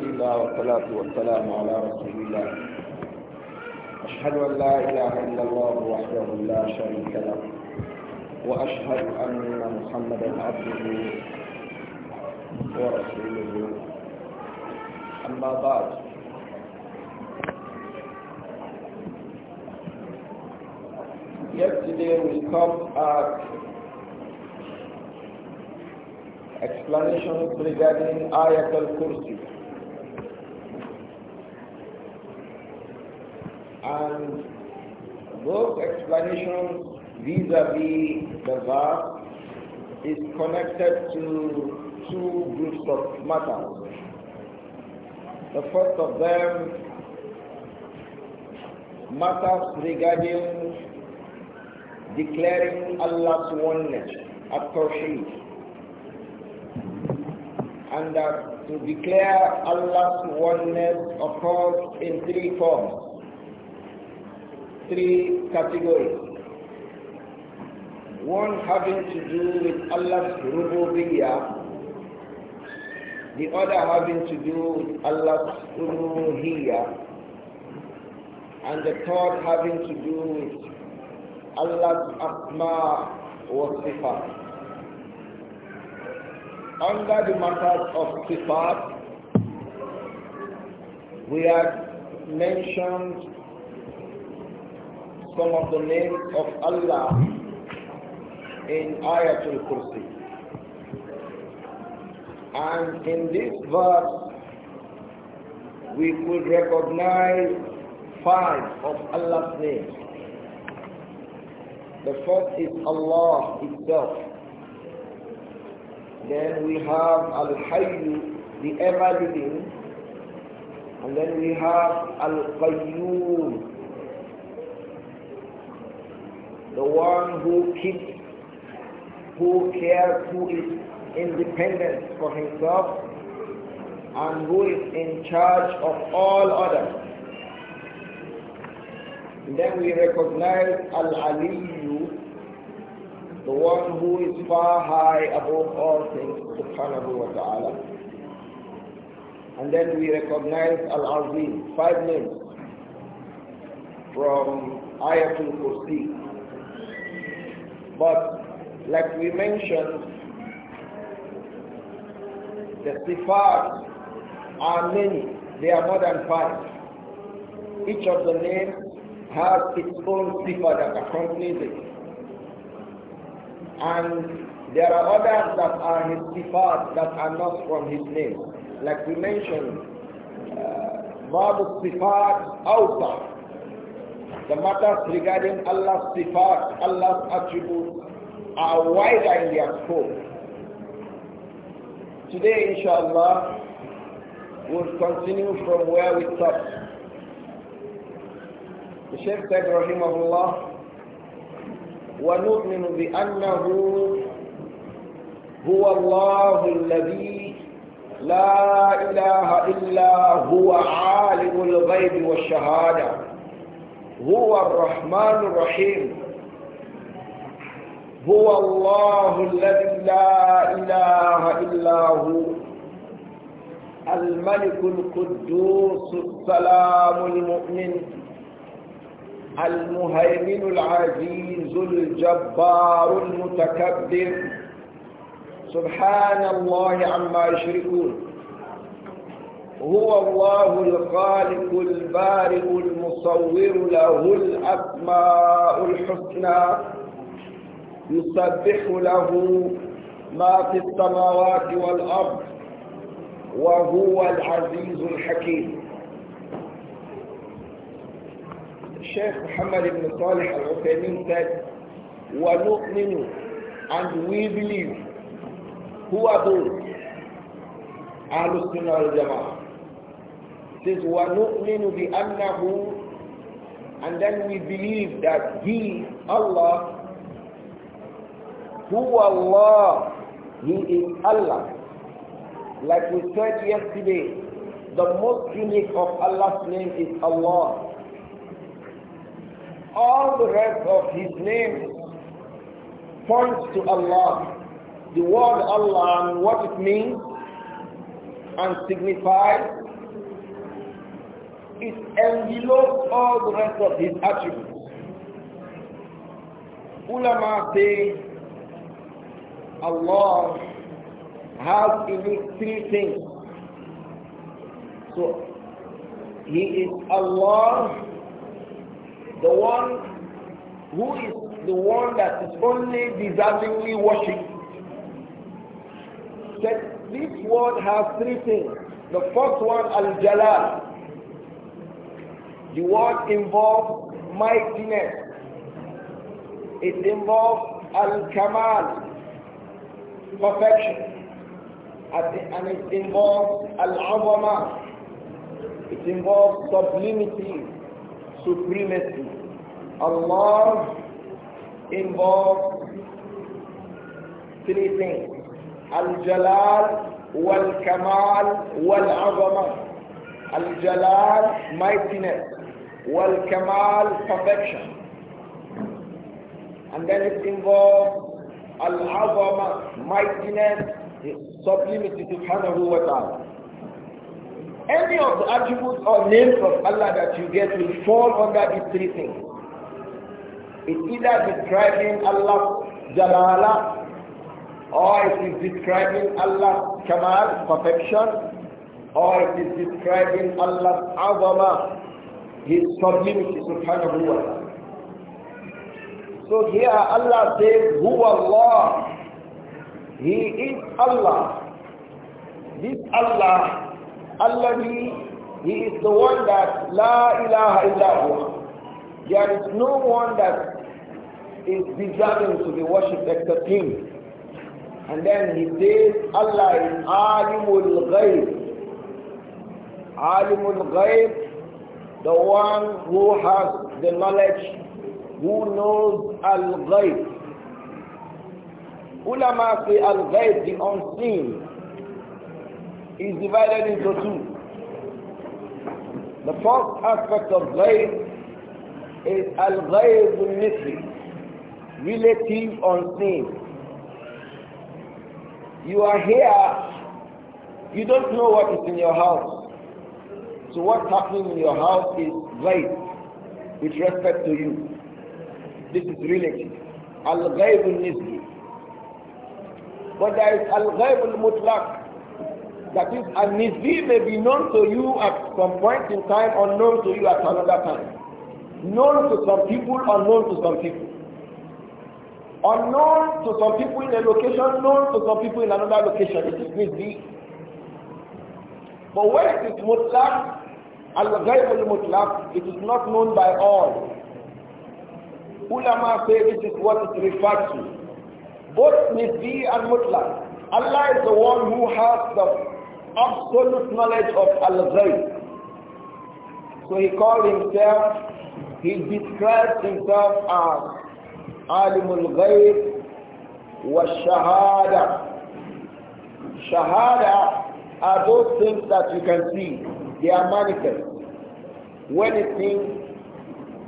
الحمد والصلاة والسلام على رسول الله أشهد أن لا إله إلا الله وحده لا شريك له وأشهد أن محمدا عبده ورسوله أما بعد Yesterday we come at explanations regarding Ayat al-Kursi. And explanations vis-a-vis the verse is connected to two groups of matters. The first of them, matters regarding declaring Allah's oneness at Tawheed. And that uh, to declare Allah's oneness occurs in three forms three categories. One having to do with Allah's rububiyyah, the other having to do with Allah's uluhiyyah, and the third having to do with Allah's asma wa sifat. Under the matters of sifat, we have mentioned some of the names of Allah in Ayatul Kursi. And in this verse, we could recognize five of Allah's names. The first is Allah itself. Then we have Al-Hayyu, the ever-living. And then we have Al-Qayyum, the one who keeps, who cares, who is independent for himself, and who is in charge of all others. And then we recognize Al-Aliyu, the one who is far high above all things, subhanahu wa ta'ala. And then we recognize Al-Azim, five names from Ayatul Kursi, but like we mentioned, the sifat are many. They are more than five. Each of the names has its own sifa that accompanies it. And there are others that are his sifat that are not from his name. Like we mentioned, بعض الصفات also. The matters regarding Allah's sifat, Allah's attributes are wider in their scope. Today, inshallah, we'll continue from where we stopped. The Shaykh said, Rahimahullah, ونؤمن بأنه هو الله الذي لا إله إلا هو عالم الغيب والشهادة هو الرحمن الرحيم هو الله الذي لا إله إلا هو الملك القدوس السلام المؤمن المهيمن العزيز الجبار المتكبر سبحان الله عما يشركون هو الله الخالق البارئ المصور له الأسماء الحسنى يسبح له ما في السماوات والأرض وهو العزيز الحكيم الشيخ محمد بن صالح العثيمين قال ونؤمن and we believe who are those أهل السنة والجماعة says, وَنُؤْمِنُ بِأَنَّهُ And then we believe that He, Allah, who Allah, He is Allah. Like we said yesterday, the most unique of Allah's name is Allah. All the rest of His name points to Allah. The word Allah and what it means and signifies it envelopes all the rest of his attributes. Ulama say Allah has in it three things. So he is Allah, the one who is the one that is only deservingly worshipped. That this word has three things. The first one, Al-Jalal, the word involves mightiness. It involves al-kamal, perfection. And it involves al-awama. It involves sublimity, supremacy. Allah involves three things. Al-jalal, wal-kamal, wal-awama. Al-jalal, mightiness wal kamal perfection and then it involves al azama mightiness his sublimity subhanahu wa ta'ala any of the attributes or names of Allah that you get will fall under these three things It either describing Allah jalala or it is describing Allah's Kamal, perfection, or it is describing Allah's Azama, his sublimity subhanahu wa ta'ala. So here Allah says, Who Allah? He is Allah. This Allah, Allah He is the one that La ilaha illa There is no one that is deserving to be worshipped except Him. And then He says, Allah is Alimul Ghaib. Alimul Ghaib the one who has the knowledge, who knows al ghayb Ulama say al ghayb the unseen, is divided into two. The first aspect of Ghayb is al ghayb al-Nisri, relative unseen. You are here, you don't know what is in your house. So what's happening in your house is right with respect to you. This is relative. Al-Ghaib al-Nisbi. But there is Al-Ghaib al-Mutlaq. That is, Al-Nisbi may be known to you at some point in time, unknown to you at another time. Known to some people, unknown to some people. Unknown to some people in a location, known to some people in another location. It is Nisbi. But when it is Mutlaq, Al-Ghaib al-Mutlaq, it is not known by all. Ulama say this is what it refers to. Both Nisbi and Mutlaq. Allah is the one who has the absolute knowledge of Al-Ghaib. So he called himself, he described himself as al Ghaib wa Shahada. Shahada are those things that you can see. They are manifest. When a thing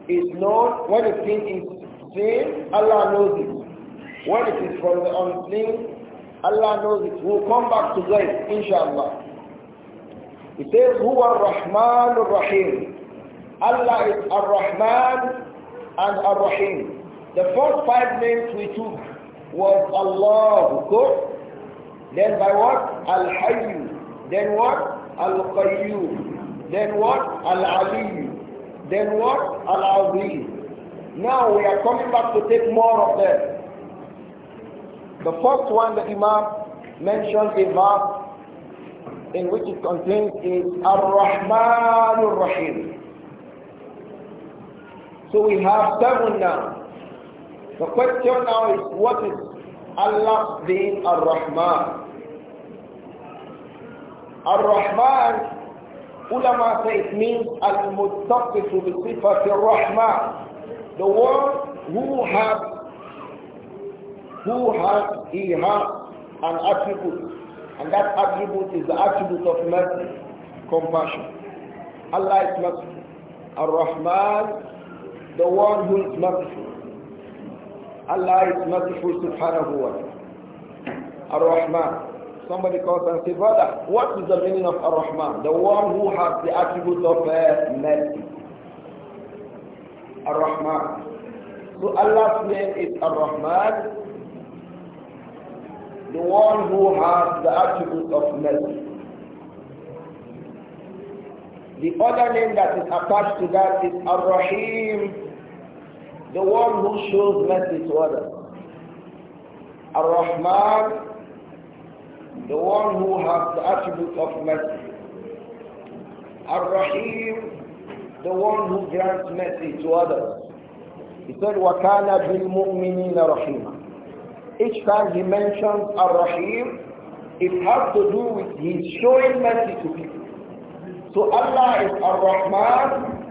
is known, when a thing is seen, Allah knows it. When it is from the unclean, Allah knows it. We'll come back to that, inshallah. It says, Who are Rahman Rahim. Allah is Ar-Rahman and Ar-Rahim. The first five names we took was Allah, then by what? Al-Hayy, then what? Al-Qayyum. Then what? Al-Ali. Then what? Al-Azim. Now we are coming back to take more of them. The first one the Imam mentioned a verse in which it contains is Ar-Rahman Ar-Rahim. So we have seven now. The question now is what is Allah being Ar-Rahman? Ar-Rahman, ulama say it means al-muttaqifu bi sifati rahman the one who has who has he has an attribute and that attribute is the attribute of mercy compassion allah is merciful ar-rahman the one who is merciful allah is merciful subhanahu wa ta'ala ar-rahman somebody calls and says, Brother, what is the meaning of Ar-Rahman? The one who has the attribute of uh, mercy. Ar-Rahman. So Allah's name is Ar-Rahman, the one who has the attribute of mercy. The other name that is attached to that is Ar-Rahim, the one who shows mercy to others. Ar-Rahman, the one who has the attribute of mercy. Ar-Rahim, the one who grants mercy to others. He said, وَكَانَ بِالْمُؤْمِنِينَ رَحِيمًا Each time he mentions Ar-Rahim, it has to do with his showing mercy to people. So Allah is Ar-Rahman,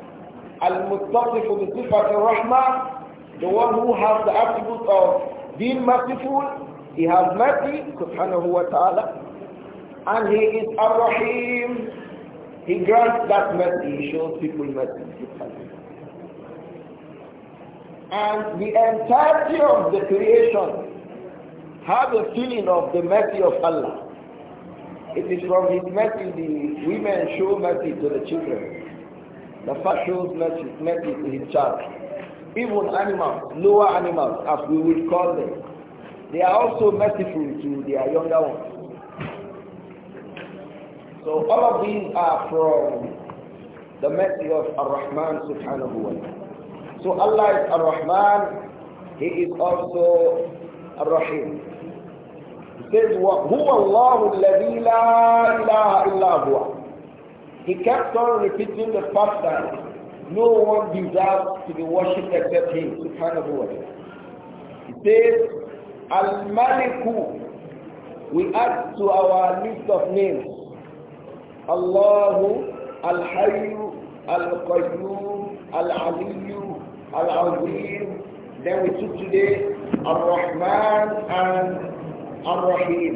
Al-Muttaqifu bi Ar-Rahman, the one who has the attribute of being merciful he has mercy, subhanahu wa ta'ala, and he is ar-Rahim. He grants that mercy, he shows people mercy. And the entirety of the creation have a feeling of the mercy of Allah. It is from His mercy the women show mercy to the children. The father shows mercy, mercy to his child. Even animals, lower animals, as we would call them, they are also merciful to their younger ones. So all of these are from the mercy of Ar-Rahman subhanahu wa ta'ala. So Allah is Ar-Rahman, He is also Ar-Rahim. He says, هُوَ اللَّهُ الَّذِي لَا إِلَهَ إِلَّا هُوَ He kept on repeating the fact that no one deserves to be worshipped except Him, subhanahu wa ta'ala. He says, Al-Maliku. We add to our list of names. Allahu, Al-Hayyu, Al-Qayyum, Al-Aliyu, Al-Azim. Then we took today Ar-Rahman and Ar-Rahim.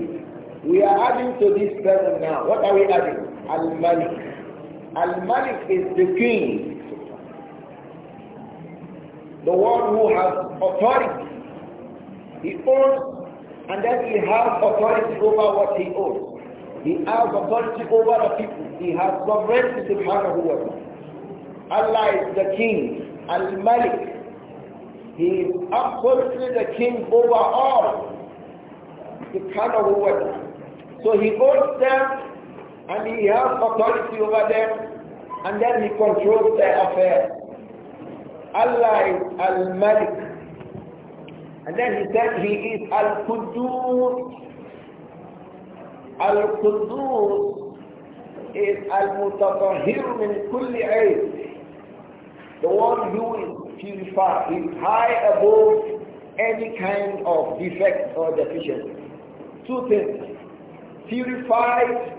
We are adding to this present now. What are we adding? Al-Malik. Al-Malik is the king. The one who has authority. He owns and then he has authority over what he owns. He has authority over the people. He has sovereignty over the ta'ala. Allah is the king, Al-Malik. He is absolutely the king over all. kind of world. So he owns them and he has authority over them and then he controls their affairs. Allah is Al-Malik. And then he said he is al kudur al kudur is Al-Mutatahir min kulli aid. The one who is purified, is high above any kind of defect or deficiency. Two things. Purified,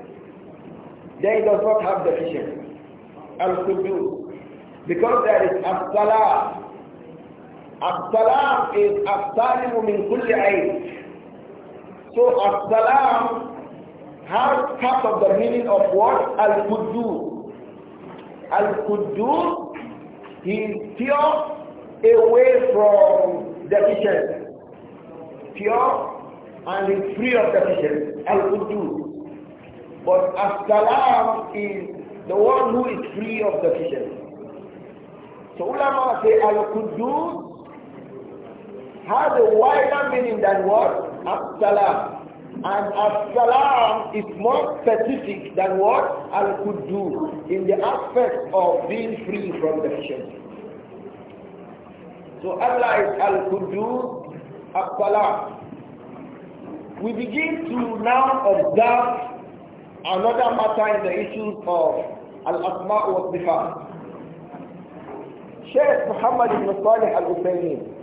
then does not have deficiency. al kudur Because there Al As-Salah, as-salam is as-salimu min kulli ayn. So as-salam has part of the meaning of what? Al-Quddus. Al-Quddus, he is pure away from deficiency. Pure and is free of deficiency. Al-Quddus. But as-salam is the one who is free of deficiency. So ulama say Al-Quddus has a wider meaning than what? As-salam. And as-salam is more specific than what I could do in the aspect of being free from the shirk. So Allah is al-Qudus, as-salam. We begin to now observe another matter in the issues of al-asma wa sifat. Sheikh Muhammad ibn Salih al-Uthaymeen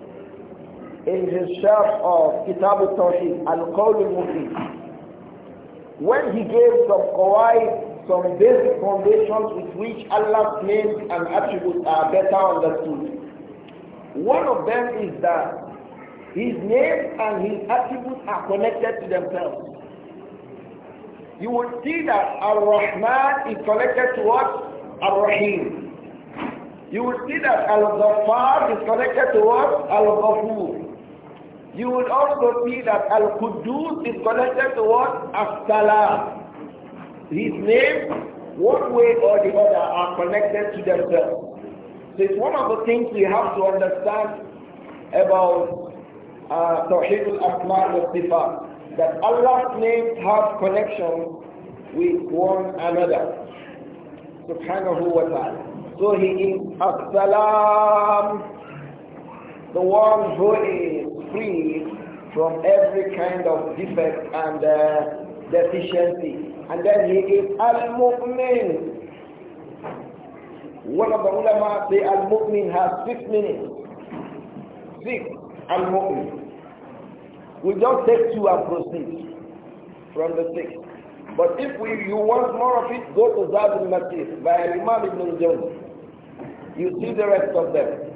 in his shelf of Kitab al-Tawheed, Al-Qawl al-Mufid, when he gave some qawaid, some basic foundations with which Allah's names and attributes are better understood. One of them is that his name and his attributes are connected to themselves. You will see that Ar-Rahman is connected to what? Ar-Rahim. You will see that Al-Ghaffar is connected to what? Al-Ghafur you will also see that Al-Quddus is connected to what? As-Salam. His name, one way or the other, are connected to themselves. So it's one of the things we have to understand about uh, Tawheed al-Asma Sifat. That Allah's names have connection with one another. Subhanahu wa ta'ala. So he is As-Salam, the one who is free from every kind of defect and uh, deficiency. And then he is al-mu'min. One of the ulama say al-mu'min has six minutes. Six al-mu'min. We just take two and proceed from the six. But if we, you want more of it, go to Zad al-Masih by Imam Ibn You see the rest of them.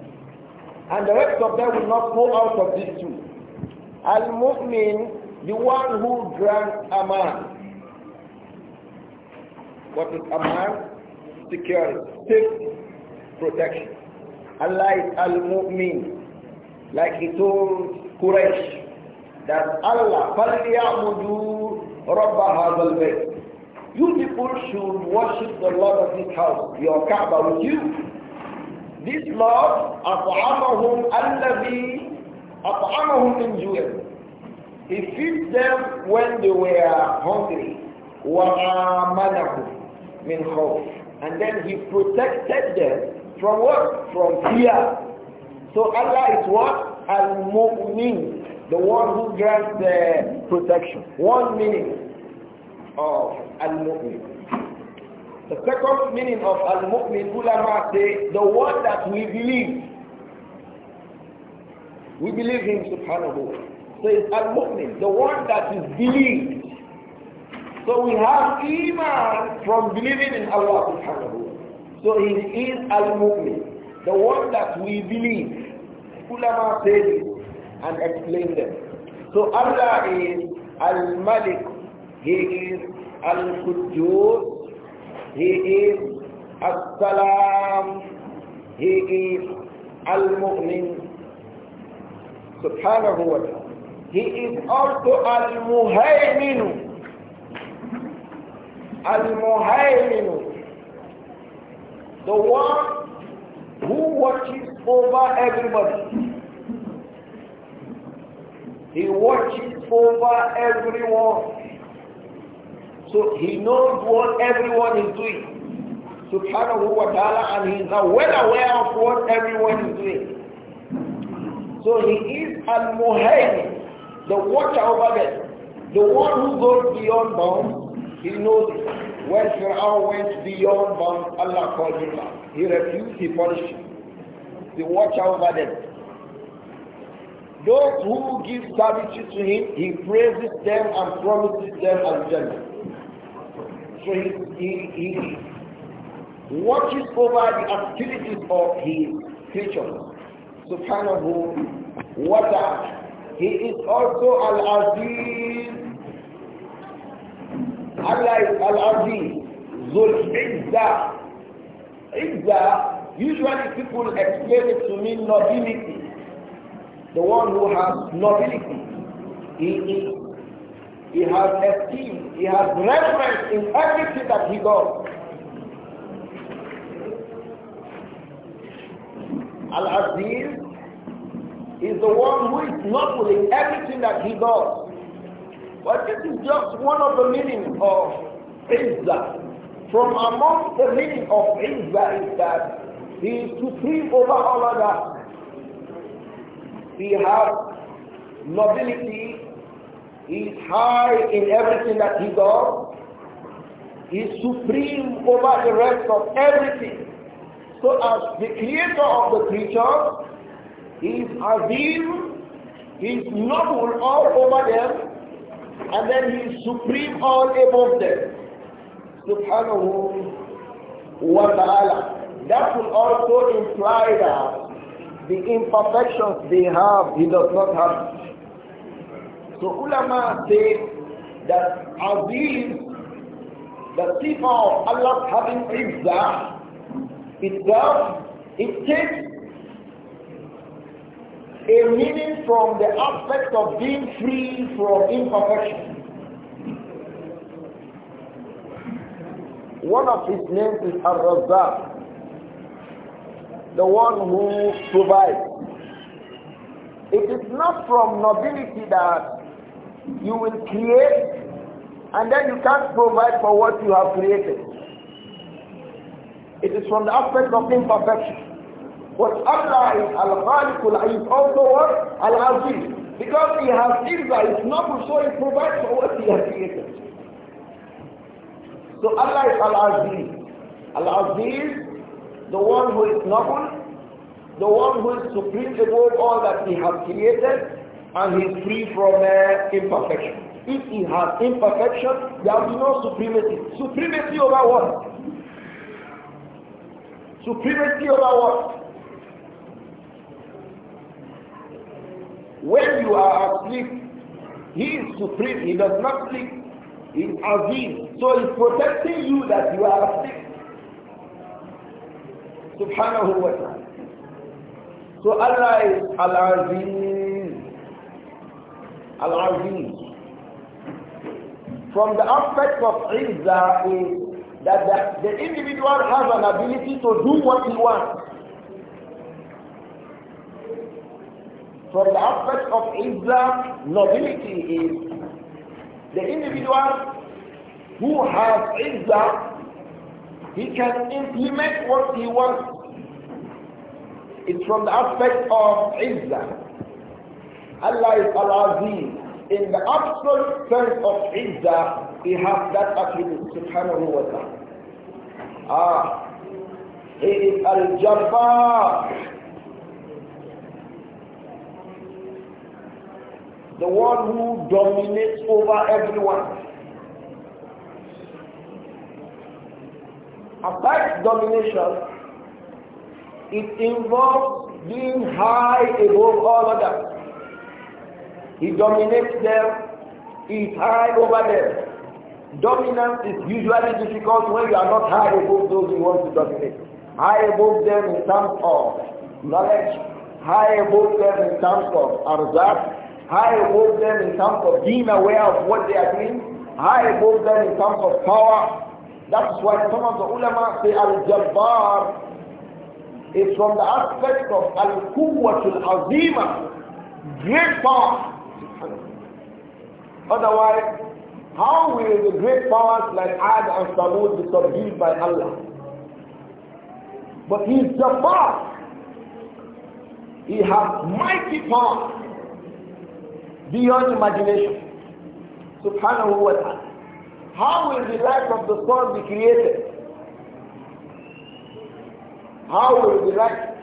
And the rest of them will not go out of these two. Al-Mu'min, the one who grants Aman. What is Aman? Security, safe, protection. Allah Al-Mu'min. Like he told Quraysh, that Allah, فَلْيَعْبُدُوا رَبَّ هَذَا الْبَيْتِ You people should worship the Lord of this house, your Kaaba, with you. This Lord, أطعمهم الذي أطعمهم من جوع. He feeds them when they were hungry. وآمنهم من خوف. And then He protected them from what? From fear. So Allah is what? Al-Mu'min. The one who grants the protection. One meaning of Al-Mu'min. The second meaning of al-mu'min ulama say the one that we believe. We believe him subhanahu wa ta'ala. So it's al-mu'min, the one that is believed. So we have iman from believing in Allah subhanahu wa ta'ala. So he is al-mu'min, the one that we believe. Ulama say this and explain them. So Allah is al-malik, he is al-quddus, he is As-Salam. He is Al-Mu'min. Subhanahu wa ta'ala. He is also Al-Muhaymin. Al-Muhaymin. The one who watches over everybody. He watches over everyone. So he knows what everyone is doing. Subhanahu wa ta'ala and he is well aware of what everyone is doing. So he is al-muhaymin, the watcher over them. The one who goes beyond bounds, he knows it. When Fir'aun went beyond bounds, Allah called him out. He refused, he punished him. The watcher over them. Those who give charity to him, he praises them and promises them al-jannah. So he, watches over the activities of his creatures. Subhanahu wa ta'ala. He is also Al-Aziz. Allah is Al-Aziz. Zul Izzah. usually people explain it to mean nobility. The one who has nobility. He, he, he has esteem he has reverence in everything that he does. Al-Aziz is the one who is noble in everything that he does. But this is just one of the meanings of Izzah. From among the meaning of Izzah is that he is supreme over all others. He has nobility he is high in everything that he does. He is supreme over the rest of everything. So as the creator of the creatures, he is Azim, he is noble all over them, and then he is supreme all above them. Subhanahu wa ta'ala. That will also imply that the imperfections they have, he does not have so ulama say that Aziz, the sifa of Allah having it itself, it takes a meaning from the aspect of being free from imperfection. One of his names is Ar-Razzaq, the one who provides. It is not from nobility that you will create and then you can't provide for what you have created. It is from the aspect of imperfection. What Allah is Al-Khaliqul is also what? Al-Aziz. Because he has things it's not so he provides for what he has created. So Allah is Al-Aziz. Al-Aziz, the one who is noble, the one who is supreme above all that he has created, and he's free from uh, imperfection. If he has imperfection, there will be no supremacy. Supremacy over what? Supremacy over what? When you are asleep, he is supreme. He does not sleep. He is Aziz. So he's protecting you that you are asleep. Subhanahu wa ta'ala. So Allah is Al-Aziz. Al-Aziz. From the aspect of Izzah is that the, the individual has an ability to do what he wants. From the aspect of Izzah, nobility is the individual who has Izzah, he can implement what he wants. It's from the aspect of Izzah. Allah is Al-Azim. In the absolute sense of Izzah, He has that attribute, subhanahu wa ta'ala. Ah, He is Al-Jabbar. The one who dominates over everyone. Affects domination, it involves being high above all others. He dominates them. He is high over them. Dominance is usually difficult when you are not high above those you want to dominate. High above them in terms of knowledge, high above them in terms of arzak, high above them in terms of being aware of what they are doing, high above them in terms of power. That is why some of the ulama say al-jabbar is from the aspect of al-quwwatul azima, great power. Otherwise, how will the great powers like Ad and Samud be subdued by Allah? But he is Jabbar. He has mighty power beyond imagination. Subhanahu wa ta'ala. How will the life of the soul be created? How will the life?"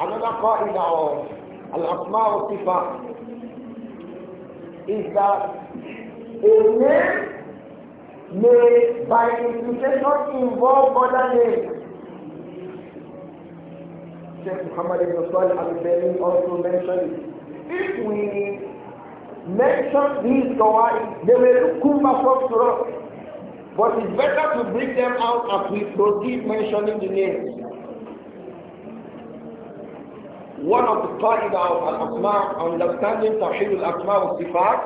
another qaida of Al-Asma al-Sifat, is that a name may by implication involve other names. Sheikh Muhammad ibn Salih al-Bani also mentioned it. If we mention these Gawaii, they may look kumba from to us. But it's better to bring them out as we proceed mentioning the names. one of the qaida of al-asma, understanding tawhid al-asma wa sifat,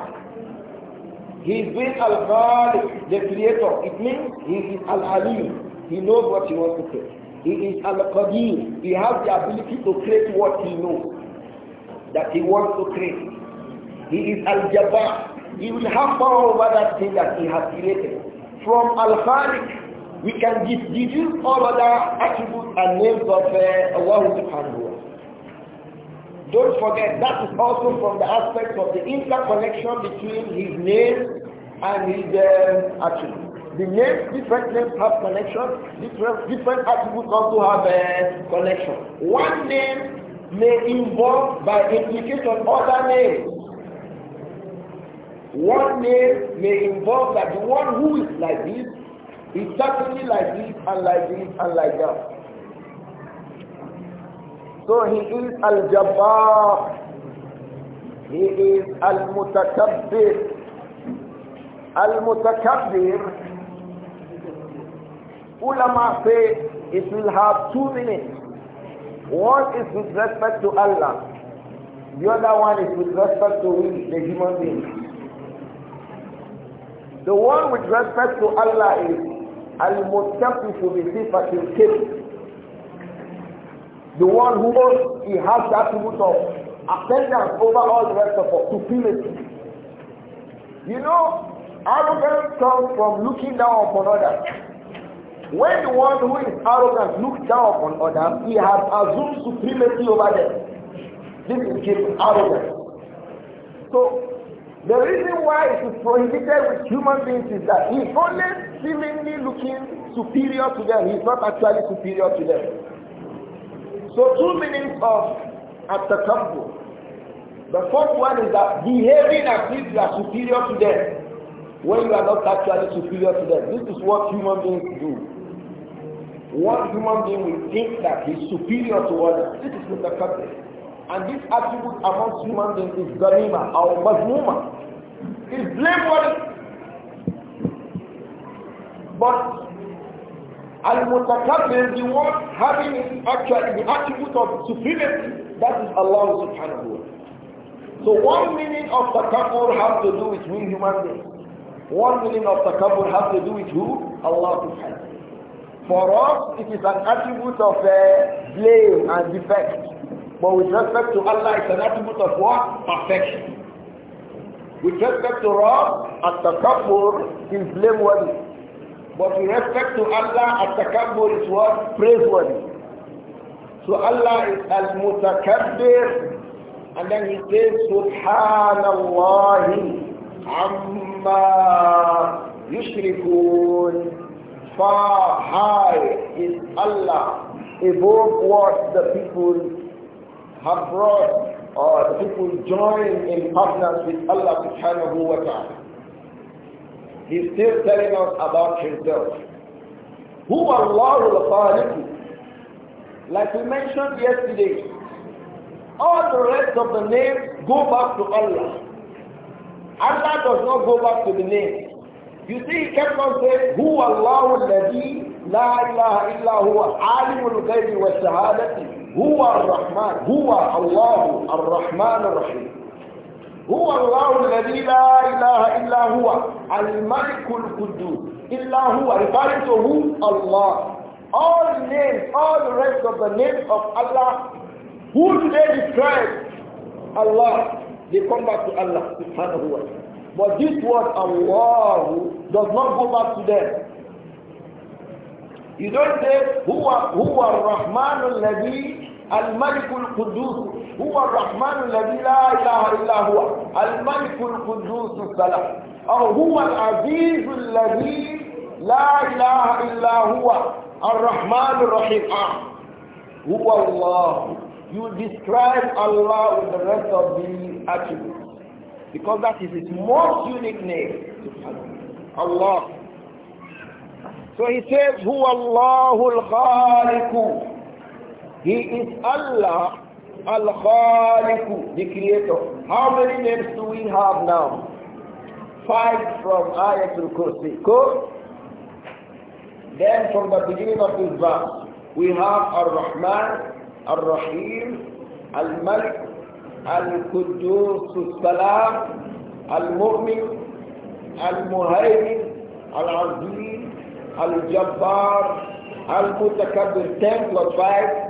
he is al-khaliq, the creator. It means he is al-alim. He knows what he wants to create. He is al-qadir. He has the ability to create what he knows, that he wants to create. He is al-jabbar. He will have power over that thing that he has created. From al-khaliq, we can deduce all other attributes and names of uh, Allah subhanahu wa don't forget, that is also from the aspect of the interconnection between his name and his um, attributes. The names, different names have connection, different, different attributes also have a uh, connection. One name may involve by implication other names. One name may involve that the one who is like this is certainly like this and like this and like that. So he is Al-Jabbar. He is Al-Mutakabbir. Al-Mutakabbir. Ulama say it will have two meanings. One is with respect to Allah. The other one is with respect to we, the human beings. The one with respect to Allah is al mutakabbir bi sifatil kibr the one who he has the attribute of ascendance over all the rest of us, supremacy. You know, arrogance comes from looking down upon others. When the one who is arrogant looks down upon others, he has assumed supremacy over them. This is called arrogance. So, the reason why it is prohibited with human beings is that he's only seemingly looking superior to them. He's not actually superior to them. So two meanings of at-tatabbu. the The first one is that behaving as if you are superior to them when you are not actually superior to them. This is what human beings do. One human being will think that he is superior to others. This is mutakabbir. And this attribute amongst human beings is ganima or mazmuma. It's blameworthy. But Al-Mutakabbir, the one having actually the attribute of supremacy, that is Allah subhanahu wa ta'ala. So one meaning of takabbur has to do with human beings. One meaning of takabbur has to do with who? Allah subhanahu For us, it is an attribute of uh, blame and defect. But with respect to Allah, it's an attribute of what? Perfection. With respect to us, at takabbur is blameworthy. But with respect to Allah, at-takabbur is what? Praiseworthy. So Allah is al-mutakabbir. And then he says, Subhanallah, amma yushrikun. Far high is Allah above what the people have brought or the people join in partners with Allah subhanahu wa ta'ala. He's still telling us about himself. Who Allah will Khaliq. Like we mentioned yesterday, all the rest of the names go back to Allah. Allah does not go back to the name. You see, he kept on saying, Who Allah الذي لا إله إلا هو عالم الغيب Rahman? هو Allah هو rahman الرحمن rahim هو الله الذي لا إله إلا هو الملك القدوس إلا هو referring to الله Allah all names all the rest of the names of Allah who they describe? Allah they come back to Allah subhanahu wa ta'ala but this word Allah does not go back to them you don't say are huwa rahmanul ladhi الملك القدوس هو الرحمن الذي لا إله إلا هو الملك القدوس السلام أو هو العزيز الذي لا إله إلا هو الرحمن الرحيم آه. هو الله You describe Allah with the rest of the attributes because that is his most unique name Allah So he says هو الله الخالق he is Allah Al-Khaliq, the creator. How many names do we have now? Five from Ayatul Kursi. Cool? Then from the beginning of this verse, we have Ar-Rahman, Ar-Rahim, Al-Malik, Al-Quddus, Al-Salam, Al-Mu'min, Al-Muhaymin, al azim Al-Jabbar, Al-Mutakabbir, 10 plus 5,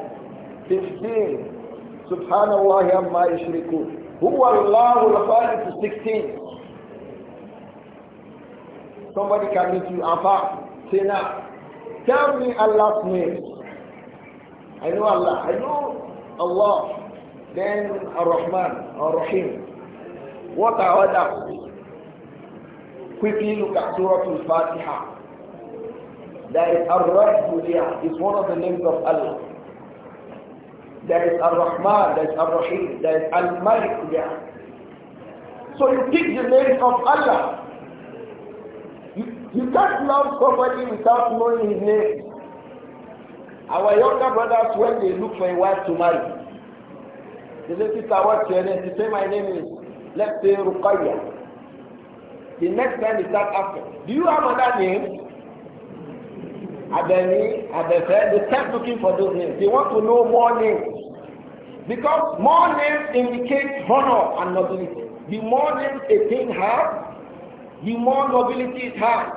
15 subhanallah amma are huwa allahul khaliq 16 somebody can meet you afa say now tell me allah's name i know allah i know allah then ar-rahman ar-rahim what are other? quickly look at surah al-fatiha that is ar-rahman is one of the names of allah there is Ar-Rahman, there is Ar-Rahim, there is Al-Malik So you pick the name of Allah. You, you can't love somebody without knowing his name. Our younger brothers, when they look for a wife to marry, they say, sister, what's your name? They say, my name is, let's say, Ruqayya. The next time they start asking, do you have another name? Abeni, Abefe, they start looking for those names. They want to know more names. Because more names indicate honor and nobility. The more names a thing has, the more nobility it has.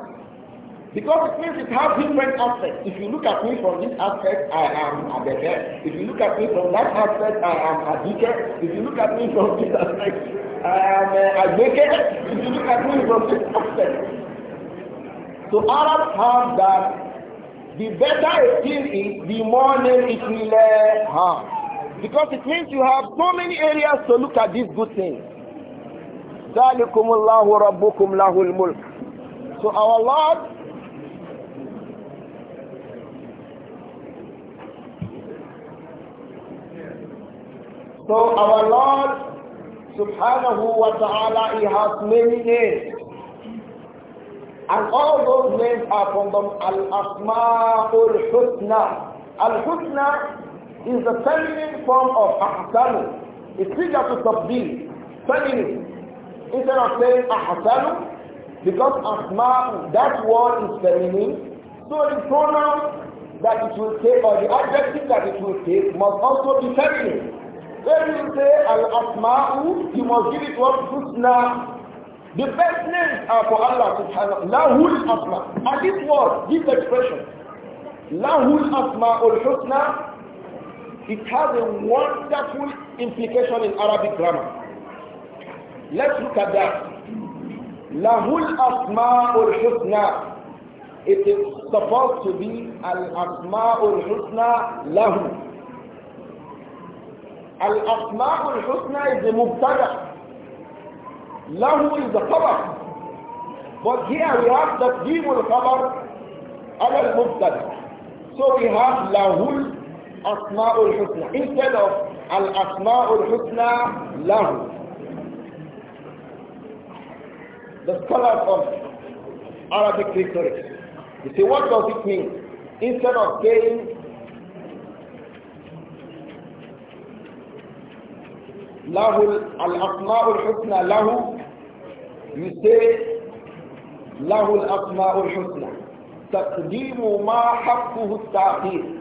Because it means it has different aspects. If you look at me from this aspect, I am a better. If you look at me from that aspect, I am a teacher. If you look at me from this aspect, I am uh, a baker. If you look at me from this aspect. So Arabs have that the better a thing is, the more name it will uh, have. Because it means you have so many areas to look at these good things. ذَلِكُمُ اللَّهُ رَبُّكُمْ لَهُ الْمُلْكُ So our Lord So our Lord subhanahu wa ta'ala, He has many names. And all those names are from the Al-Asma'ul Husna. Al-Husna is the feminine form of ahsanu. It's easier to subdue feminine. Instead of saying ahsanu, because asma, that word is feminine, so the pronoun that it will take or the adjective that it will take must also be feminine. When you say al-asma'u, you must give it what husna. The best names are for Allah subhanahu lahul asma. And this word, this expression, lahul or husna it has a wonderful implication in Arabic grammar. Let's look at that. Lahul ul Husna. It is supposed to be Al asma ul Husna Lahu. Al asma ul Husna is the Mubtada. Lahu is the Khabar. But here we have the will Khabar Al Mubtada. So we have Lahul أسماء الحسنى Instead of الأسماء الحسنى ul The scholars of Arabic literature. You see, what does it mean? Instead of saying له الأسماء الحسنى له يسير له الأسماء الحسنى تقديم ما حقه التأخير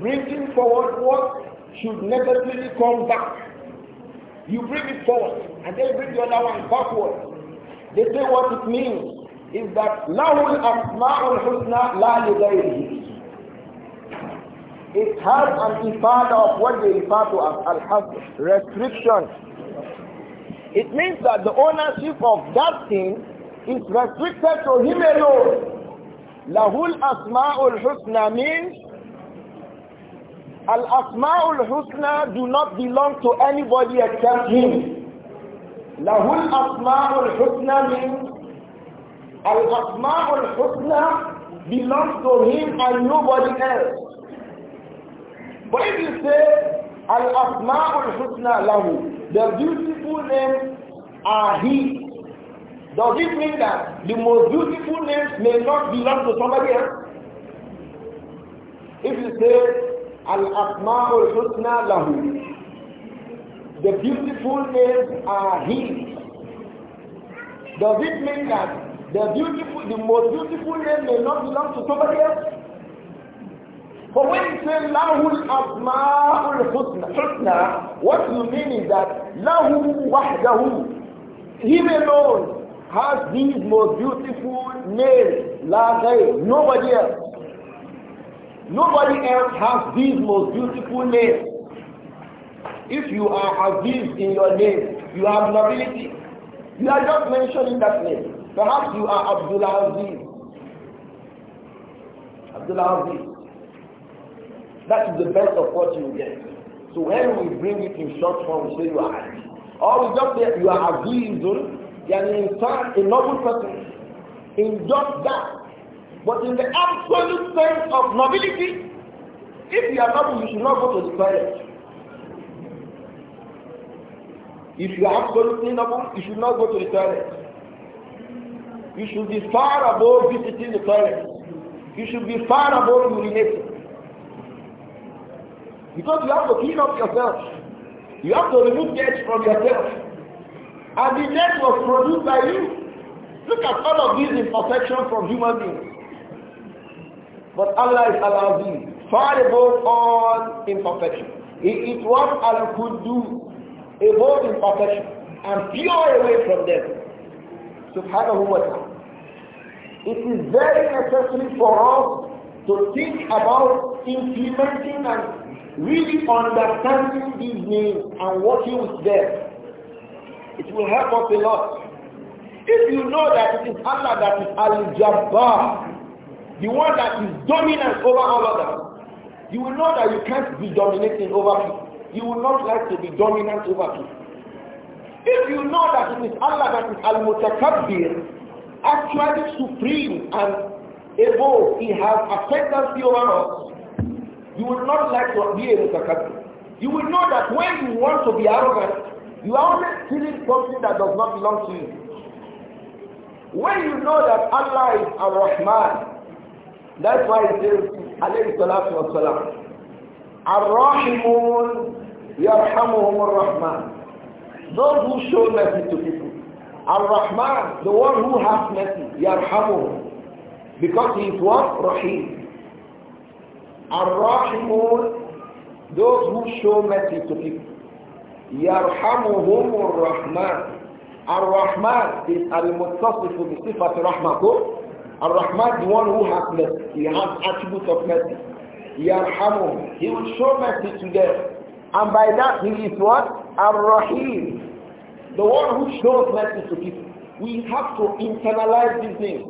bringing forward what should really come back. You bring it forward, and then bring the other one backward. They say what it means is that lahul asma'ul husna la yughayrihi. It has an effect of what they refer to as al-hasr, restriction. It means that the ownership of that thing is restricted to him alone. Lahul asma'ul husna means Al-Asma'ul Husna do not belong to anybody except him. Lahul Asma'ul Husna means Al-Asma'ul Husna belongs to him and nobody else. But if you say Al-Asma'ul Husna Lahu, the beautiful names are he. Does it mean that the most beautiful names may not belong to somebody else? If you say Al-Asma'ul Husna Lahu. The beautiful names are His. Does it mean that the beautiful, the most beautiful name may not belong to somebody else? But when you say lahul asma'ul husna, husna, what you mean is that lahu wahdahu, him alone has these most beautiful names, la nobody else. Nobody else has these most beautiful names. If you are Aziz in your name, you have nobility. You are just mentioning that name. Perhaps you are Abdullah Aziz. Abdullah Aziz. That is the best of what you get. So when we bring it in short form, we say you are Aziz. Or we just say you are Aziz. you are an insan, a noble person. In just that, but in the absolute sense of nobility, if you are noble, you should not go to the toilet. If you are absolutely noble, you should not go to the toilet. You should be far above visiting the toilet. You should be far above urinating. Because you have to clean up yourself. You have to remove dirt from yourself. And the dirt was produced by you. Look at all of these imperfections from human beings. But Allah is Al-Azim, far above all imperfection. He is what Allah could do above imperfection and pure away from them. Subhanahu wa ta'ala. It is very necessary for us to think about implementing and really understanding these names and working with them. It will help us a lot. If you know that it is Allah that is Al-Jabbar, the one that is dominant over all others, you will know that you can't be dominating over people. You will not like to be dominant over people. If you know that it is Allah that is Al-Mutakabbir, actually supreme and above, He has ascendancy over us, you will not like to be a Mutakabbir. You will know that when you want to be arrogant, you are only feeling something that does not belong to you. When you know that Allah is Ar-Rahman, that's why it says, alayhi salatu salam, Ar-Rahimun yarhamuhum ar-Rahman. Those who show mercy to people. Ar-Rahman, the one who has mercy, yarhamuhum. Because he is what? Rahim. Ar-Rahimun, those who show mercy to people. Yarhamuhum ar-Rahman. rahman is al-muttasifu bi Ar-Rahman, the one who has mercy. He has attributes of mercy. Yarhamuhum. He will show mercy to them. And by that he is what? Ar-Rahim. The one who shows mercy to people. We have to internalize these things.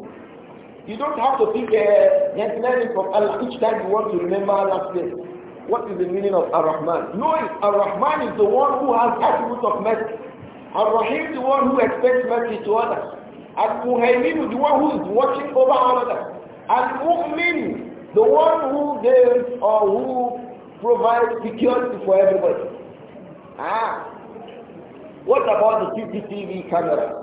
You don't have to think uh, learning from Allah each time you want to remember Allah's name. What is the meaning of Ar-Rahman? No, Ar-Rahman is the one who has attributes of mercy. Ar-Rahim is the one who expects mercy to others. Al-Muhaymin, the one who is watching over all of that. Al-Mu'min, the one who gives or who provides security for everybody. Ah. What about the CCTV camera?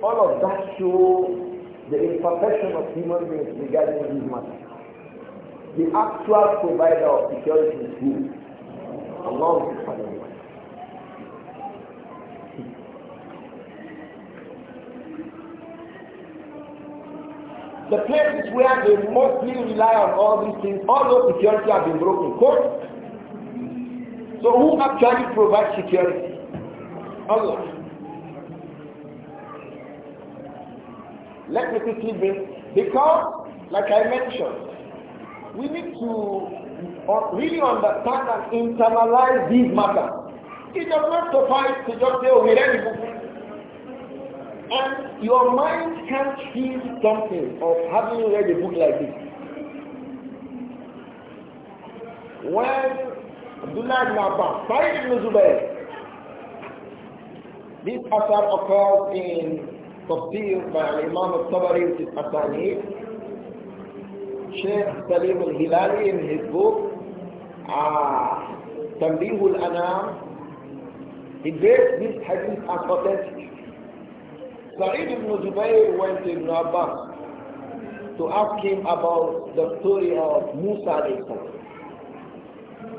All of that show the imperfection of human beings regarding this matter. The actual provider of security is who? Allah subhanahu the places where they mostly rely on all these things, all those security have been broken. Quote. So who actually provides security? Allah. Let me quickly bring, because, like I mentioned, we need to really understand and internalize these matters. It does not suffice to just say, oh, we read the book. And your mind can't feel something of having read a book like this. When Abdullah ibn Abbas, Sayyid ibn Zubayr, this asar occurs in Tafsir by Imam al-Tabari, which is Asanid, Sheikh Salim al-Hilali in his book, uh, Tambih al-Anam, he based this hadith as authentic. Sa'id ibn Zubayr went to Ibn Abbas to ask him about the story of Musa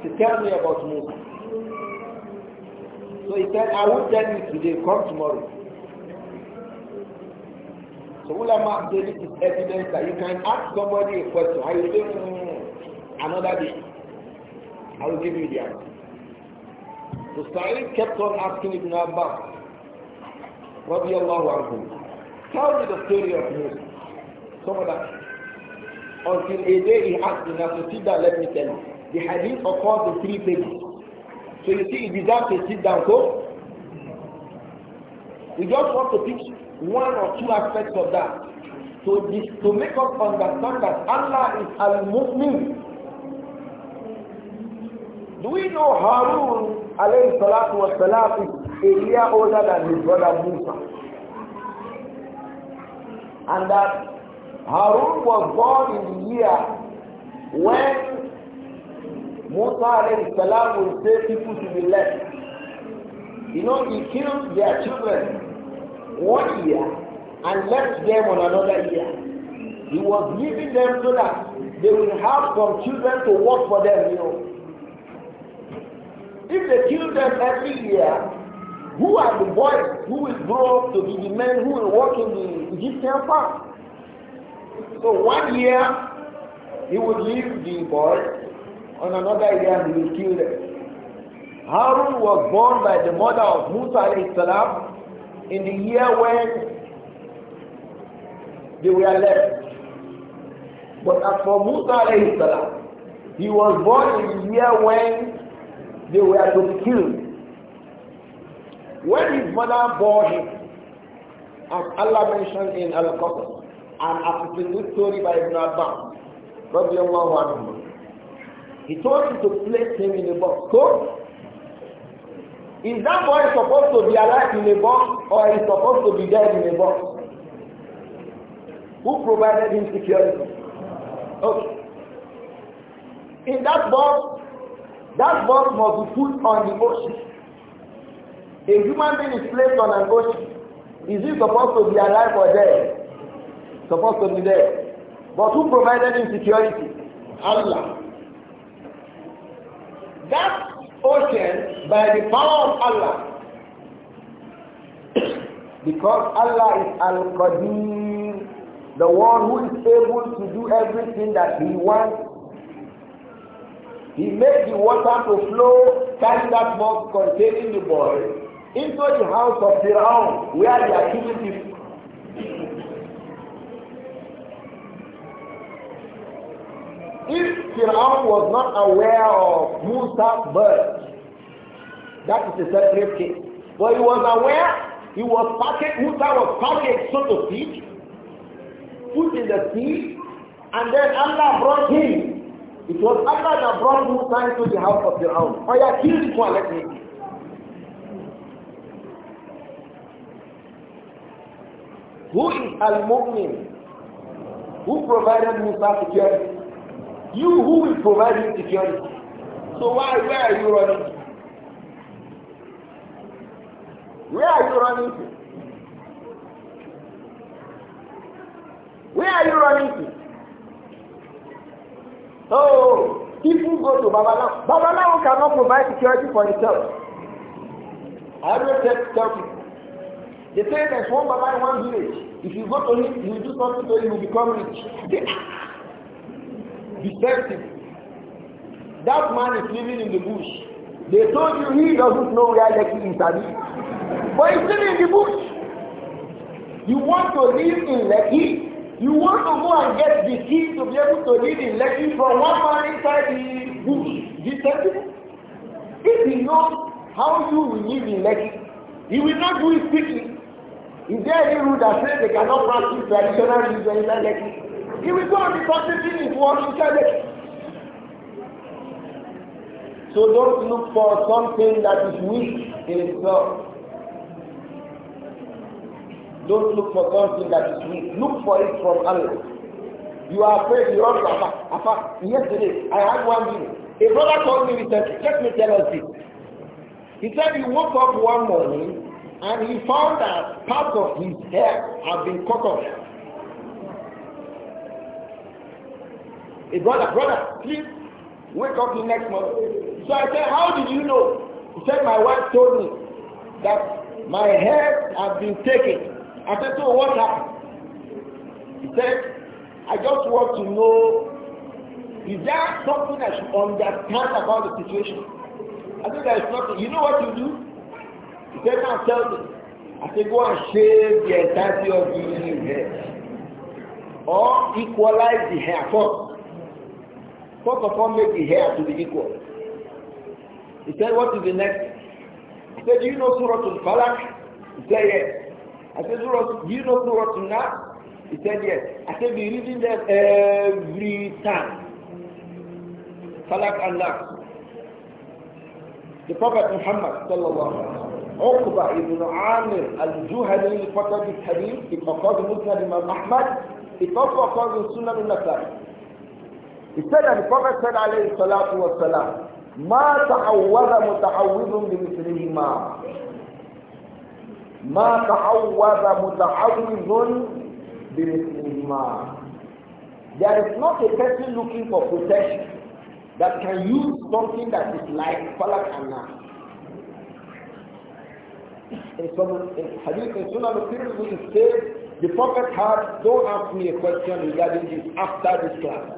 to tell me about Musa. So he said, I will tell you today, come tomorrow. So ulama gave this is evidence that you can ask somebody a question. I will give you another day. I will give you the answer. So Sa'id kept on asking Ibn Abbas radiallahu anhu, tell me the story of Musa. Some of that. Until a day he asked me, now, sit down, let me tell you. The hadith occurs in three pages. So you see, he deserves a sit down, so we just want to pick one or two aspects of that. So this, to make us understand that Allah is al-Mu'min. Do we know Harun alayhi salatu was salam is a year older than his brother Musa. And that Harun was born in the year when Musa and salam would say people to be left. You know, he killed their children one year and left them on another year. He was leaving them so that they will have some children to work for them, you know. If they kill them every year, who are the boys who will grow up to be the men who will work in the Egyptian farm? So one year he would leave the boys, on another year he will kill them. Harun was born by the mother of Musa salam in the year when they were left. But as for Musa salam, he was born in the year when they were to be killed. When his mother bore him, as Allah mentioned in Al-Qasr, and as it's in this story by Ibn Abbas, he told him to place him in a box. So, is that boy supposed to be alive in a box or is supposed to be dead in a box? Who provided him security? Okay. In that box, that box must be put on the ocean. A human being is placed on an ocean. Is he supposed to be alive or dead? Supposed to be dead. But who provided him security? Allah. That ocean, by the power of Allah, because Allah is Al-Qadir, the one who is able to do everything that he wants he made the water to flow, carrying that mug containing the boy, into the house of Pharaoh where they are killing people. If Pharaoh was not aware of Musa's birth, that is a separate case. But he was aware, he was packaged, Musa was packaged, so to speak, put in the sea, and then Allah brought him. It was Allah that brought Musa into the house of Pharaoh. Oh yeah, kill this one, let me Who is Al-Mu'min? Who provided Musa security? You who will provide him security. So why, where are you running Where are you running to? Where are you running to? Oh, people go to Babalawo. Babalawo cannot provide security for himself. I will take security. They say there's one Baba in one village. If you go to him, he will do something to him, he will become rich. Deceptive. That man is living in the bush. They told you he doesn't know where Lekki is, Abi. But he's living in the bush. You want to live in Lekki, you want to go and get the key to be able to live in Lekki from one man inside the bush. Deceptive. If he knows how you will live in Lekki, he will not do it quickly. Is there any rule that says they cannot practice traditional religion in Islam? He will go and be practicing his work in Islam. So don't look for something that is weak in itself. Don't look for something that is weak. Look for it from Allah. You are afraid you are afraid. Afa. Yesterday, I had one dream. A brother told me, he said, let me tell us this. He said he woke up one morning and he found that part of his hair had been cut off. A brother, brother, please wake up the next morning. So I said, how did you know? He said, my wife told me that my hair had been taken. I said, so what happened? He said, I just want to know, is there something I should understand about the situation? I said, there is nothing. You know what you do? He said, now tell me. I said, go and shave the entirety of the hair. Or equalize the hair first. First of all, make the hair to be equal. He said, what is the next? He said, do you know Surah Al-Falaq? He said, yes. I said, Surah, do you know Surah Al-Nas? He said, yes. I said, be reading them every time. Falak and Nas. The Prophet Muhammad sallallahu alaihi عقبة بن عامر الجهني لفترة الحديث في قصاد مسند الإمام أحمد في قصاد السنة من النسائي He said that the Prophet said عليه الصلاة والسلام ما تعوذ متعوذ بمثلهما ما تعوذ متعوذ بمثلهما There is not a person looking for protection that can use something that is like falak and nas. In some in hadith in Sunan al-Tirmidhi it the Prophet had, don't ask me a question regarding this after this class.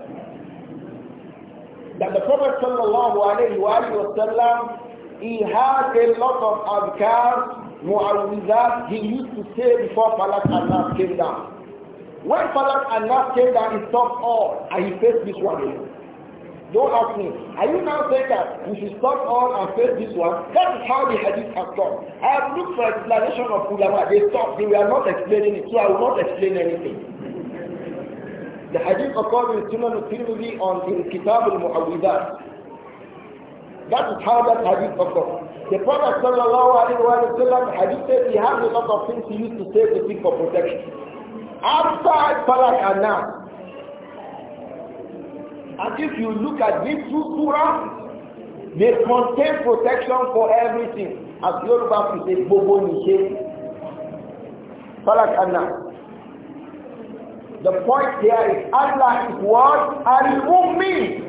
That the Prophet sallallahu alayhi wa sallam, he had a lot of adhkar, mu'awwizat he used to say before Falak and came down. When Falak and came down, he stopped all and he faced this one don't ask me. Are you now saying that we should stop all and face this one? That is how the hadith has come. I have looked for explanation of ulama. They stopped. They were not explaining it, so I will not explain anything. The hadith occurs in Sunan al-Tirmidhi on in Kitab al-Mu'awwidat. That is how that hadith occurs. The Prophet sallallahu alaihi wasallam hadith said he has a lot of things he used to say to seek for protection. Outside Falak and now, and if you look at these two surah, they contain protection for everything. As your people said, Bobo Nishe. Falak Anna. The point here is Allah is what? al mean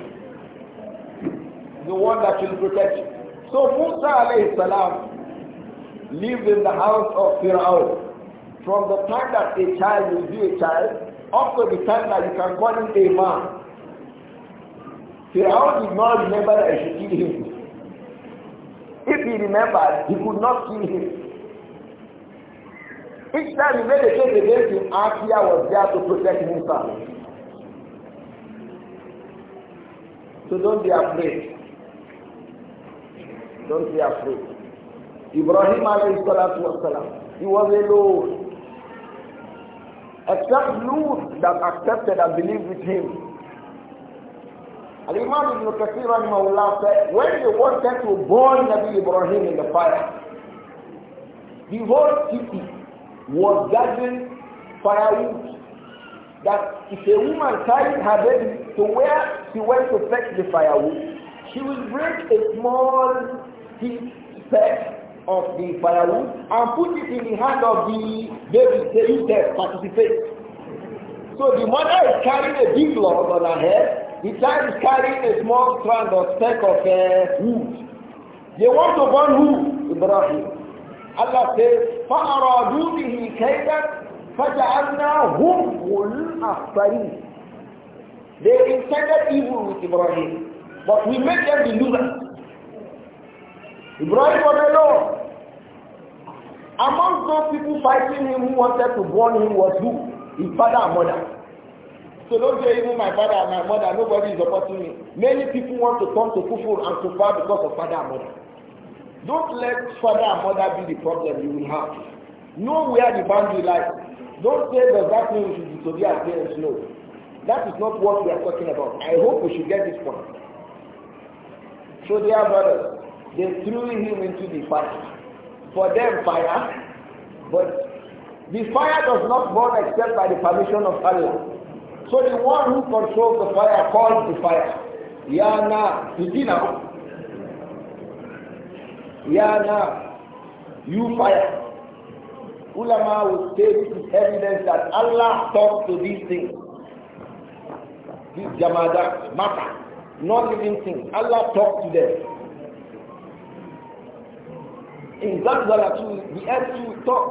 The one that will protect you. So Musa alayhi salam lived in the house of Pharaoh. From the time that a child will be a child, up to the time that you can call him a man. Pharaoh did not remember that should kill him. If he remembered, he could not kill him. Each time he made a case against him, Akia was there to protect himself. So don't be afraid. Don't be afraid. Ibrahim alayhi salatu wasalam, he was alone. Except Lut that accepted and believed with him. Al-Imam Ibn Kathir Rahimahullah said, when they wanted to burn Nabi Ibrahim in the fire, the whole city was gathering firewood that if a woman carried her baby to where she went to fetch the firewood, she will break a small piece of the firewood and put it in the hand of the baby, the participate. So the mother is carrying a big log on her head the child is carrying a small strand or speck of uh, wood. They want to burn who? Ibrahim. Allah says, فَأَرَادُوا بِهِ كَيْدًا فَجَعَلْنَاهُمْ وَالْأَخْطَرِينَ They intended evil with Ibrahim, but we made them the losers. Ibrahim was alone. Among those people fighting him who wanted to burn him was who? His father and mother. So don't days, even my father and my mother, nobody is supporting me. Many people want to come to kufur and kufar because of father and mother. Don't let father and mother be the problem you will have. Know where the boundary lies. Don't say, does that mean we should disobey our parents? No. That is not what we are talking about. I hope we should get this point. So dear brothers, they threw him into the fire. For them, fire. But the fire does not burn except by the permission of Allah. So the one who controls the fire calls the fire. Yana, you Yana, you fire. Ulama will say evidence that Allah talks to these things. These jamadat, matter, non-living things. Allah talks to them. In Zanzala too, the earth too talk.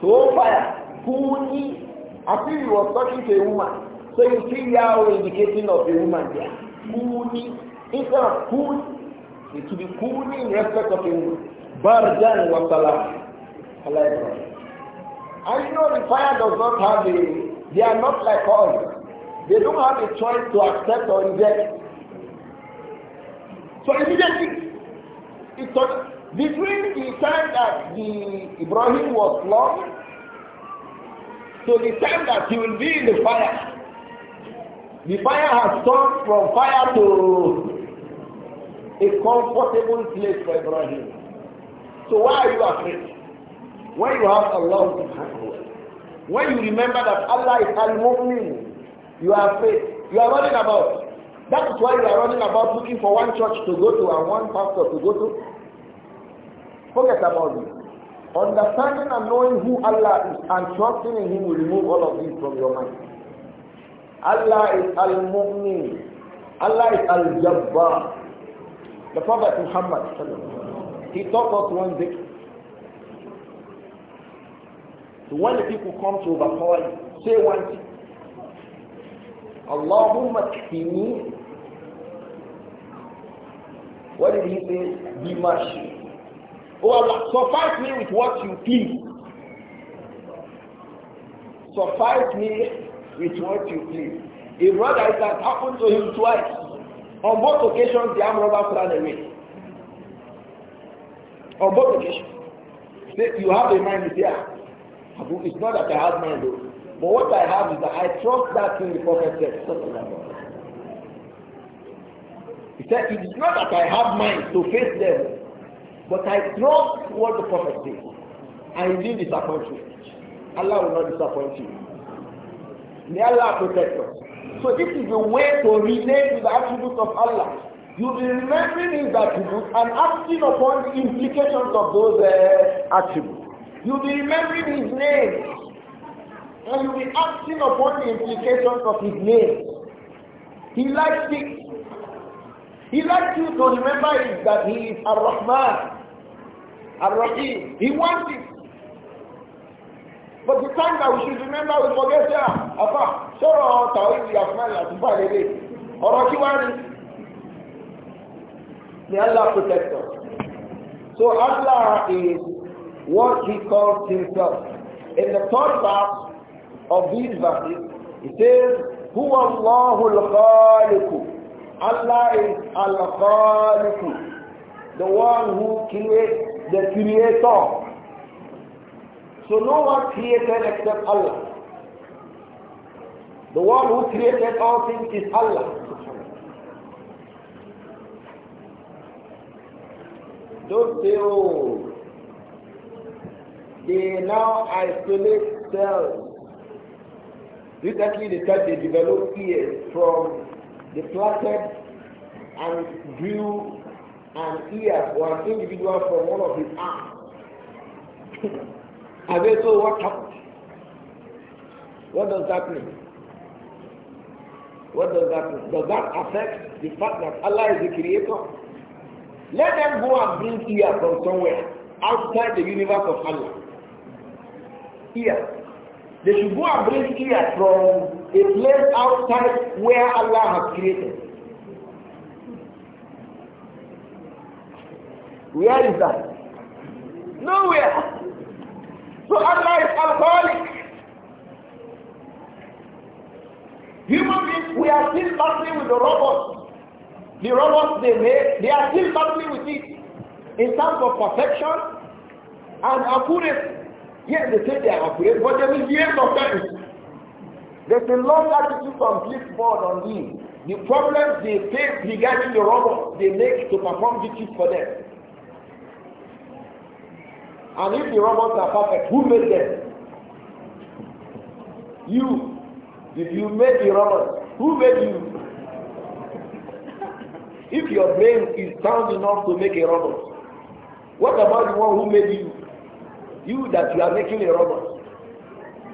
So fire. Huni, I think you were talking to a woman. So you see we're indicating of a woman there. Huni, instead of Huni, it should be Huni in respect of a woman. Barjan wa salam. Allah and you know the fire does not have a, they are not like us. They don't have a choice to accept or reject. So immediately, it's between the time that the Ibrahim was long. So the time that you will be in the fire, the fire has turned from fire to a comfortable place for Ibrahim. So why are you afraid? When you have Allah subhanahu wa when you remember that Allah is al-mu'min, you are afraid. You are running about. That is why you are running about looking for one church to go to and one pastor to go to. Forget about it. Understanding and knowing who Allah is and trusting in Him will remove all of this from your mind. Allah is Al-Mu'min. Allah is Al-Jabbar. The Prophet Muhammad, he taught us one day. So when the people come to overpower you, say one thing. Allahumma kfini. What did he say? Be Oh Allah, suffice me with what you please. Suffice me with what you please. A brother, it has happened to him twice. On both occasions, the armed robber ran away. On both occasions. You have a mind, yeah. It's not that I have mind, though. But what I have is that I trust that thing the prophet said. He said, it is not that I have mind to face them, but I trust what the prophet said. And he didn't disappoint Allah will not disappoint you. May Allah protect us. So this is the way to relate with the attributes of Allah. You'll be remembering his attributes and acting upon the implications of those uh, attributes. You'll be remembering his name and you'll be acting upon the implications of his name. He likes it. He likes you to remember that he is a Rahman. Ar-Rahim. He wants it. But the time that we should remember, we forget that. apa? sọ̀rọ̀ tàwọn ìyá fún àyà tó lélẹ̀. Ọ̀rọ̀ kí May Allah protect us. So Allah is what he calls himself. In the third verse of these verses, he says, هو الله الخالق Allah is Al-Khaliq, the one who creates the creator. So no one created except Allah. The one who created all things is Allah. Don't say, oh, they now isolate cells. Recently they said they developed ears from the planet and grew an ear or an individual from one of his arms. and they say, what happened? What does that mean? What does that mean? Does that affect the fact that Allah is the creator? Let them go and bring ear from somewhere outside the universe of Allah. Ear. They should go and bring ear from a place outside where Allah has created. Where is that? Nowhere. So Allah is alcoholic. Human beings, we are still battling with the robots. The robots they make, they are still battling with it in terms of perfection and accuracy. Yes, they say they are accurate, but there is years of time. There's a long attitude from this board on this. The problems they face regarding the robots they make to perform duties for them. And if the robots are perfect, who made them? You. If you made the robots, who made you? if your brain is sound enough to make a robot, what about the one who made you? You that you are making a robot.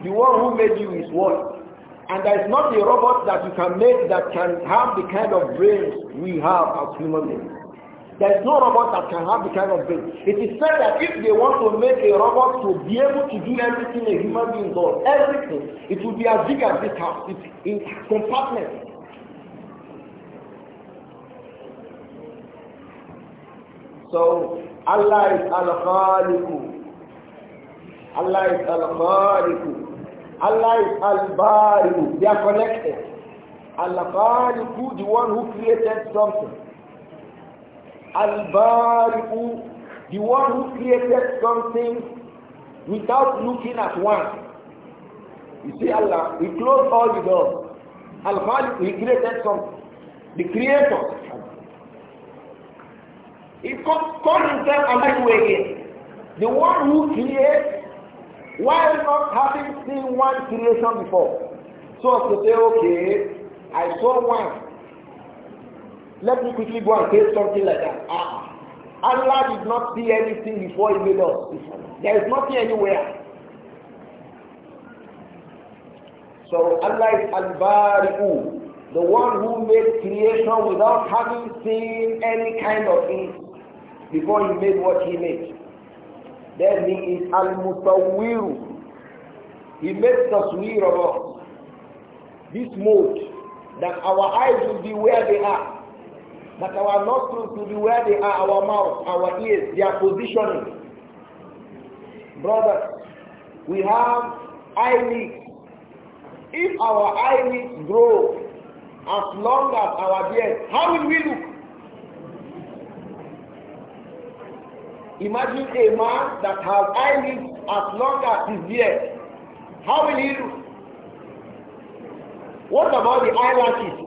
The one who made you is what? And there is not a robot that you can make that can have the kind of brains we have as human beings. There is no robot that can have the kind of brain. It is said that if they want to make a robot to be able to do everything a human being does, everything, it will be as big as this house. It's in So Allah is Al-Khaliqu. Allah is Al-Khaliqu. Allah is al bari They are connected. Al-Khaliqu, the one who created something al the one who created something without looking at one. You see Allah, He closed all the doors. al He created something. The Creator. He called Himself Allahu again. The one who creates while not having seen one creation before. So to say, okay, I saw one, let me quickly go and say something like that. Ah, Allah did not see anything before he made us. There is nothing anywhere. So Allah is Al-Bari'u, the one who made creation without having seen any kind of it before he made what he made. Then he is Al-Mutawwiru. He made us of us. This mode, that our eyes will be where they are. That our nostrils will be where they are, our mouth, our ears, their positioning. Brothers, we have eyelids. If our eyelids grow as long as our beard, how will we look? Imagine a man that has eyelids as long as his beard. How will he look? What about the eyelashes?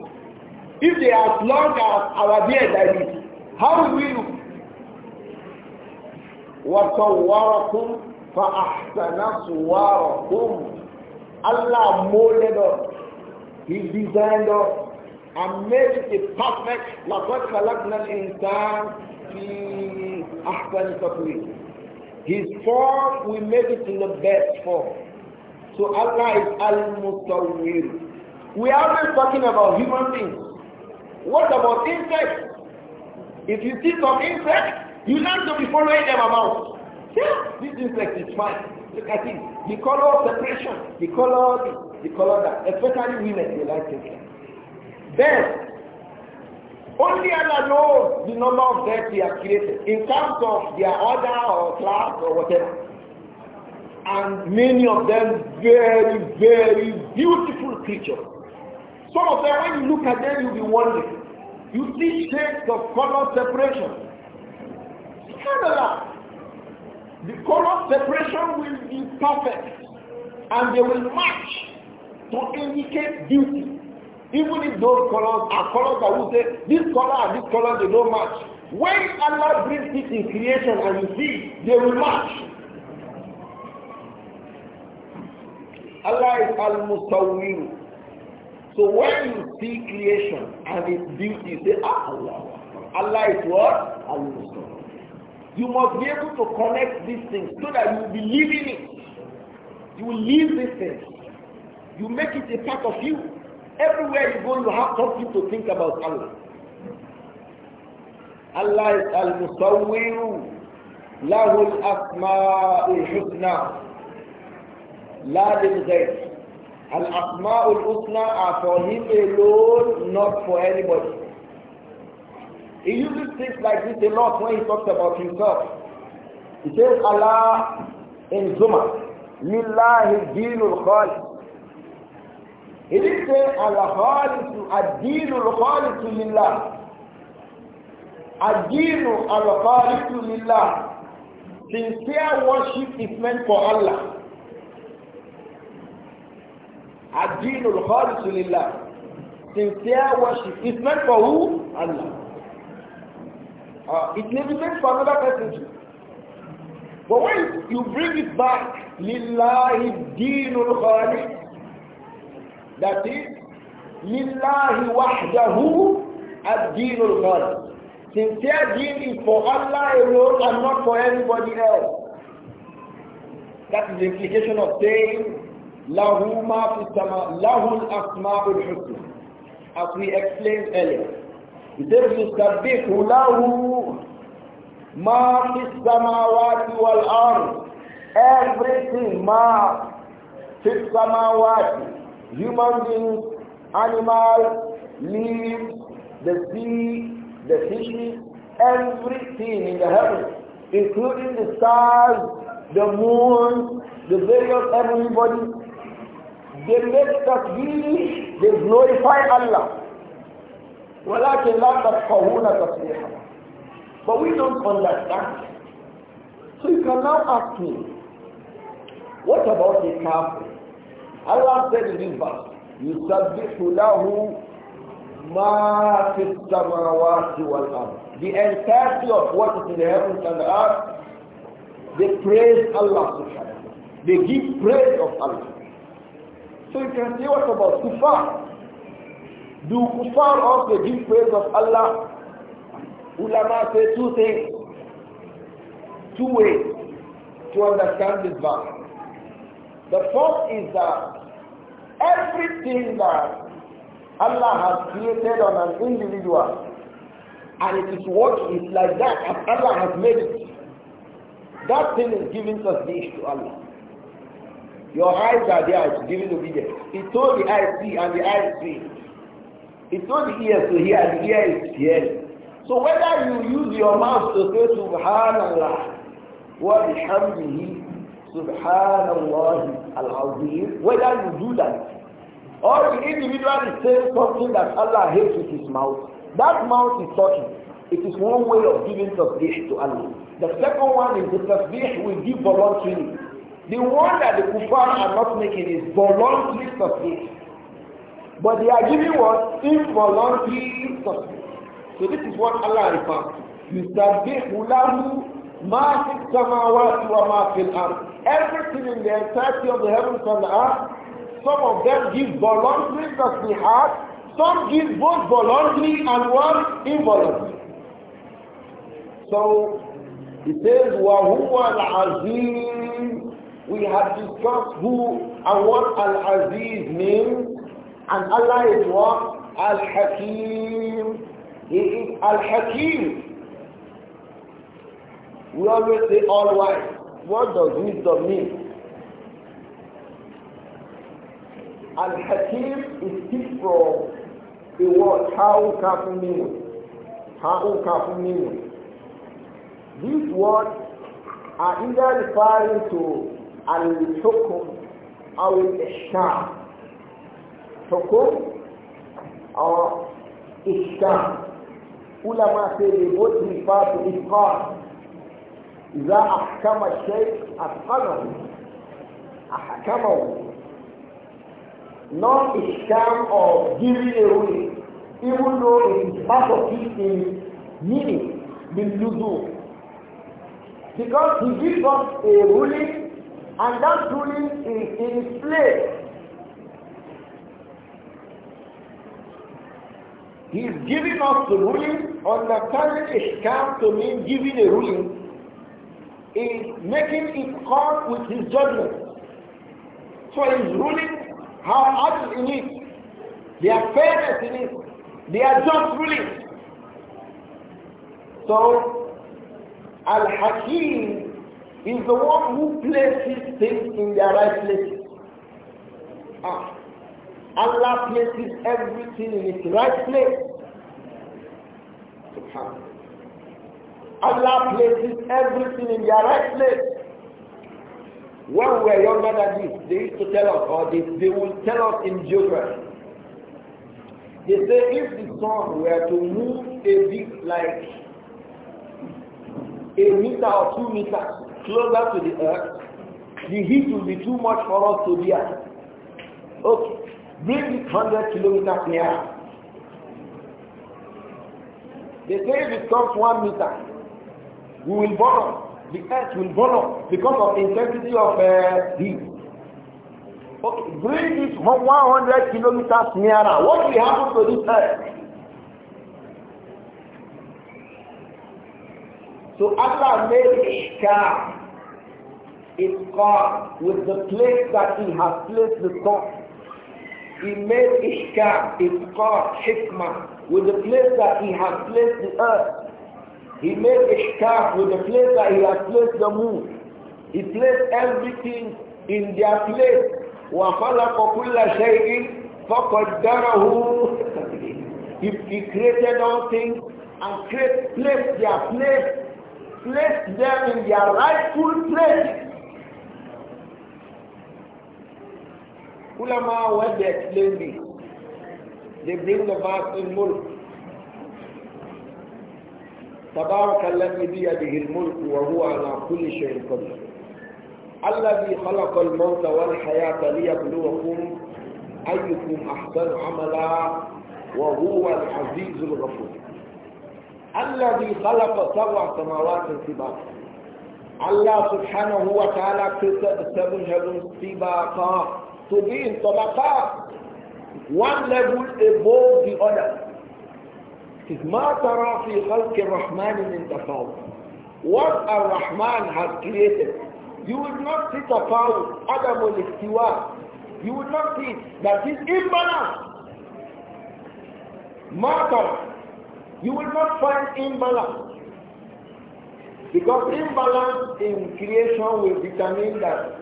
if they are as long as our beard like this, how do we look? وَصَوَّرَكُمْ فَأَحْسَنَ صُوَارَكُمْ Allah molded us. He designed us and made it perfect. in time الْإِنسَانَ فِي أَحْسَنِ تَقْوِيمٍ His form, we made it in the best form. So Allah is Al-Mutawwir. We are not talking about human beings. What about insects? If you see some insects, you have to be following them about. Yeah, this insect is fine. Look at it. The color of separation, the color this, the color that. Especially women, they like it. Then, only Allah knows the number of deaths He has created in terms of their order or class or whatever. And many of them very, very beautiful creatures. Some of them, when you look at them, you'll be wondering. You see shades of color separation. Canada, the color separation will be perfect and they will match to indicate beauty. Even if those colors are colors that would say, this color and this color, they don't match. When Allah brings it in creation and you see, they will match. Allah is al-Mustawwir. So when you see creation and its beauty, you say, ah, Allah. Allah is what? Allah. You must be able to connect these things so that you will be living it. You will live these things. You make it a part of you. Everywhere you go, you have something to think about Allah. Allah is al-musawwiru. Lahu al al husna. La lil-ghayr. Al-Asma'ul Husna are for him alone, not for anybody. He uses things like this a lot when he talks about himself. He says Allah in Zuma, Lillahi Dinul Khalis. He didn't say Al-Khalisu, Ad-Dinul to Lillah. Ad-Dinu Al-Khalisu Lillah. Sincere worship is meant for Allah. Ad-dinul khalisu lillah. Sincere worship is meant for who? Allah. Uh, it may be meant for another person too. But when you bring it back, lillahi dinul khalis, that is, lillahi wahdahu ad-dinul khalis. Sincere deen is for Allah alone and not for anybody else. That is the implication of saying له ما في السماء له الأسماء الحسنى as we explained earlier there's says يسبح له ما في السماوات والأرض everything ما في السماوات human beings animals leaves the sea the fishes everything in the heavens including the stars the moon the various heavenly bodies they make that really they glorify Allah. ولكن لا تفقهون تصبيحا. But we don't understand. So you can now ask me, what about the kafir? Allah said in this verse, يُسَبِّحُ لَهُ مَا فِي السَّمَاوَاتِ وَالْأَرْضِ The entirety of what is in the heavens and the earth, they praise Allah subhanahu They give praise of Allah. So you can say what about kufar? Do kufar also give praise of Allah? Ulama say two things, two ways to understand this verse. The first is that everything that Allah has created on an individual and it is what is like that as Allah has made it. That thing is giving us tasbih to Allah. Your eyes are there giving obedience. He told the eyes see and the eyes see. He told the ears to hear and the ear is hearing. So whether you use your mouth to say Subhanallah wa bihamdihi Subhanallah al-Azim, whether you do that, or the individual is saying something that Allah hates with his mouth, that mouth is talking. It is one way of giving tasbih to Allah. The second one is the tasbih we give voluntarily. The one that the kuffar are not making is voluntary submit. But they are giving what? Involuntary submit. So this is what Allah refers to. يُسَبِّحُ لَهُ مَا فِي السَّمَاوَاتِ وَمَا فِي الْأَرْضِ Everything in the entirety of the heavens and the earth, some of them give voluntary tasbihat, some give both voluntarily and one involuntarily. So, it says, وَهُوَ الْعَزِيمُ we have discussed who and what Al-Aziz means, and Allah is what? Al-Hakim. He is Al-Hakim. We always say all-wise. What does wisdom mean? Al-Hakim is picked from the word Ha'u Kafu Minu. Ha'u Kafu Minu. These words are either referring to الحكم أو الإحكام حكم أو إحكام علماء say they both refer to إتقان إذا أحكم الشيء أتقنه أحكمه not إحكام of giving away, even though it is part of his in meaning باللزوم because he gives us a ruling and that ruling is in its place. He's giving us the ruling, understanding Ishkam to mean giving a ruling, is making it hard with his judgment. So his ruling, how art in it, They are fairness in it, they are just ruling. So, Al-Hakim is the one who places things in their right places. Ah. Allah places everything in its right place. Allah places everything in their right place. When we were younger than this, they used to tell us, or they, they tell us in geography. They say if the sun were to move a bit like a meter or two meters, closer to the earth, the heat will be too much for us to bear. Okay, bring it 100 kilometers nearer. They say if it comes one meter, we will burn up. The earth will burn up because of the intensity of uh, heat. Okay, bring it 100 kilometers nearer. What will happen to this earth? So Allah made Ishkar Itqan with the place that he has placed the thought. He made Ishkam, Itqan, Hikmah with the place that he has placed the earth. He made Ishkam with the place that he has placed the moon. He placed everything in their place. وَخَلَقَ كُلَّ شَيْءٍ فَقَدَّرَهُ He, he created all things and create, placed their place, placed them in their rightful place. كلما when they explain this, الملك تبارك الذي بيده الملك وهو على كل شيء قدير الذي خلق الموت والحياة ليبلوكم أيكم أحسن عملا وهو العزيز الغفور الذي خلق سبع سماوات سباقا الله سبحانه وتعالى كتب سبع سباقا to be in tabaqat, one level above the other. ما ترى في خلق الرحمن in تفاوت what Rahman has created you will not see تفاوت عدم الاستواء you will not see that is imbalance Matter, you will not find imbalance because imbalance in creation will determine that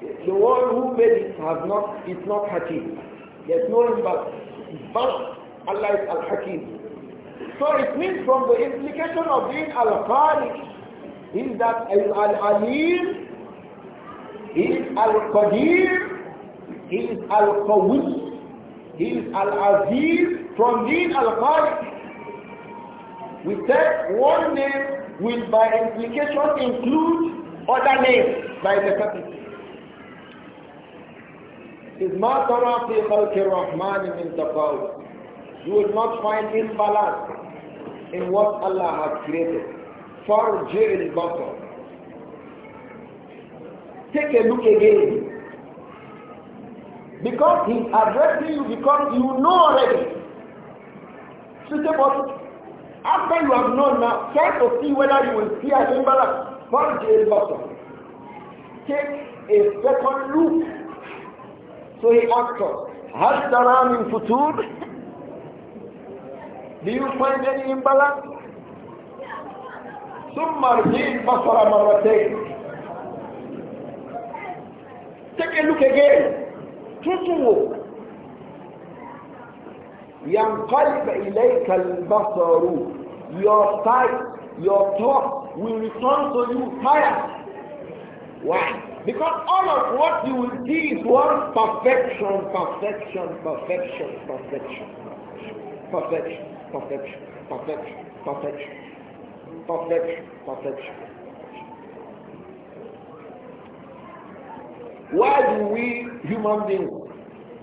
the one who made it has not, it's not Hakim. There's no one But Allah is Al-Hakim. So it means from the implication of being Al-Khaliq is that Al-Alim, he is Al-Qadir, he is Al-Qawi, he is Al-Aziz, from being Al-Khaliq. We said one name will by implication include other names by necessity is ما ترى في خلق الرحمن من تفاوت You will not find imbalance in what Allah has created. for فارجع البصر Take a look again. Because he's addressing you because you know already. So but after you have known now, try to see whether you will see an imbalance. فارجع البصر Take a second look so he asked her, Has there been futur? Do you find any imbalance? Summa rjeed basara marratek. Take a look again. Tutuwo. your sight your thought will return to you higher. why because all of what you will see is one perfection, perfection, perfection, perfection, perfection, perfection, perfection, perfection, perfection, perfection. Why do we human beings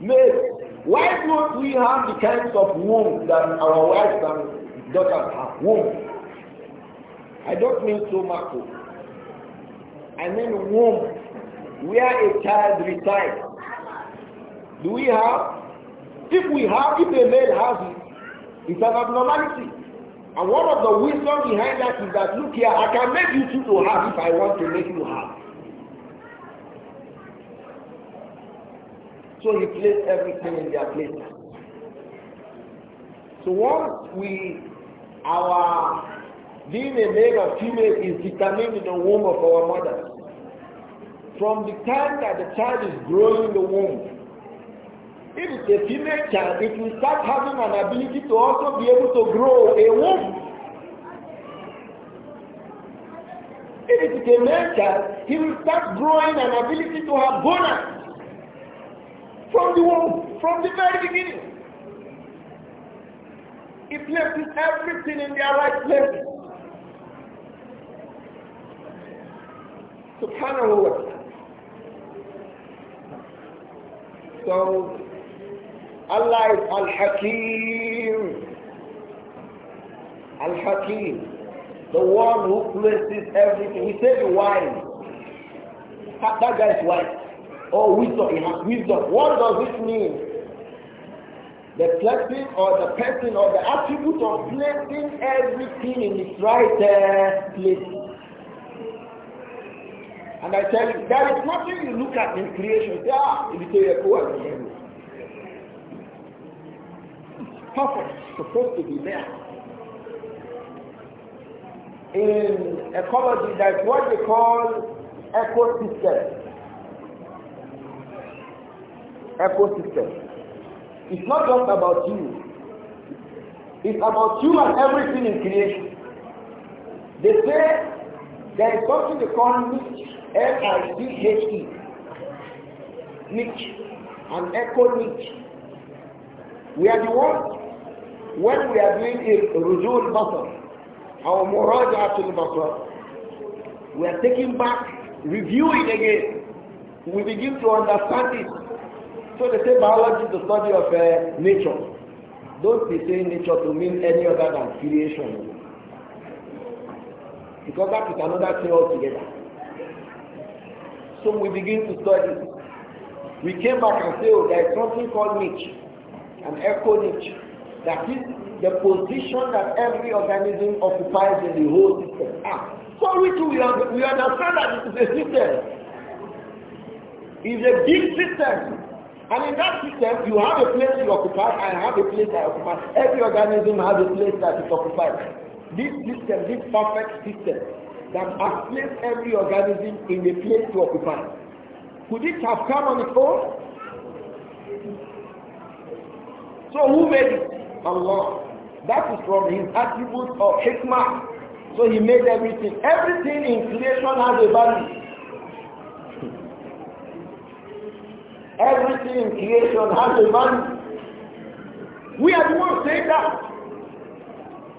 make? Why don't we have the kinds of womb that our wives and daughters have? Womb. I don't mean to much. I mean womb where a child resides. Do we have? If we have, if a male has it, it's an abnormality. And one of the wisdom behind that is that, look here, I can make you two to have if I want to make you have. So he placed everything in their place. So once we, our being a male or female is determined in the womb of our mother from the time that the child is growing in the womb. If it's a female child, it will start having an ability to also be able to grow a womb. If it is a male child, he will start growing an ability to have bonus from the womb, from the very beginning. It places everything in their right place. Subhanahu wa ta'ala. So, Allah is Al-Hakim. Al-Hakim. The one who places everything. He said wise. That, that guy is wise. Oh, wisdom. He has wisdom. What does it mean? The placing or the person or the attribute of placing everything in its right uh, place. And I tell you, there is nothing you look at in creation. There are ah, in the Perfect, supposed to be there. In ecology, that's what they call ecosystem. Ecosystem. It's not just about you. It's about you and everything in creation. They say there is something they call N-I-C-H-E. Niche. An echo niche. We are the ones when we are doing a result basar, our muraja'atul basar, we are taking back, reviewing again. We begin to understand it. So they say biology is the study of uh, nature. Don't be saying nature to mean any other than creation. Because that is another thing altogether. So we begin to study. We came back and said, oh, there is something called niche, an echo niche. That is the position that every organism occupies in the whole system. Ah, so we too, we, understand that it is a system. It's a big system. And in that system, you have a place you occupy and have a place that occupy. Every organism has a place that it occupies. This system, this perfect system, that has placed every organism in a place to occupy. Could it have come on its own? So who made it? Allah. That is from his attribute of hikmah. So he made everything. Everything in creation has a value. Everything in creation has a value. We are the ones saying that.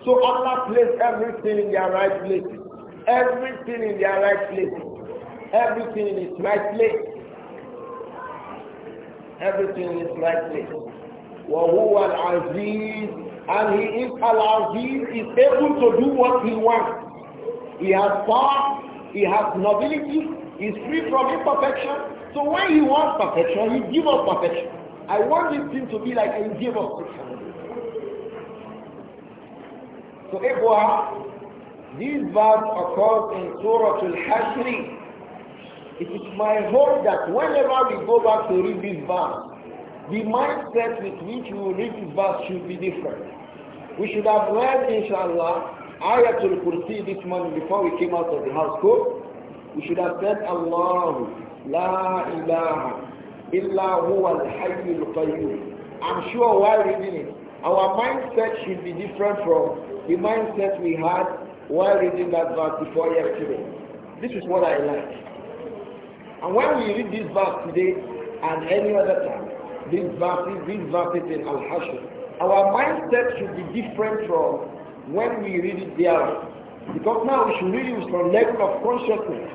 So Allah placed everything in their right place everything in their right place, everything in its right place, everything in its right place. وَهُوَ الْعَزِيزُ And he is Al-Aziz, is able to do what he wants. He has power, he has nobility, He is free from imperfection. So when he wants perfection, he gives us perfection. I want this thing to be like I give us perfection. So everyone. This verse occurs in Surah Al-Hashr. It is my hope that whenever we go back to read this verse, the mindset with which we read this verse should be different. We should have read, inshallah, Ayatul Kursi this morning before we came out of the house We should have said, Allahu, La ilaha, illa huwa al-hayyul qayyum. I'm sure while reading it, our mindset should be different from the mindset we had while reading that verse before yesterday. This is what I like. And when we read this verse today and any other time, these verses, these verses in Al-Hashr, our mindset should be different from when we read it there. Because now we should read it with level of consciousness.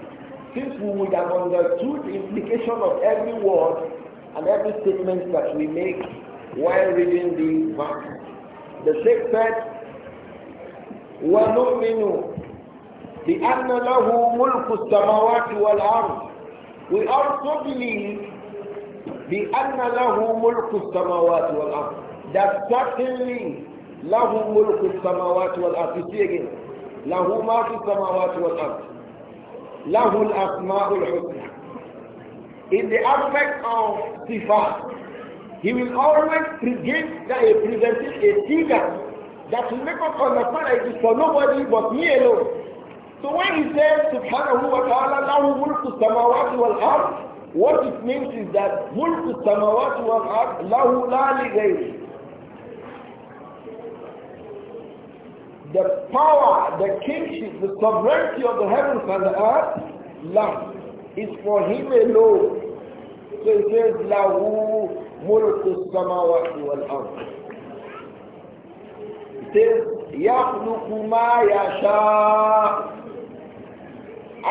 Since we would have understood the implication of every word and every statement that we make while reading the verse. The Sheikh said, ونؤمن بأن له ملك السماوات والأرض We also believe بأن له ملك السماوات والأرض That certainly له ملك السماوات والأرض You see again له ما في السماوات والأرض له الأسماء الحسنى In the aspect of sifat, he will always present a, present a figure that will make us understand it is for nobody but me alone. So when he says subhanahu wa ta'ala lahu mulku samawati wal ard, what it means is that mulku samawati wal ard lahu la li The power, the kingship, the sovereignty of the heavens and the earth, lahu, is for him alone. So he says lahu mulku samawati wal ard says, يَخْلُقُ مَا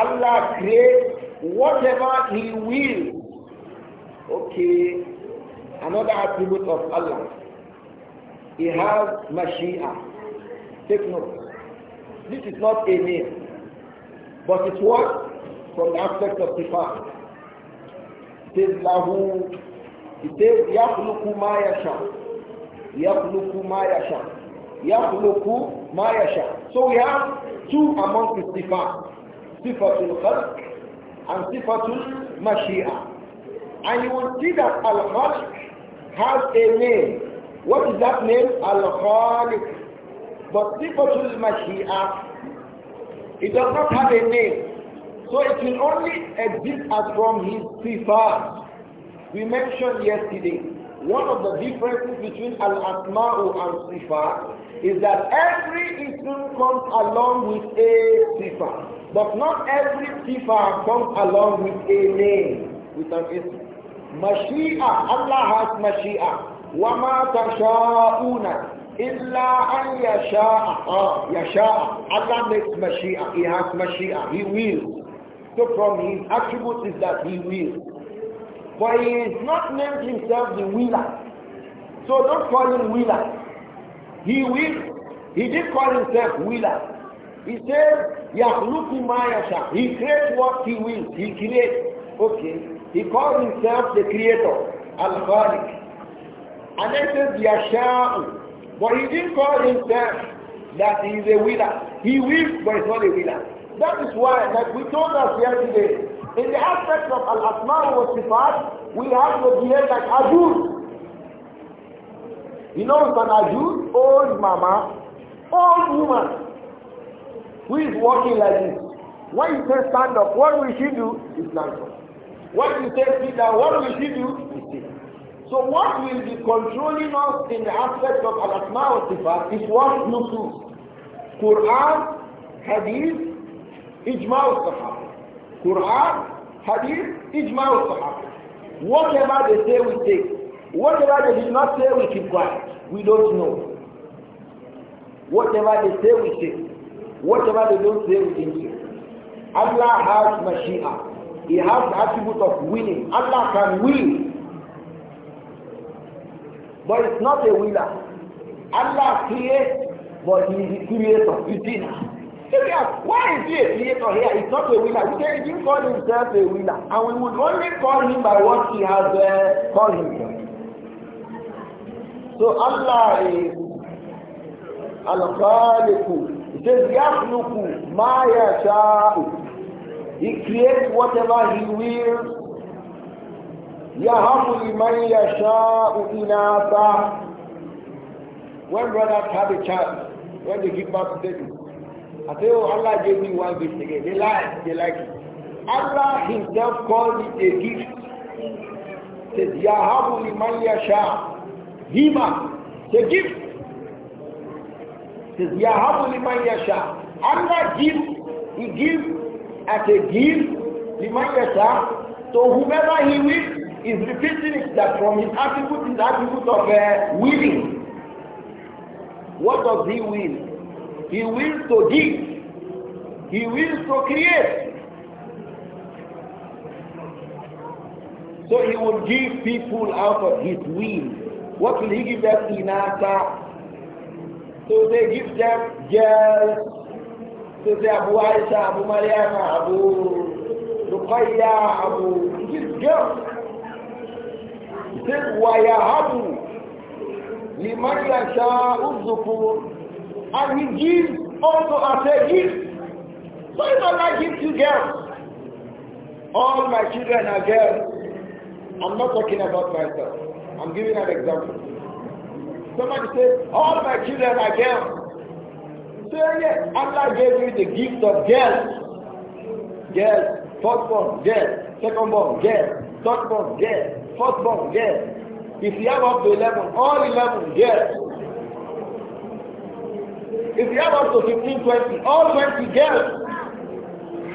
Allah creates whatever He will. Okay, another attribute of Allah. He has Mashiach. Take note. This is not a name, but it's what? From the aspect of the fact. It says Lahu, it says Yakhluku ma yasha. Yakhluku ma yasha. يخلق ما يشاء so we have two among the sifat صفة الخلق and صفة المشيئة and you will see that al has a name what is that name al but Sifatul Mashiach, it does not have a name. So it will only exist as from his Sifat. We mentioned yesterday, one of the differences between Al-Asma'u and Sifat is that every instrument comes along with a tifa, but not every tifa comes along with a name, with an ism. Mashia, Allah has Mashia. وَمَا تَشَاءُونَ إِلَّا أَن يَشَاءَ uh, يَشَاءَ Allah makes Mashia. He has Mashia. He will. So from his attribute is that he will. But he is not named himself the Willer. So don't call him Willer. He will. He did call himself willer. He says, Yahluku Mayasha. He creates what he will. He creates. Okay. He calls himself the creator, Al Khalik. And then says Yasha'u. But he didn't call himself that he is a willer. He wills, but he's not a willer. That is why, like we told us yesterday, in the aspect of Al Asma wa Sifat, we have to behave like Abud. You know Sanaju? Old mama, old woman, who is walking like this. When you say stand up, what will she do? She stands up. When you say sit down, what will she do? She sits. So what will be controlling us in the aspect of al-asma wa sifat is what nusus. Quran, Hadith, Ijma al-Sahaba. Quran, Hadith, Ijma al-Sahaba. Whatever they say we take. Whatever they did not say, we keep quiet. We don't know. Whatever they say, we say. Whatever they don't say, we didn't say. Allah has Mashia. He has the attribute of willing. Allah can will. But it's not a willer. Allah creates, but He is the creator. You see now. Why is he a creator here? He's not a winner. We can even call himself a winner. And we would only call him by what he has uh, called himself. So Allah is Al-Khaliqu. He says, Yakhluqu ma yasha'u. He creates whatever he wills. Yahabu liman yasha'u inatha. When brothers have a child, when they give birth to baby. I say, oh, Allah gave me one gift again. They lie, they like it. Allah himself called it a gift. He says, Yahabu liman yasha'u. Hima, the gift. Says Yahabu liman yasha. Allah gives, He gives as a gift liman yasha. So whoever He will is repeating it that from His attribute is the attribute of uh, willing. What does He will? He wills to give. He wills to create. So he will give people out of his will. What will he give them? Inata. So they give them girls. So they Abu Aisha, Abu Maria, Abu Ruqayya, Abu. It is girls. He says, وَيَهَبُ لِمَنْ يَشَاءُ الذُّكُورُ And he gives also as a gift. So it's not like gift to girls. All my children are girls. I'm not talking about myself. I'm giving an example. Somebody says, all my children are girls. Say, oh, yes, Allah gave you the gift of girls. Girls, first born, girls, second born, girls, third born, girls, fourth born, girls. If you have up to 11, all 11, girls. If you have up to 15, 20, all 20 girls.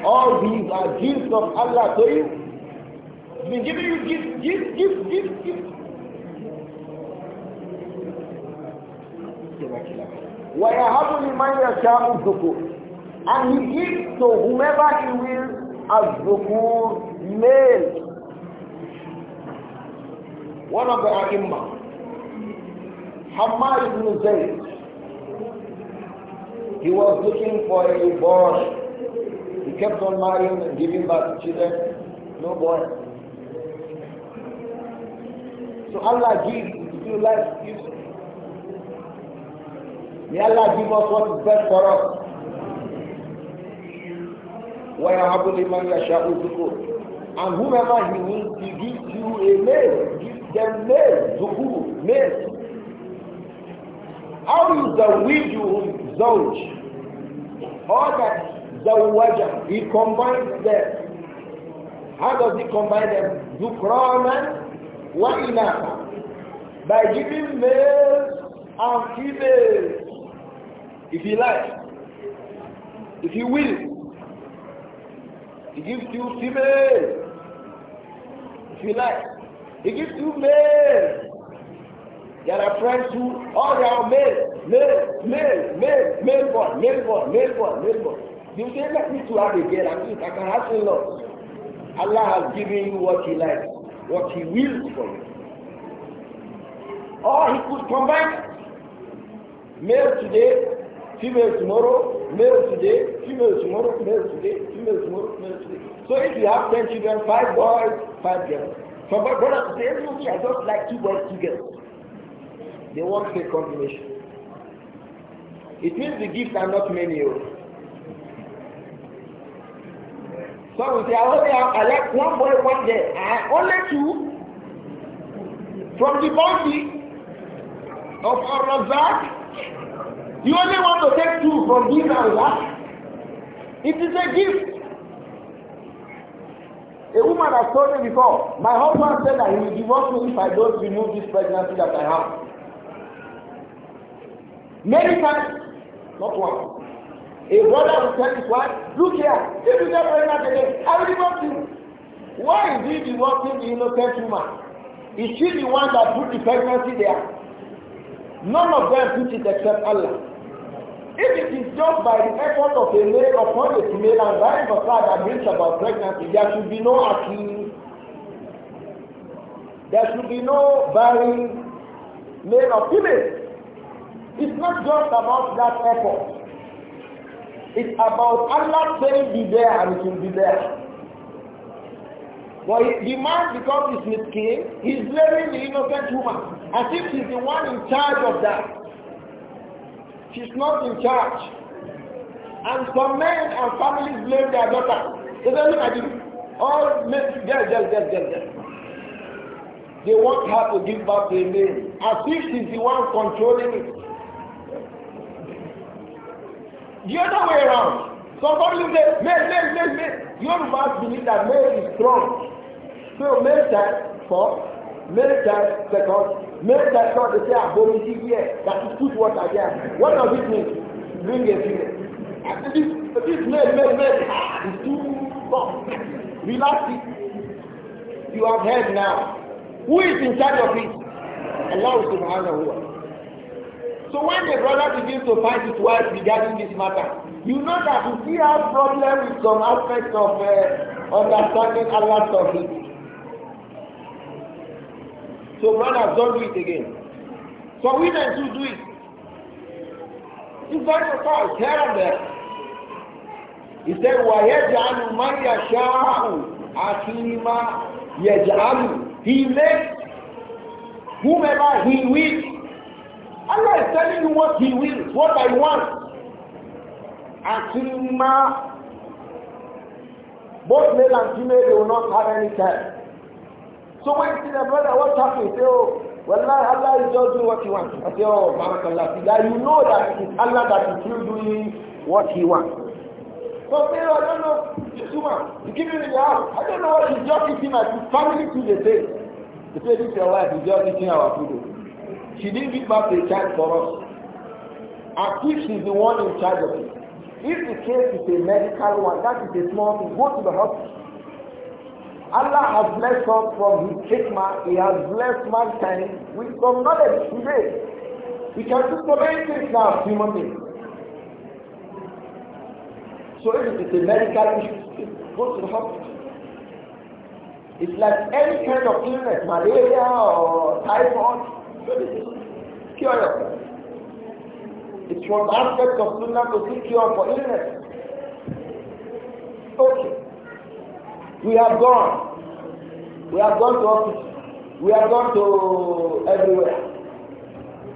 All these are gifts of Allah to you. He's been giving you gifts, gifts, gifts, gifts, gifts. وَيَهَبُ لِمَنْ يَشَاءُ الذُّكُورِ And he gives to whomever he will الذُّكُورِ male. One of the ai Hamad ibn Zayd. He was looking for a boy. He kept on marrying and giving birth to children. No boy. So Allah gives you life, gives May Allah give us what is best for us. وَيَهَبُ لِمَنْ يَشَاءُ ذُكُرْ And whomever he will, he gives you a male, gives them male, ذُكُرْ, male. How is the widow zawj? How that zawwaja, he combines them. How does he combine them? Dhukranan wa inaha. By giving males and females. If he likes, if he will, he gives you female. If he likes, he gives you male. There are friends who all they are male, male, male, male, male born, male male male You say, let me to have a girl, I mean, I can have a lot. Allah has given you what he likes, what he wills for you. Or he could combine male today, female tomorrow, male today, female tomorrow, male today, female tomorrow, male today. So if you have 10 children, 5 boys, 5 girls. From my brother to say, okay, I just like 2 boys, 2 girls. They want a combination. It means the gifts are not many. Oh. Some will say, I only have, I like one boy, one girl. I only two from the body of our Razak you only want to take two from this and that. It is a gift. A woman has told me before, my husband said that he will divorce me if I don't remove this pregnancy that I have. Many times, not one. A brother will tell his wife, look here, if you get pregnant again, I will divorce you. Why is he divorcing the innocent woman? Is she the one that put the pregnancy there? None of them put it except Allah. If it is just by the effort of a male upon a female and that is a fact that brings about pregnancy, there should be no accused. There should be no barring male or female. It's not just about that effort. It's about Allah saying be there and it will be there. But the man becomes his king, he's blaming the innocent woman as if he's the one in charge of that. She's not in charge. And some men and families blame their daughter. They don't look at you. All men, girl, girl, girl, girl, They want her to give back the name. As if she's the one controlling it. The other way around. Some families say, men, men, men, men. Yorubas believe that men is strong. So men times first, men times second, Make that sure they say abominity ah, here, that is you put water there. What does it mean? Bring a female. This, this man, man, man is ah, too long. Relax it. You have heard now. Who is in charge of it? Allah subhanahu wa So when the brother begins to fight his wife regarding this matter, you know that he has problem with some aspects of uh, understanding Allah's of it. So man has done do it again. So we then too do it. It's like a here and there. He said, وَيَجْعَلُ مَنْ يَشَاءُ عَقِيمًا يَجْعَلُ He makes whomever he will. Allah is telling you what he will, what I want. Akima, both male and female, they will not have any child. So when you see the brother, what's happening? Say, oh, well, Allah is just doing what he wants. I say, oh, Barakallah. yeah, you know that it's Allah that is still doing what he wants. So say, oh, I don't know, this woman, you keep him in your house. I don't know what he's just eating at his family to the day. They say, this is your wife, he's just eating our food. She didn't give back the child for us. And if she's the one in charge of it, if the case is a medical one, that is a small thing, go to the hospital. Allah has blessed us from his hikmah. He has blessed mankind with some knowledge today. We can do so many things now human beings. So if it is a medical issue, go to the hospital. It's like any kind of illness, malaria or typhoid, cure yourself. It's one aspect of sunnah to seek cure for illness. Okay. We have gone. We have gone to office. We have gone to everywhere.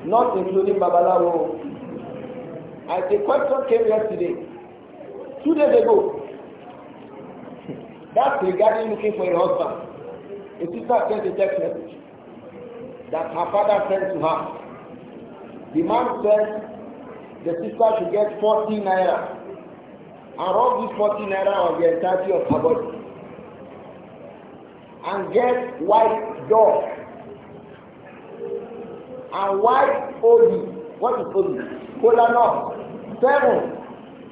Not including Babalawo. And the question came yesterday. Two days ago. That's regarding looking for a husband. A sister sent a text message that her father sent to her. The man said the sister should get 40 naira and rub this 40 naira on the entirety of her body and get white dog and white olive. What is olive? Cola nut. Seven.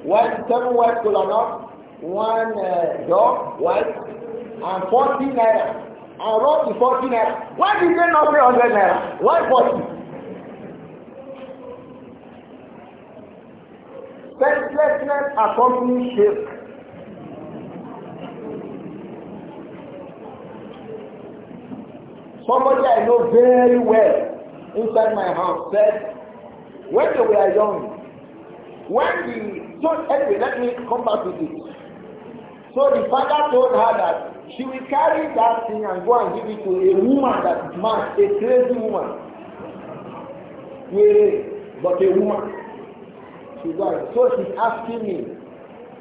White, seven white cola nut, one uh, dove, white, and 40 naira. And wrote the 40 naira. Why did they not pay 100 naira? Why 40? Selflessness accompanies shirk. Somebody I know very well inside my house said, when they were young, when the, so anyway, let me come back to this. So the father told her that she will carry that thing and go and give it to a woman that man, a crazy woman. Yeah, but a woman. She So she's asking me,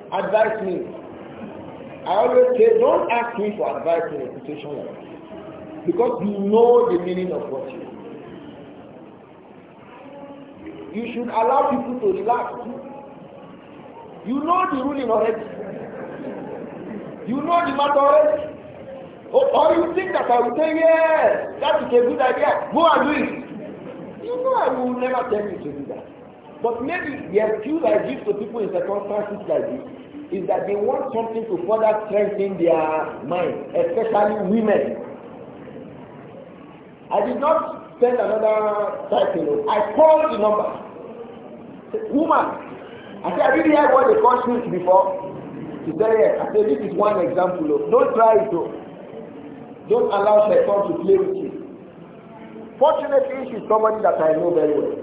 advise me. I always say, don't ask me for advice in a situation like that because you know the meaning of what you do. You should allow people to relax. You know the ruling already. You know the matter already. Or, oh, or you think that I will say, yes, that is a good idea. Go and do it. You know I will never tell you to do that. But maybe the excuse I give to people in circumstances like this is that they want something to further strengthen their mind, especially women. I did not send another title. I called the number. Woman. I said, I really had hear what they call shoes before. She said, yes. I said, this is one example of. Don't try it though. Don't allow Shaitan to play with you. Fortunately, she's somebody that I know very well.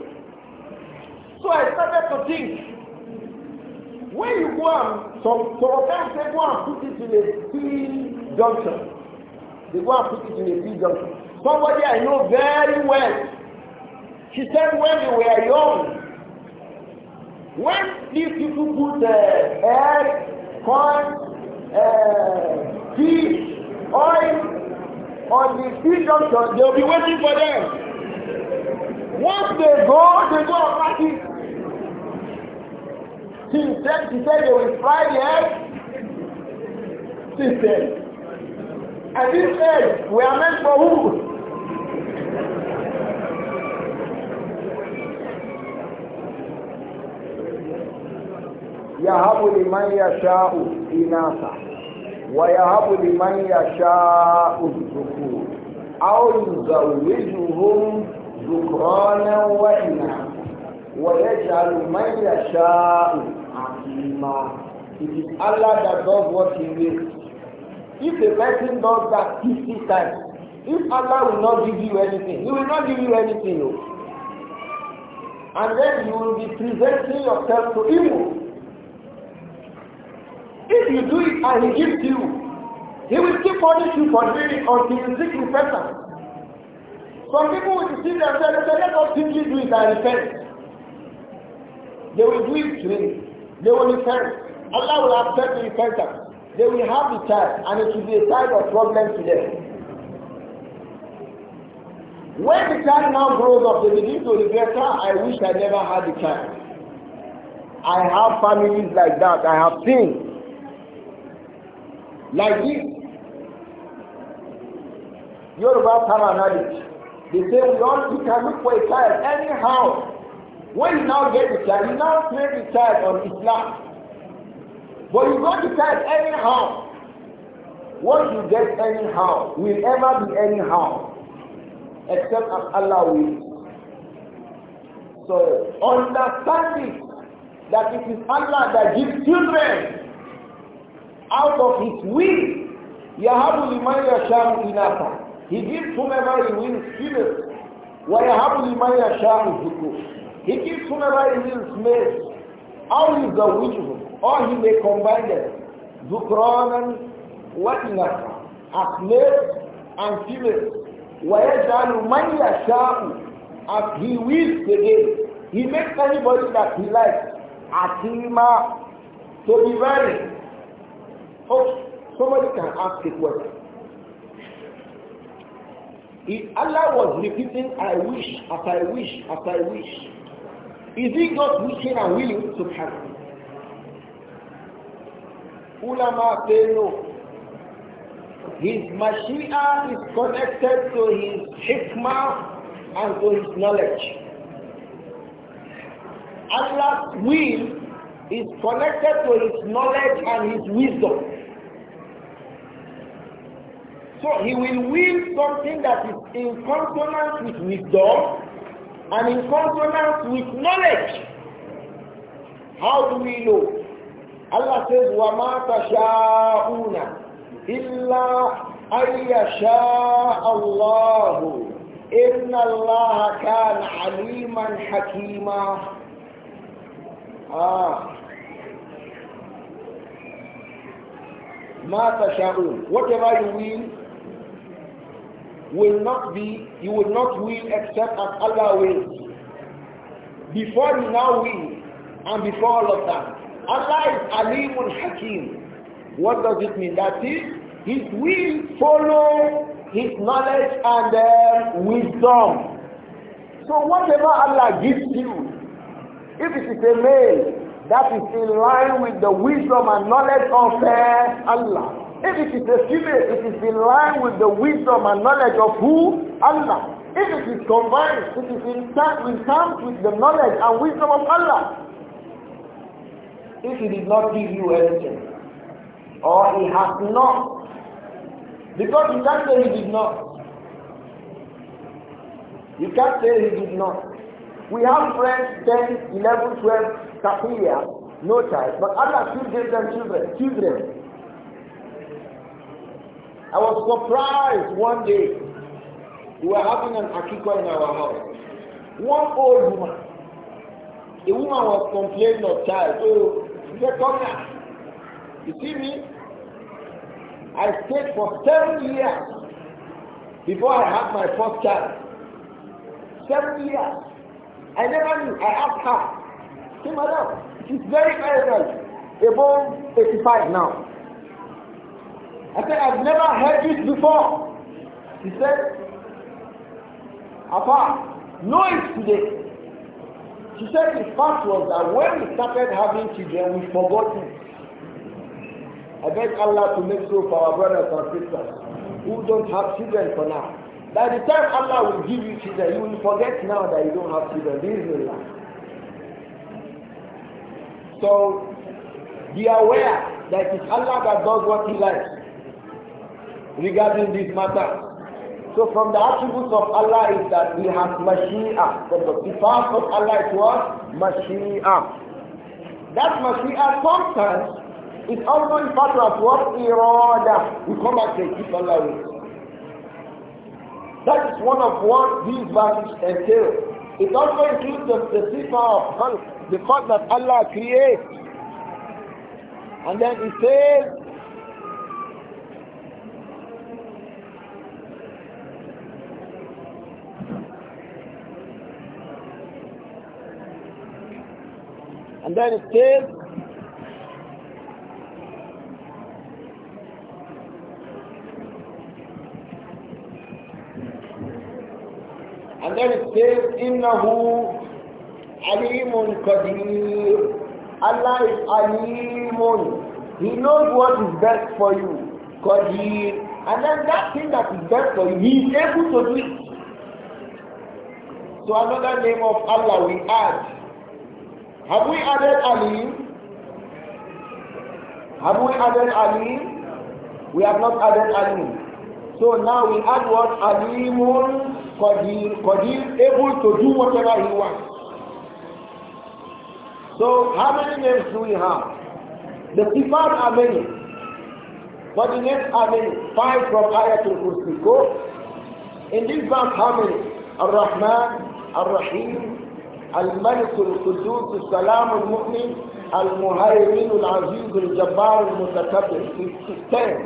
So I started to think, when you go and, some, some of them say go and put it in a P junction. They go and put it in a P junction. Somebody I know very well. She said when they were young, when these people put uh, air, corn, uh, oil, on the street junction, they'll be waiting for them. Once they go, they go and pack it. She said, she said they will fry the egg. She said, and this egg, we are meant for who? يهب لمن يشاء إناثا ويهب لمن يشاء الذكور أو يزوجهم ذكرانا وإناثا ويجعل من يشاء عقيما It is Allah that does what He will. If the person does that 50 times, if Allah will not give you anything, He will not give you anything. Oh. And then you will be presenting yourself to evil. If you do it and he gives you, he will keep punish you for doing it until you seek repentance. Some people will deceive themselves and say, let us simply do it and repent. They will do it today. They will repent. Allah will accept the repentance. They will have the child and it will be a type of problem to them. When the child now grows up, they begin to regret, ah, I wish I never had the child. I have families like that. I have seen like this, Yoruba paranoid. They say we all you can look for a child anyhow. When you now get the child, you now train the child on Islam. But you go to child anyhow. What you get anyhow will ever be anyhow. Except as Allah will. So understand it that it is Allah that gives children out of his will. Yahabu لِمَنْ يَشَاءُ inata. He gives whomever he wills students. وَيَهَبُ لِمَنْ يَشَاءُ الذُّكُورَ He gives whomever he wills males. Out of the will, or he may combine them. ذُكْرَانًا watinata. As males and females. وَيَجْعَلُ مَنْ يَشَاءُ As he wills again. He makes anybody that he likes. Atima. To be very Okay, somebody can ask a question. If Allah was repeating, I wish, as I wish, as I wish, is he not wishing and willing to happen? Ulama say no. His mashia is connected to his hikmah and to his knowledge. Allah's will is connected to his knowledge and his wisdom. So he will will something that is in consonance with wisdom and in consonance with knowledge. How do we know? Allah says, وَمَا تَشَاءُونَ إِلَّا أَن يَشَاءَ اللَّهُ إِنَّ اللَّهَ كَانَ عَلِيمًا حَكِيمًا Ah. مَا تَشَاءُونَ Whatever you will, will not be, you will not will except as Allah wills. Before you now win, and before all of that, Allah is Alimun Hakim. What does it mean? That is, His will follow His knowledge and uh, wisdom. So whatever Allah gives you, if it is a male, that is in line with the wisdom and knowledge of uh, Allah. If it is a female, it is in line with the wisdom and knowledge of who? Allah. If it is combined, it is in, in terms with the knowledge and wisdom of Allah. If he did not give you anything, or he has not, because you can't say he did not. You can't say he did not. We have friends 10, 11, 12, Kafir, no child, but Allah still gave them children. Children. I was surprised one day. We were having an akiko in our house. One old woman. The woman was complaining of child. So she said, come here. You see me? I stayed for seven years before I had my first child. Seven years. I never knew. I asked her. See, madam, she's very, very well. Above 85 now. I said, I've never heard this before. He said, Apa, know it today. She said the fact was that when we started having children, we forgot it. I beg Allah to make sure for our brothers and sisters who don't have children for now. By the time Allah will give you children, you will forget now that you don't have children. This is Allah. So be aware that it's Allah that does what He likes regarding this matter. So from the attributes of Allah is that He has Mashiach. the sifat of Allah is what? Mashiach. That Mashiach sometimes is also referred part of what? Irada. We come back to it if Allah That is one of what these verses entail. It also includes the, the of the fact that Allah creates. And then He says, And then it says, And then it says, إِنَّهُ عَلِيمٌ قَدِيرٌ Allah is Alimun. He knows what is best for you. Qadir. And then that thing that is best for you, He is able to do it. So another name of Allah we add have we added Alim? Have we added Alim? We have not added Alim. So now we add what Alimun Qadir, Qadir able to do whatever he wants. So how many names do we have? The Sifat are many. But the names are many. Five from Ayatul Kursi. In this verse how many? Ar-Rahman, Ar-Rahim, الملك القدوس السلام المؤمن المهيمن العزيز الجبار المتكبر 10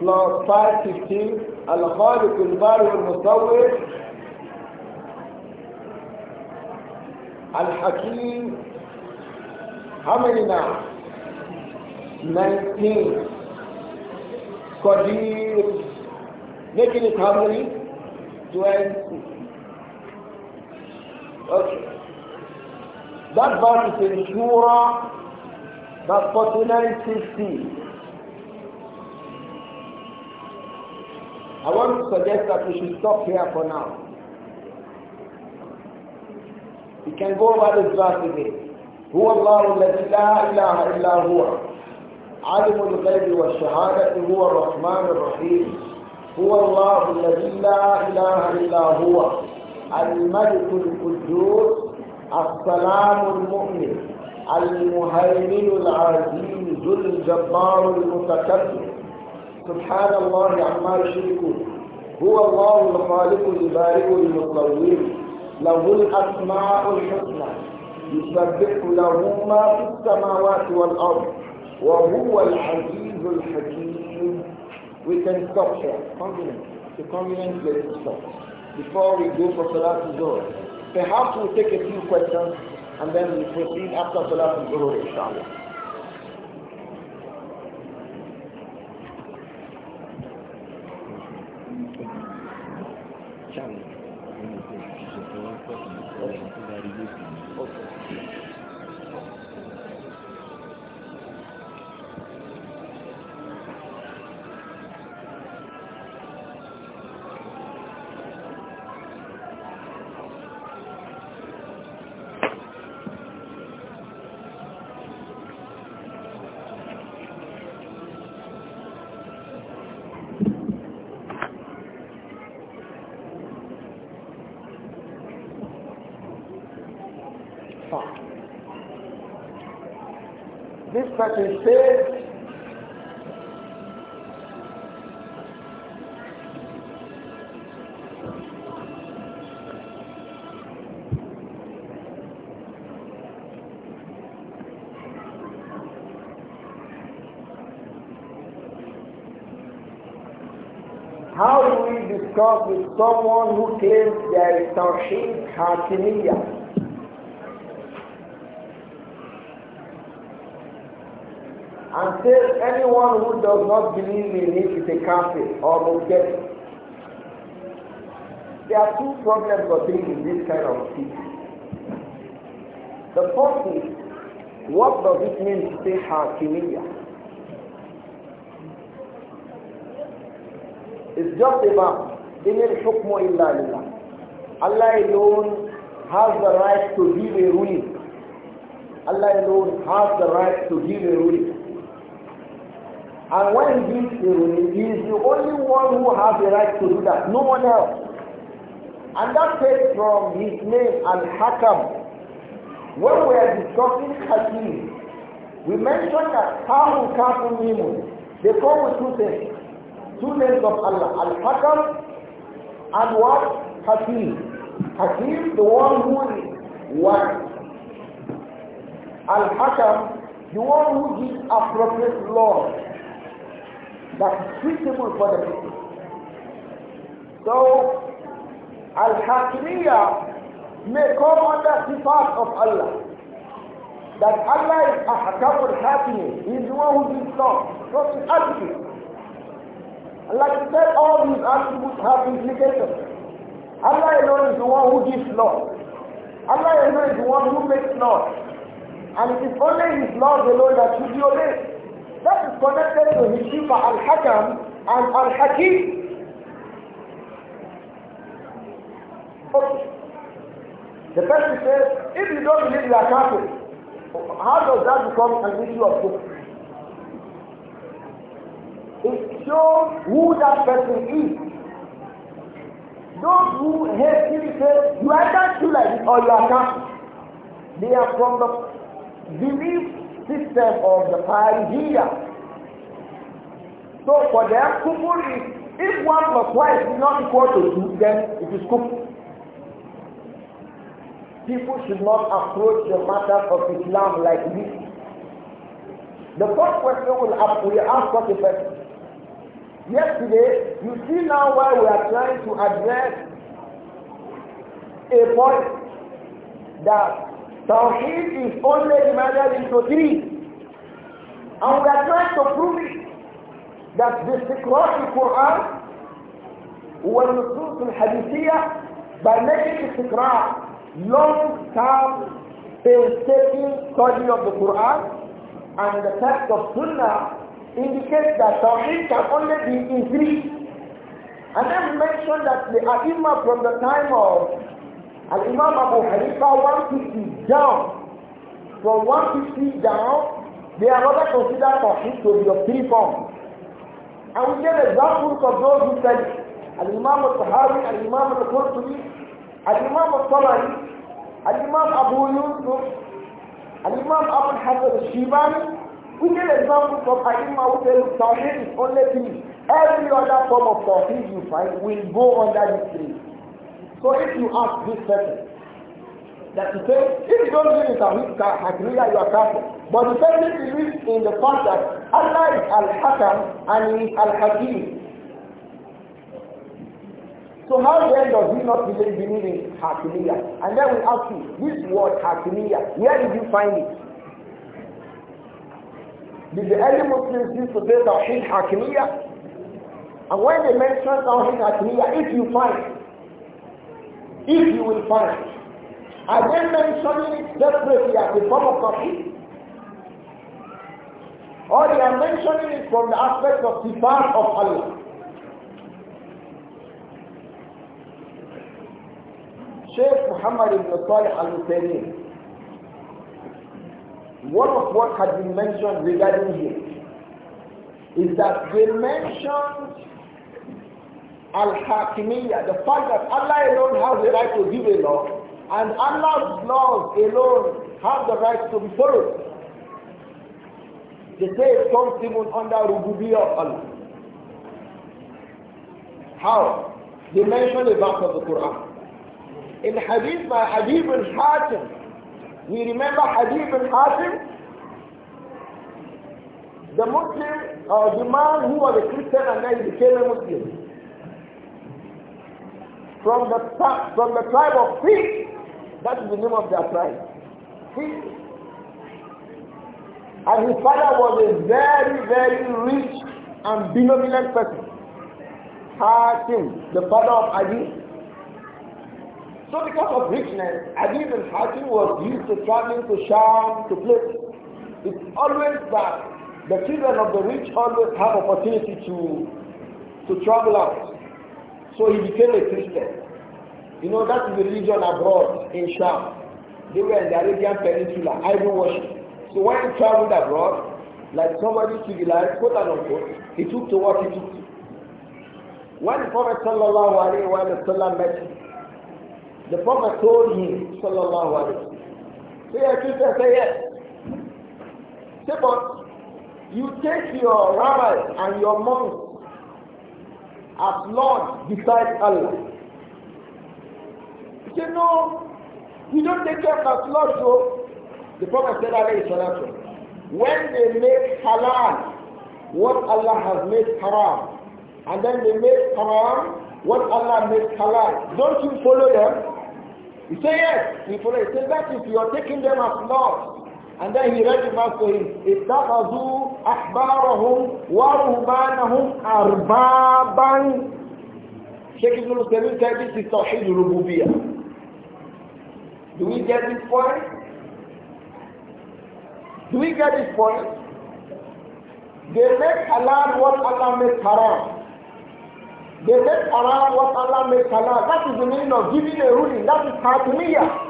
plus 515 الخالق البارئ المصور الحكيم how many now 19 قدير making it how many 20 Okay. That verse is in Surah, that 4960. I want to suggest that we should stop here for now. We can go over this verse again. هو الله الذي لا إله إلا هو عالم الغيب والشهادة هو الرحمن الرحيم هو الله الذي لا إله إلا هو الملك القدوس السلام المؤمن المهيمن العزيز ذو الجبار المتكبر سبحان الله عما يشركون هو الله الخالق البارئ المصور له الاسماء الحسنى يسبح له ما في السماوات والارض وهو العزيز الحكيم We can stop here. Confident. The confident, let's stop. before we go for Salatul Zohr, Perhaps we'll take a few questions and then we proceed after Salatul Zohr. inshallah. How do we discuss with someone who claims there is Tawheed Hakimiyah? Someone who does not believe in it is a kafir or objective. There are two problems for three in this kind of thing. The first is, what does it mean to say hakimiyah? It's just about in al illa allah." Allah alone has the right to give a ruling. Allah alone has the right to give a ruling. And when he he is the only one who has the right to do that, no one else. And that takes from his name and Hakam. When we are discussing Hakim, we mentioned that Kahu Kahu Mimun, they come with two things. Two names of Allah, Al-Hakam and what? Hakim. Hakim, the one who is one. Al-Hakam, the one who gives appropriate laws that is suitable for the people. So, Al-Hakimiyya may come under the part of Allah. That Allah is Ahkam al-Hakimi. He is the one who gives law. Not his attributes. And like said all these attributes have implications. Allah alone is the one who gives law. Allah alone is the one who makes law. And it is only his law alone that should be obeyed. That is connected to his sifa al-hakam and al-hakim. Okay. The person says, if you don't believe you are kafir, how does that become an issue of kufr? It shows who that person is. Those who hate him say, you are not like this or you are kafir. They are from the belief system of the here. So for them, kufur is, if 1 twice is not equal to 2, then it is kufur. People should not approach the matter of Islam like this. The first question we ask, we ask what the person. Yesterday, you see now why we are trying to address a point that Tawheed is only divided into three. And we are trying to prove it that this Iqrar Quran والنصوص Hadithia by making استقراء long term painstaking study of the Quran and the text of Sunnah indicates that Tawheed can only be in three. And I've mentioned that the Aima from the time of and Imam Abu Hanifa 150 down. From 150 down, they are rather considered for him to be of three forms. And we get examples of those who said Al-Imam al-Tahawi, Al-Imam al-Qurtubi, Al-Imam al-Tabari, Al-Imam Abu Yusuf, Al-Imam Abu Hassan al-Shibani, we get examples of Imam who say Tawheed is only three. Every other form of Tawheed you find will go under this tree. So if you ask this person that you say, if you don't believe in Tawheed Hakimiyya, you are Kafir. But the person believes in the fact that Allah is Al-Hakam and He is Al-Hakim. So how then does he not believe, in Hakimiyya? And then we ask you, this word Hakimiyya, where did you find it? Did the early Muslims used to say Tawheed Hakimiyya? And when they mention Tawheed Hakimiyya, if you find it if you will find. I am mentioning it desperately as a form of copy, or oh, they are mentioning it from the aspect of the part of Allah. Sheikh Muhammad ibn Salih al-Husaynin, one of what had been mentioned regarding him is that they mentioned al-hakimiyya, the fact that Allah alone has the right to give a law, and Allah's laws alone have the right to be followed. They say it comes even under rububiyyah of Allah. How? They mention the verse of the Quran. In hadith by Hadith bin Hatim, we remember Hadith bin Hatim, the Muslim, uh, the man who was a Christian and then he became a Muslim from the, from the tribe of Fish. That is the name of their tribe. Fish. And his father was a very, very rich and benevolent person. Hatim, the father of Adi. So because of richness, Adi and Hatim was used to traveling to Sham, to play. It's always that the children of the rich always have opportunity to, to travel out. So he became a Christian. You know, that is the religion abroad in Sham. They were in the Arabian Peninsula, idol worship. So when he traveled abroad, like somebody civilized, quote unquote, he took to what he took to. When the Prophet sallallahu alaihi wasallam met him, the Prophet told him sallallahu alaihi wasallam, say a Christian, say yes. Say but you take your rabbis and your monks as Lord besides Allah. He said, no, we don't take care of as Lord, so the Prophet said, alayhi salatu, when they make halal what Allah has made haram, and then they make haram what Allah made halal, don't you follow them? He said, yes, we follow. He said, that is, you are taking them as Lord. And then he read the verse for him. اتخذوا أحبارهم ورهبانهم arbaban. Sheikh Ibn Muslim said this is Tawheed Rububiyah. Do we get this point? Do we get this point? They make halal what Allah makes haram. They make haram what Allah makes halal. That is the meaning of giving a ruling. That is Hatimiyah.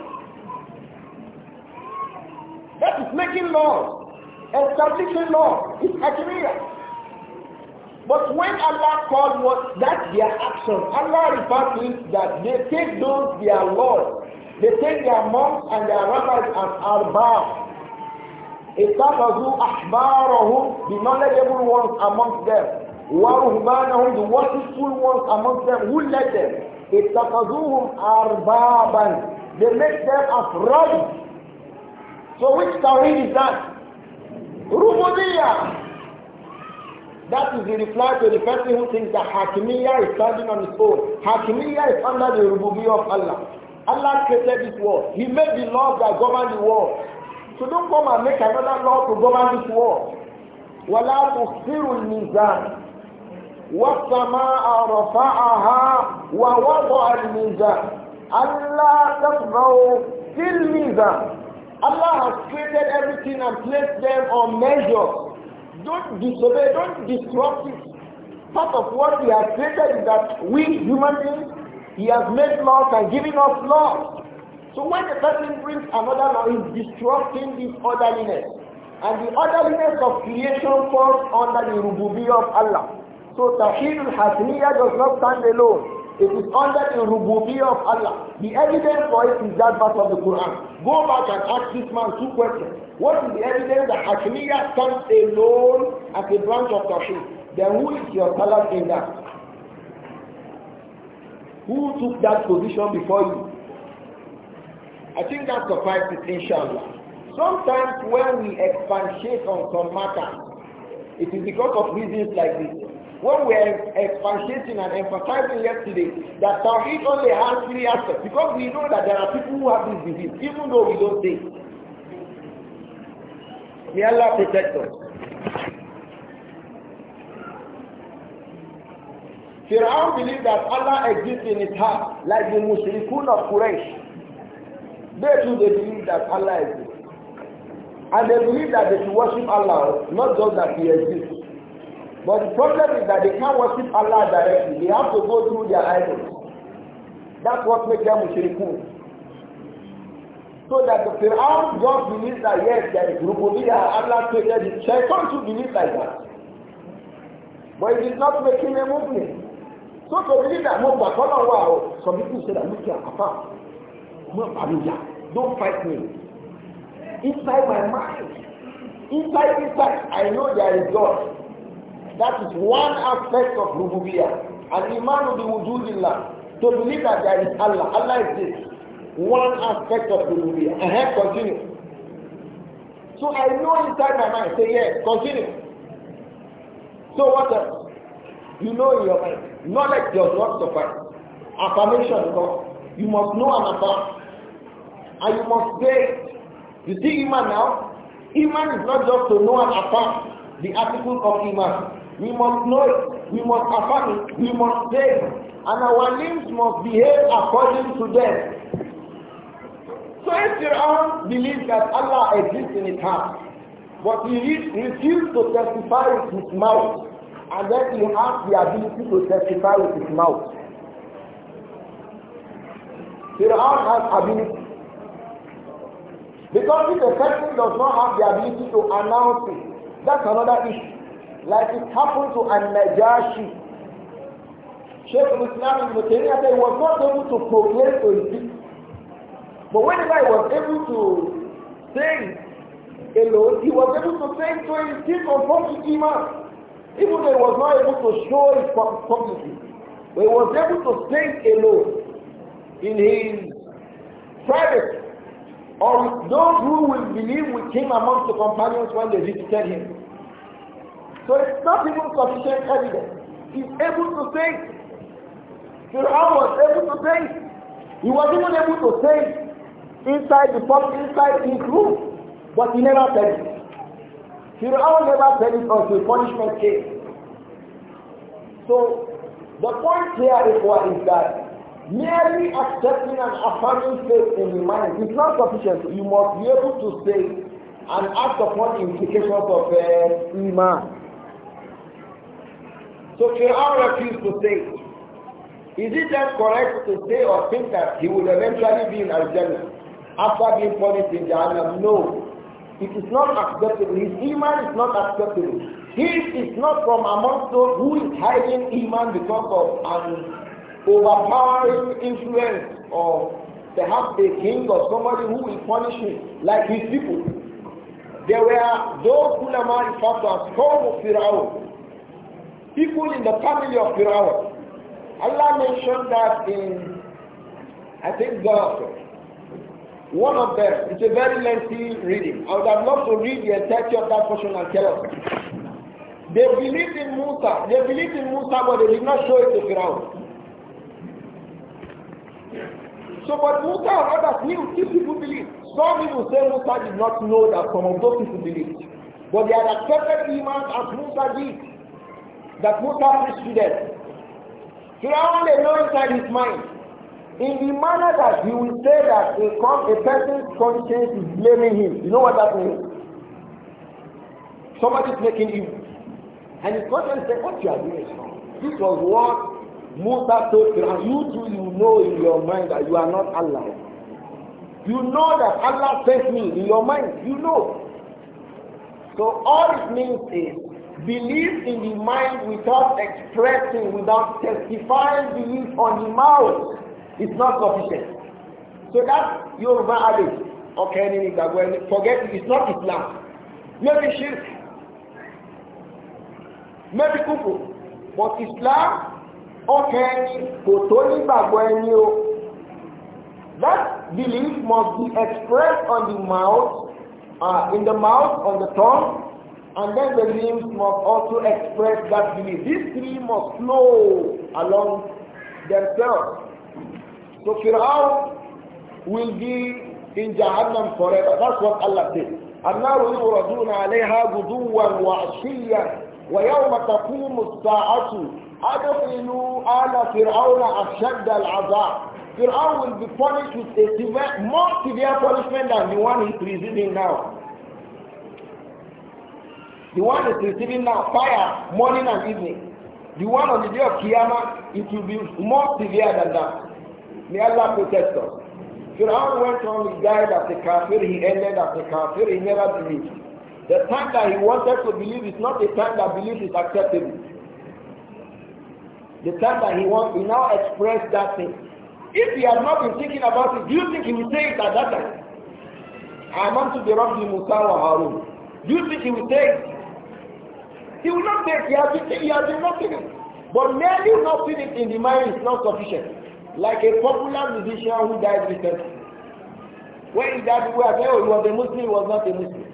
That is making laws, establishing laws. It's Akiriya. But when Allah called what that's their action, Allah refers to it that they take those their laws, they take their monks and their rabbis and arba'ah اتخذوا أحبارهم the knowledgeable ones amongst them ورهبانهم the worshipful ones amongst them who led them اتخذوهم أربابا they make them as so which tawhid is that? Rububiyah. That is the reply to the person who thinks that Hakimiyya is standing on his own. Hakimiyya is under the Rububiyah of Allah. Allah created this world. He made the laws that govern the world. So don't come and make another law to govern this world. وَلَا تُخْسِرُ الْمِيزَانِ وَالسَّمَاءَ رَفَعَهَا وَوَضَعَ الْمِيزَانِ أَلَّا تَطْغَوْا فِي الْمِيزَانِ Allah has created everything and placed them on measure. Don't disobey, don't disrupt it. Part of what He has created is that we human beings, He has made laws and given us laws. So when the person brings another law, he's disrupting this orderliness. And the orderliness of creation falls under the rububiyyah of Allah. So Tawheed al-Hasmiyah does not stand alone. It is under the rububiyyah of Allah. The evidence for it is that part of the Quran. Go back and ask this man two questions. What is the evidence that Hashemiyah stands alone as a branch of Tawheed? Then who is your Salaf in that? Who took that position before you? I think that suffices, inshallah. Sometimes when we expatiate on some matter, it is because of reasons like this. When we are expatiating and emphasizing yesterday that Tawheed only has three aspects because we know that there are people who have this disease even though we don't think. May Allah protect us. Fir'aun believed that Allah exists in his heart, like the Muslims of Quraysh. They too, they believe that Allah exists. And they believe that they should worship Allah, not just that he exists. But the problem is that they can't worship Allah directly. They have to go through their idols. That's what makes them mushrikun. So that the Pharaoh just believes that yes, there is rububiyya, Allah created it. Shaitan should believe like that. But it is not making a movement. So to believe that Mokba, come on, while, Some people say that, look here, Papa, don't fight me. Inside my mind, inside, inside, I know there is God. That is one aspect of rububiya. Al-Iman bi wujudillah. To believe that there is Allah. Allah exists. One aspect of rububiya. And uh uh-huh, continue. So I know inside my mind, say yes, continue. So what else? You know in your mind. Knowledge does not suffice. Affirmation, no. You must know an affirm. And you must say You see Iman now? Iman is not just to know and affirm the articles of Iman. We must know it. We must affirm it. We must say it. And our limbs must behave according to them. So if Fir'aun believes that Allah exists in his heart, but he refused to testify with his mouth, and then he has the ability to testify with his mouth. Fir'aun has ability. Because if the person does not have the ability to announce it, that's another issue like it happened to An-Najashi. Sheikh Islam ibn Taymiyyah he was not able to proclaim to people. But when I was able to sing alone, he was able to sing to his people from the Iman. Even though he was not able to show his publicly, but he was able to sing alone in his private or with those who will believe with him amongst the companions when they visited him. So it's not even sufficient evidence. He's able to say Fir'aun was able to say He was even able to say inside the pub, inside his room, but he never said it. Fir'aun never said it until punishment came. So the point here is what is that merely accepting and affirming faith in the mind is not sufficient. You must be able to say and act upon implications of uh, iman. So Fir'aun refused to stay. Is it then correct to say or think that he will eventually be in Al-Jannah after being punished in Jahannam? No. It is not acceptable. His iman is not acceptable. He is not from amongst those who is hiding iman because of an overpowering influence of perhaps a king or somebody who will punish him, like his people. There were those ulama referred to as Qawm Fir'aun people in the family of Firaun. Allah mentioned that in, I think, Gospel. One of them, it's a very lengthy reading. I would have loved to read the entirety of that portion and tell us. They believed in Musa. They believed in Musa, but they did not show it to Firaun. So, but Musa and others knew, these people believed. Some people say Musa did not know that some of those people believed. But they had accepted Iman as Musa did that Musa preached to them. Firaun they know inside his mind. In the manner that he will say that a, a person's conscience is blaming him. You know what that means? Somebody is making him, And his conscience said, what you are doing is wrong. This was what Musa told Firaun. You too, you know in your mind that you are not Allah. You know that Allah sent me in your mind. You know. So all it means is Believe in the mind without expressing, without testifying belief on the mouth is not sufficient. So that's Yoruba adage. Okay, forget it, it's not Islam. Maybe shirk, maybe kufu, but Islam, okay, kotoni bagwenyo. That belief must be expressed on the mouth, uh, in the mouth, on the tongue, and then the limbs must also express that belief. These three must flow along themselves. So Fir'aun will be in Jahannam forever. That's what Allah says. النار يعرضون عليها غدوا وعشيا ويوم تقوم الساعة أدخلوا آل فرعون أشد العذاب Fir'aun will be punished with a severe, more severe punishment than the one he's receiving now. The one is receiving now fire morning and evening. The one on the day of Kiyama, it will be more severe than that. May Allah protect us. Firaun went on, he died as a kafir, he ended as a kafir, he never believed. The time that he wanted to believe is not the time that belief is acceptable. The time that he wants, he now express that thing. If he had not been thinking about it, do you think he would say it at that time? I want to be Rabbi Musa wa Harun. Do you think he would say it? He will not take, he has been, he has been nothing. But merely nothing it in the mind is not sufficient. Like a popular musician who died recently. When he died, we were saying, oh, he was a Muslim, he was not a Muslim.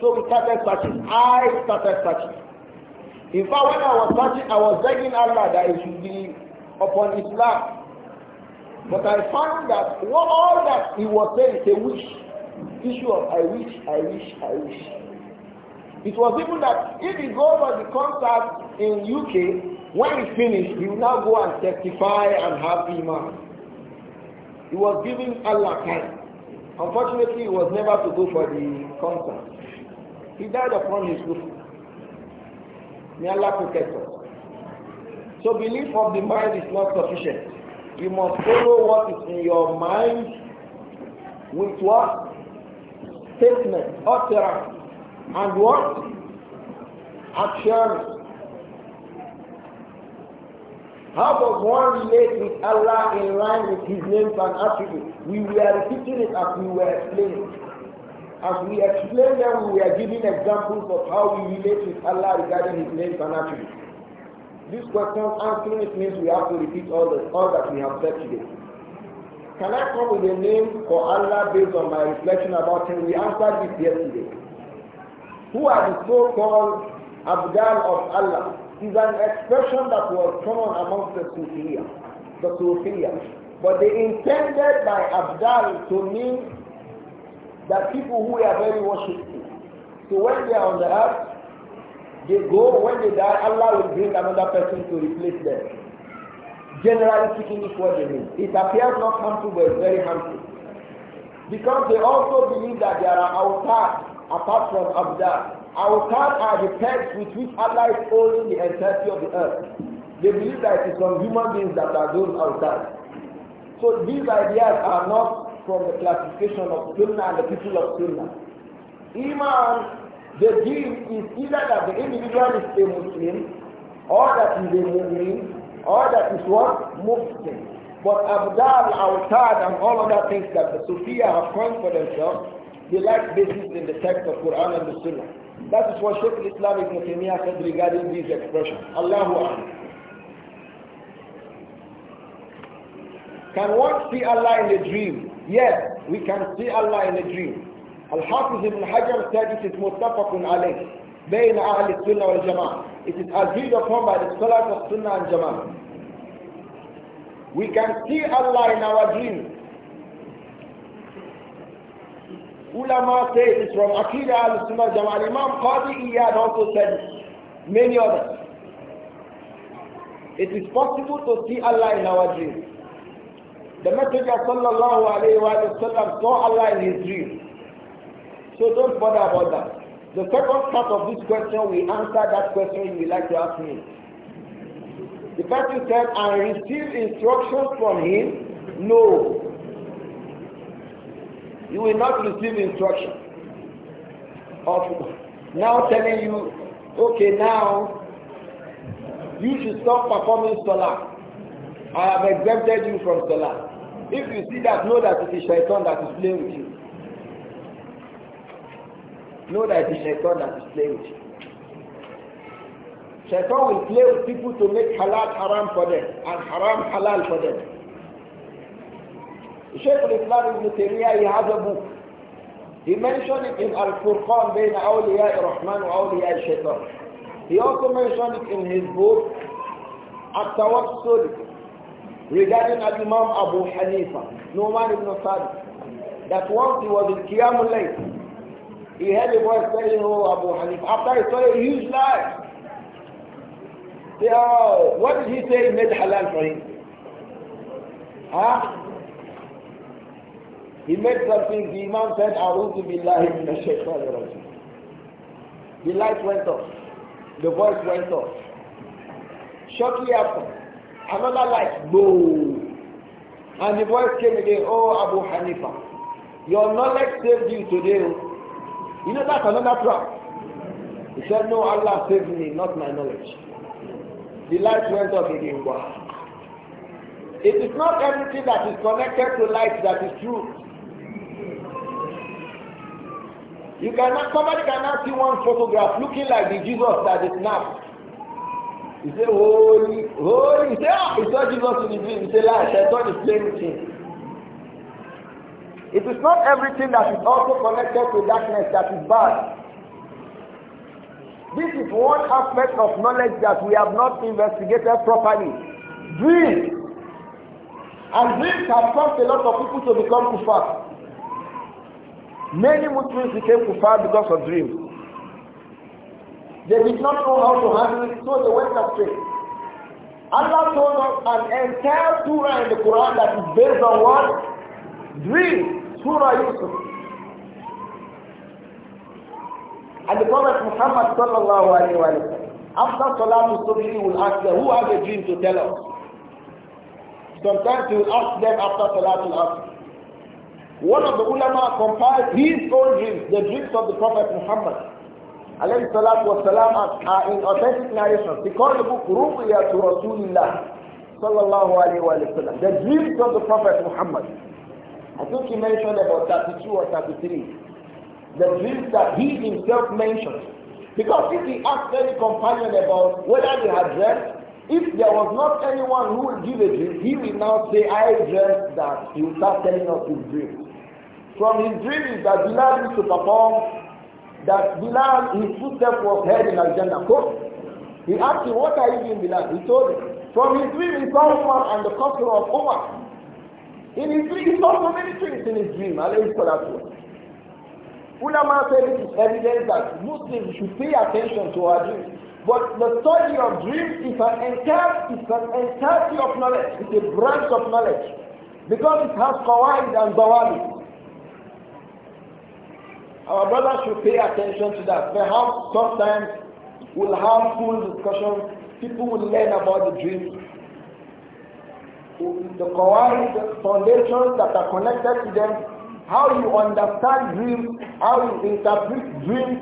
So we started searching. I started searching. In fact, when I was searching, I was begging Allah that it should be upon Islam. But I found that what all that he was saying is a wish. Issue of I wish, I wish, I wish. It was even that if he goes for the concert in UK, when he finished, he will now go and testify and have Iman. He was giving Allah time. Unfortunately, he was never to go for the concert. He died upon his roof. May Allah protect us. So belief of the mind is not sufficient. You must follow what is in your mind with what? Statement, utterance and what? Actions. How does one relate with Allah in line with His names and attributes? We were repeating it as we were explaining. As we explained them, we were giving examples of how we relate with Allah regarding His names and attributes. This question answering it means we have to repeat all, the, all that we have said today. Can I come with a name for Allah based on my reflection about Him? We answered this yesterday who are the so-called Abdal of Allah, is an expression that was common amongst the Sufiya, the Sufiya. But they intended by Abdal to mean that people who are very worshipful. So when they are on the earth, they go, when they die, Allah will bring another person to replace them. Generally speaking, it's what they mean. It appears not harmful, but it's very harmful. Because they also believe that there are outcasts apart from our Awtad are the pegs with which Allah is holding the entirety of the earth. They believe that it is from human beings that are those Awtad. So these ideas are not from the classification of Sunnah and the people of Sunnah. Iman, the deen is either that the individual is a Muslim, or that he is a Muslim, or that is what? Muslim. But Abdal, Awtad, and all other things that the Sufiya have coined for themselves they lack basis in the text of Quran and the Sunnah. That is what Shaykh Islam Ibn Taymiyyah said regarding these expressions. Allahu Akbar. Can one see Allah in a dream? Yes, we can see Allah in a dream. Al-Hafiz ibn Hajar said it is muttafaqun alayh. Bain Ahl Sunnah wal Jama'ah. It is agreed upon by the scholars of Sunnah and Jama'ah. We can see Allah in our dreams. Ulama say it is from Aqidah al-Sunnah Jamal Imam Qadi Iyad also said many others. It is possible to see Allah in our dreams. The Messenger sallallahu alayhi wa saw Allah in his dream. So don't bother about that. The second part of this question, we answer that question you would like to ask me. The person said, I received instructions from him. No you will not receive instruction of now telling you, okay, now you should stop performing salah. I have exempted you from salah. If you see that, know that it is shaitan that is playing with you. Know that it is shaitan that is playing with you. Shaitan will play with people to make halal haram for them and haram halal for them he has a book. He mentioned it in Al-Furqan Bayn Awliya Rahman He also mentioned it in his book, At-Tawassul, regarding Imam Abu Hanifa, Numan not Sadiq, that once he was in Qiyamul Layl, he heard a voice saying, Oh, Abu Hanifa, after he told a huge lie. oh, what did he say made halal for him? Huh? He made something, the Imam said, A'udhu billahi minash shaitanir rajim. The light went off. The voice went off. Shortly after, another light, boom. And the voice came again, Oh Abu Hanifa, your knowledge saved you today. You know that's another trap. He said, No, Allah saved me, not my knowledge. The light went off again. Wow. It is not everything that is connected to light that is true. You cannot, somebody cannot see one photograph looking like the Jesus that is now. You say, holy, holy. You say, oh, it's not Jesus in the dream. You say, lie, Shaitan is the with It is not everything that is also connected to darkness that is bad. This is one aspect of knowledge that we have not investigated properly. Dreams. And dreams have caused a lot of people to become kuffar. Many Muslims became kuffar because of dreams. They did not know how to handle it, so they went astray. Allah told us an entire surah in the Quran that is based on what? Dreams. Surah Yusuf. And the Prophet Muhammad sallallahu alayhi wa sallam, after salah Subhi, he will ask them, who has a dream to tell us? Sometimes he will ask them after Salatul Asr. One of the ulama compiled his own dreams, the dreams of the Prophet Muhammad. Alayhi salatu wasalam are in authentic narrations. He called the book Ruqya to Rasulullah sallallahu alayhi wa sallam. The dreams of the Prophet Muhammad. I think he mentioned about 32 or 33. The dreams that he himself mentioned. Because if he asked any companion about whether they had dreamt, if there was not anyone who will give a dream, he will now say, I dreamt that. He would start telling us his dreams. From his dream is that Bilal used to perform, that Bilal, his footsteps was heard in Alexander Court. He asked him, what are you doing Bilal? He told him. From his dream he saw Umar and the culture of Umar. In his dream, he saw so many things in his dream, that salatu Ulama said "It is is evidence that Muslims should pay attention to our dreams. But the study of dreams is an entire, it's an entirety of knowledge. It's a branch of knowledge. Because it has qawaid and dawabit. Our brothers should pay attention to that. Perhaps sometimes we'll have full discussion. People will learn about the dream. The Quran, the foundations that are connected to them, how you understand dreams, how you interpret dreams,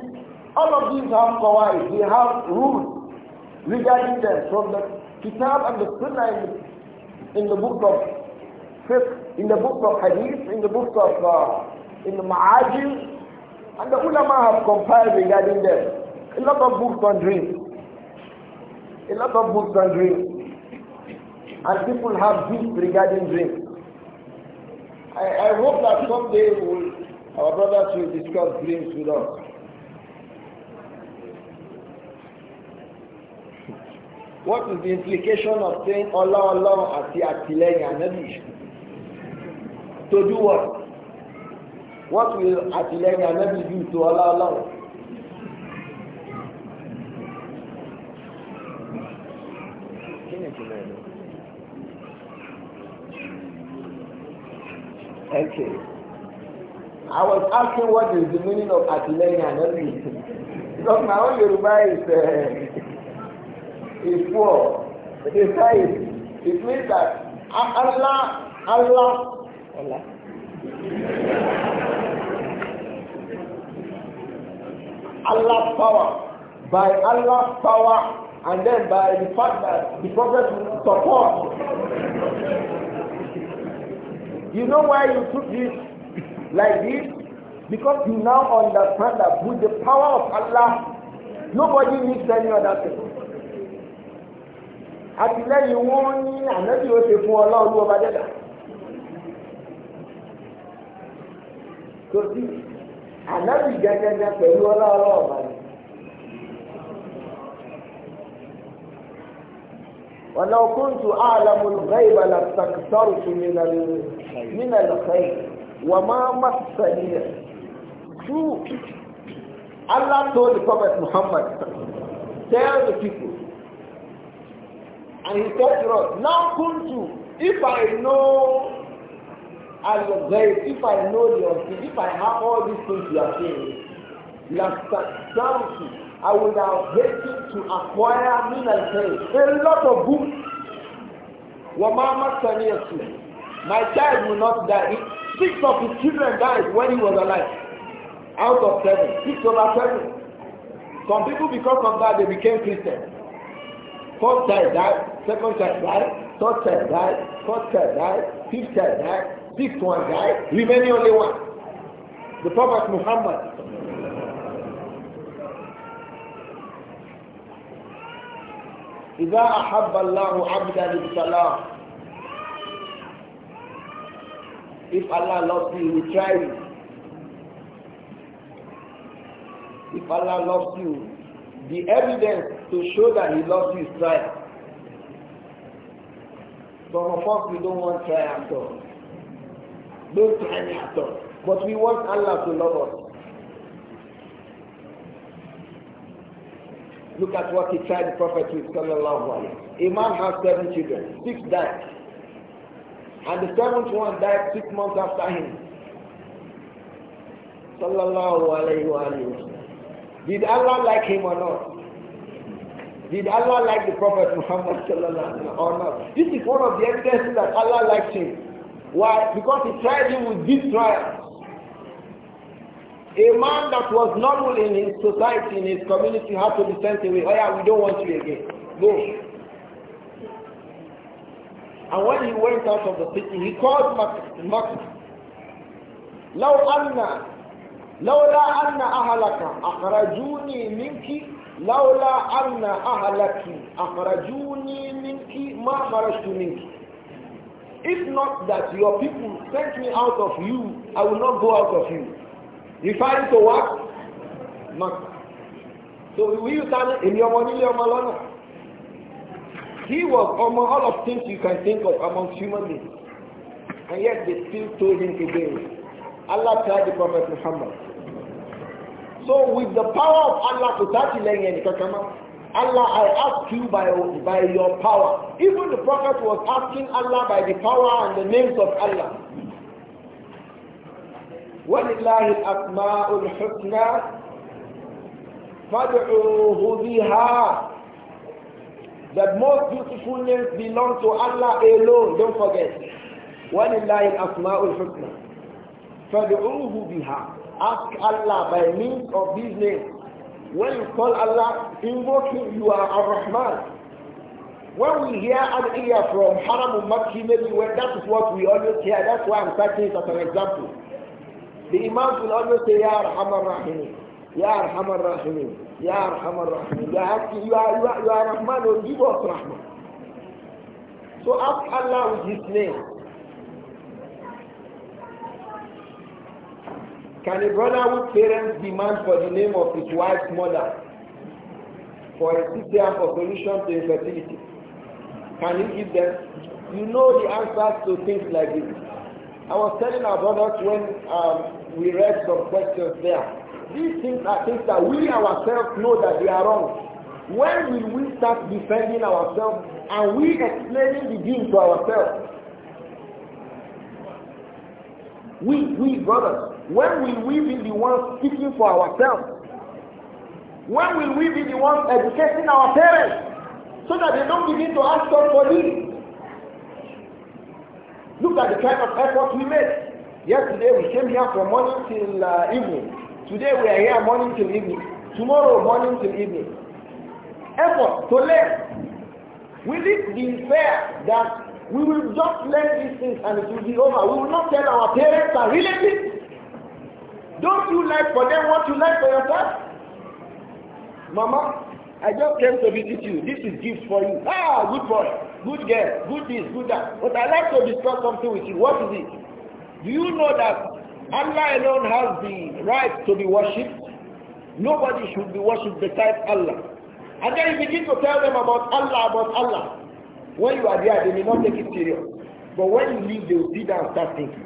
all of these have Quran. We have rules regarding them from the Kitab and the Sunnah in the book of in the book of Hadith, in the book of uh, in the Ma'ajim, and the ulama have compiled regarding them. A lot of books on dreams. A lot of books on dreams. And people have dreams regarding dreams. I, I hope that someday we'll, our brothers will discuss dreams with us. What is the implication of saying Allah Allah ati atilẹyin anabi? To do what? wọ́n fi àtìlẹ́yìn anábì to ìtò ọlọ́ọ̀lọ́wọ́. Okay. I was asking what is the meaning of and anábì. Because my own Yoruba is uh, is poor. Besides, it means that Allah Allah Allah. Allah's power, by Allah's power, and then by the fact that the prophet support. you know why you took this like this? Because you now understand that with the power of Allah, nobody needs any other thing. àtìlẹ́yìn wọn ní ànábì ó ṣe fún ọlọ́run ọba dẹ́dà. ànábì gẹ́gẹ́gẹ́ pẹ̀lú ọlọ́ọ̀rọ̀ ọ̀bà ni. ولو كنت أعلم الغيب لاستكثرت من ال... من الخير وما مسني سوء Allah told the Prophet Muhammad, tell the people. And he told us, now kuntu, if I know will ghayb if I know the unseen, if I have all these things you are saying, لَسْتَقْسَمْتُ I would have hated to acquire min al a lot of books. My child will not die. Six of his children died when he was alive. Out of seven. Six over seven. Some people, because of that, they became Christians. First child died, second child died, third child died, fourth child died, fifth child died, picked one guy, remaining only one. The Prophet Muhammad. إذا أحب الله عبدا ابتلاه If Allah loves you, He will try you. If Allah loves you, the evidence to show that He loves you is try. Some of us, we don't want try at all. Don't try me at all. But we want Allah to love us. Look at what he tried the Prophet with sallallahu alayhi. A man has seven children, six died. And the seventh one died six months after him. Sallallahu alaihi wasallam. Did Allah like him or not? Did Allah like the Prophet Muhammad sallallahu alayhi or not? This is one of the evidences that Allah likes him. Why? Because he tried him with these trials. A man that was normal in his society, in his community, had to be sent away. Oh yeah, we don't want you again. Go. And when he went out of the city, he called Makkah. لو أن لولا أن أهلك أخرجوني منك لولا أن أهلك أخرجوني منك ما خرجت منك if not that your people sent me out of you, I will not go out of you. Referring to what? Not. So we use that in your money, your malana. He was among all of things you can think of among human beings. And yet they still told him today, Allah tried the Prophet Muhammad. So with the power of Allah, to touch the language, Allah, I ask you by, by your power. Even the Prophet was asking Allah by the power and the names of Allah. ولله الأسماء الحسنى فادعوه بها That most beautiful names belong to Allah alone, don't forget. ولله الأسماء الحسنى فادعوه بها Ask Allah by means of these names. When you call Allah, invoke Him, you are Ar-Rahman. When we hear an ear from Haram Makki, maybe when that is what we always hear, that's why I'm citing it as an example. The Imams will always say, Ya Rahman Rahim, Ya Rahman Rahim, Ya Rahman Rahim, You are, you are, you are Rahman, or give us Rahman. So ask Allah with His name. Can a brother whose parents demand for the name of his wife's mother for a system for solution to infertility? Can he give them? You know the answers to things like this. I was telling our brothers when um, we read some questions there. These things are things that we ourselves know that they are wrong. When will we start defending ourselves and we explaining the deen to ourselves? We, we brothers, when will we be the ones speaking for ourselves? When will we be the ones educating our parents so that they don't begin to ask us for this? Look at the kind of effort we made. Yesterday we came here from morning till uh, evening. Today we are here morning till evening. Tomorrow morning till evening. Effort to learn. Will it be fair that we will just learn these things and it will be over? We will not tell our parents and relatives don't you like for them what you like for yourself? Mama, I just came to visit you. This is gift for you. Ah, good boy, good girl, good this, good that. But I like to discuss something with you. What is it? Do you know that Allah alone has the right to be worshipped? Nobody should be worshipped besides Allah. And then you begin to tell them about Allah, about Allah. When you are there, they may not take it serious. But when you leave, they will sit down and start thinking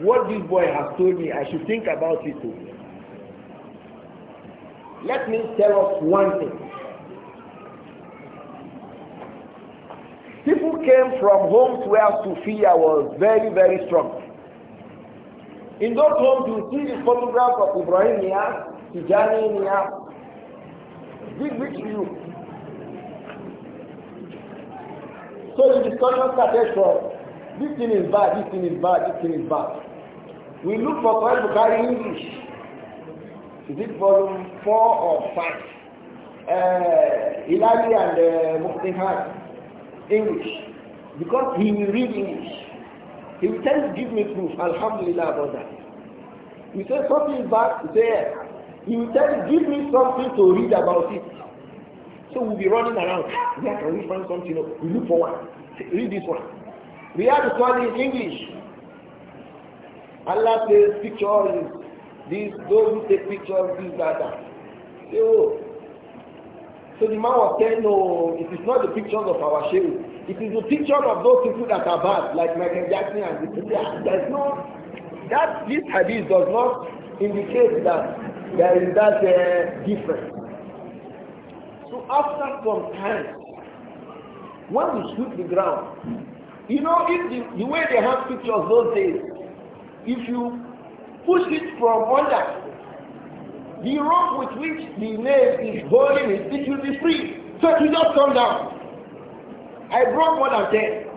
what this boy has told me, I should think about it too. Let me tell us one thing. People came from homes where Sufia was very, very strong. In those homes, you see the photographs of Ibrahim Nia, Tijani Nia. Big, big you. So the discussion started from this thing is bad, this thing is bad, this thing is bad. We look for Qur'an Bukhari English. Is it volume 4 or 5? Uh, Ilali and uh, Muqtihad, English. Because he will read English. He will tell give me proof, Alhamdulillah about that. You say something back there. You tell me, give me something to read about it. So we'll be running around. We yeah, can we find something? We look for one. Read this one. We have to study English. Allah says "Pictures, these those who take pictures, these that that. So the man was saying, no, it is not the pictures of our shame. It is the picture of those people that are bad, like Michael Jackson and the There's no that this hadith does not indicate that there is that uh, difference. So after some time, when we shoot the ground, you know, if the, the way they have pictures those days, if you push it from under, the rope with which the nail is holding it, it will be free. So it will just come down. I broke more than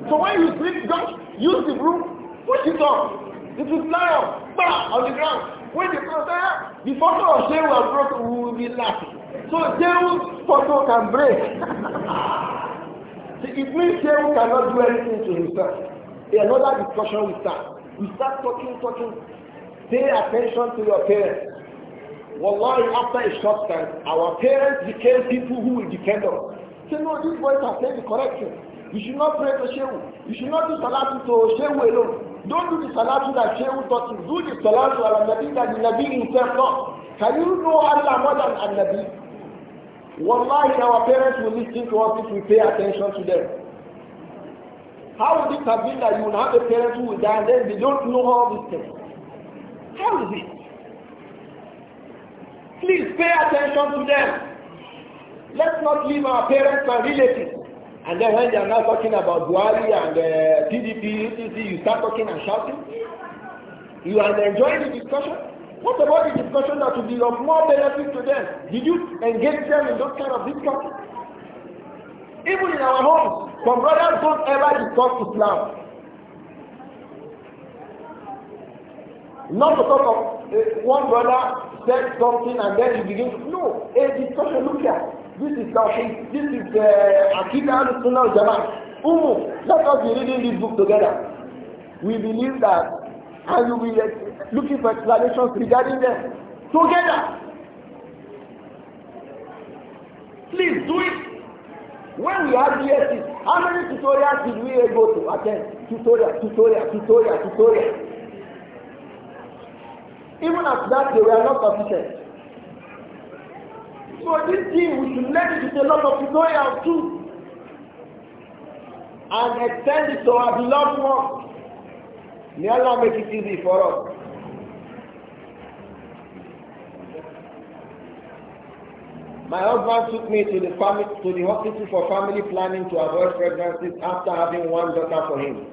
10. So when you sleep, just use the rope, push it up. It will fly up, bam, on the ground. When the photo, the photo of Shehu was broken, we will be laughing. So Shehu's photo can break. See, it means Shehu cannot do anything to himself. Another discussion will start. You start talking, talking. Pay attention to your parents. Wallahi, after a short time, our parents became people who will depend on us. Say, no, these boys are saying the correct You should not pray to Shehu. You should not do salatu to Shehu alone. Don't do the salatu that Shehu taught you. Do the salatu ala Nabi that the Nabi himself taught. Can you know Allah more than Al Nabi? Wallahi, our parents will listen to us if we pay attention to them. How would it have been that you would have a parent who will die and then they don't know all these things? How is it? Please pay attention to them. Let's not leave our parents and relatives. And then when they are now talking about Buhari and uh, PDP, you start talking and shouting. You are enjoying the discussion. What about the discussion that would be of more benefit to them? Did you engage them in those kind of discussions? Even in our homes, some brothers don't ever discuss Islam. Not to talk of uh, one brother said something and then he begins. to, no, a discussion, look here. This is Tawheed, this is uh, eh, Akita and Sunnah Umu, let us be reading this book together. We believe that and you will be uh, eh, looking for explanations regarding them together. Please do it when we had DSC, how many tutorials did we go to attend? Tutorial, tutorial, tutorial, tutorial. Even at that, they were not sufficient. So this thing, we should learn it with a lot of tutorials too. And extend it to our beloved May Allah make it easy for us. My husband took me to the family to the hospital for family planning to avoid pregnancies after having one daughter for him.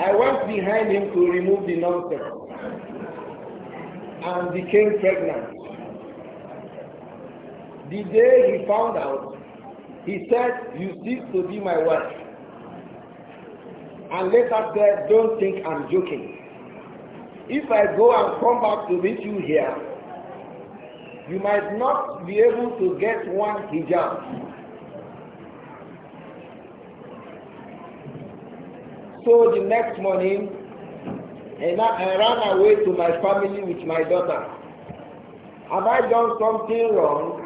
I went behind him to remove the nonsense and became pregnant. The day he found out, he said, You cease to be my wife. And later said, Don't think I'm joking. If I go and come back to meet you here, you might not be able to get one hijab. So the next morning, and I, ran away to my family with my daughter. Have I done something wrong?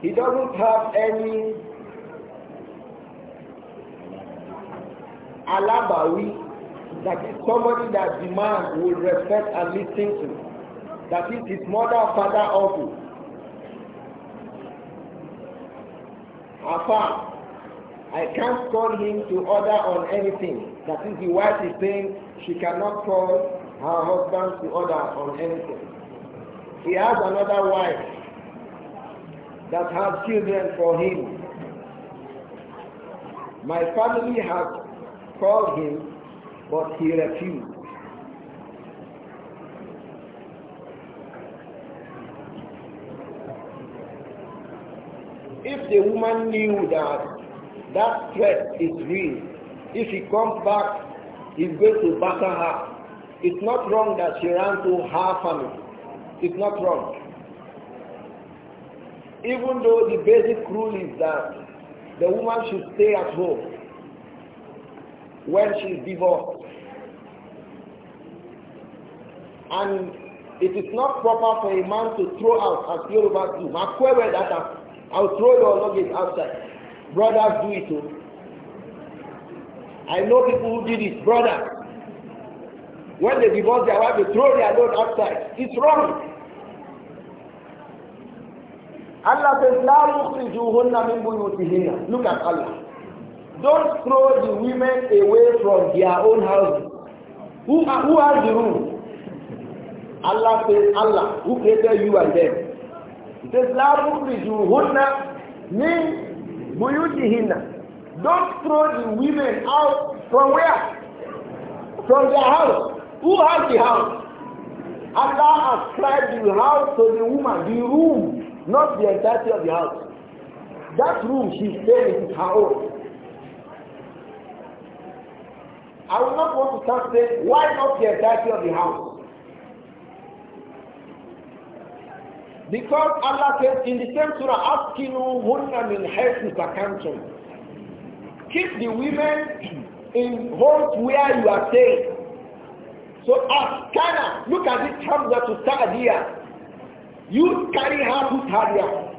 He doesn't have any alabawi, that is somebody that the man will respect and listen to. That is his mother, father, uncle. Afa, I can't call him to order on anything. That is the wife is saying she cannot call her husband to order on anything. He has another wife that has children for him. My family has called him, but he refused. If the woman knew that that threat is real, if he comes back, he's going to batter her. It's not wrong that she ran to her family. It's not wrong. Even though the basic rule is that the woman should stay at home when she's divorced. And it is not proper for a man to throw out as Yoruba do. I'll throw your luggage outside. Brothers do it too. Oh. I know people who did it, brothers. When they divorce their wife, they throw their load outside. It's wrong. Allah says, La yukhrijuhunna min buyutihinna. Look at Allah. Don't throw the women away from their own houses. Who, who has the room? Allah says, Allah, who created you and them. It says, La mukhrijuhunna min buyutihinna. Don't throw the women out from where? From their house. Who has the house? Allah ascribed the house to the woman, the room, not the entirety of the house. That room she stayed is her own. I will not want to start saying, why not the entirety of the house? Because Allah says in the same surah, Askinu hunna min haythu sakantum. Keep the women in homes where you are staying. So askana, look at this you to here, You carry her to Sa'diya.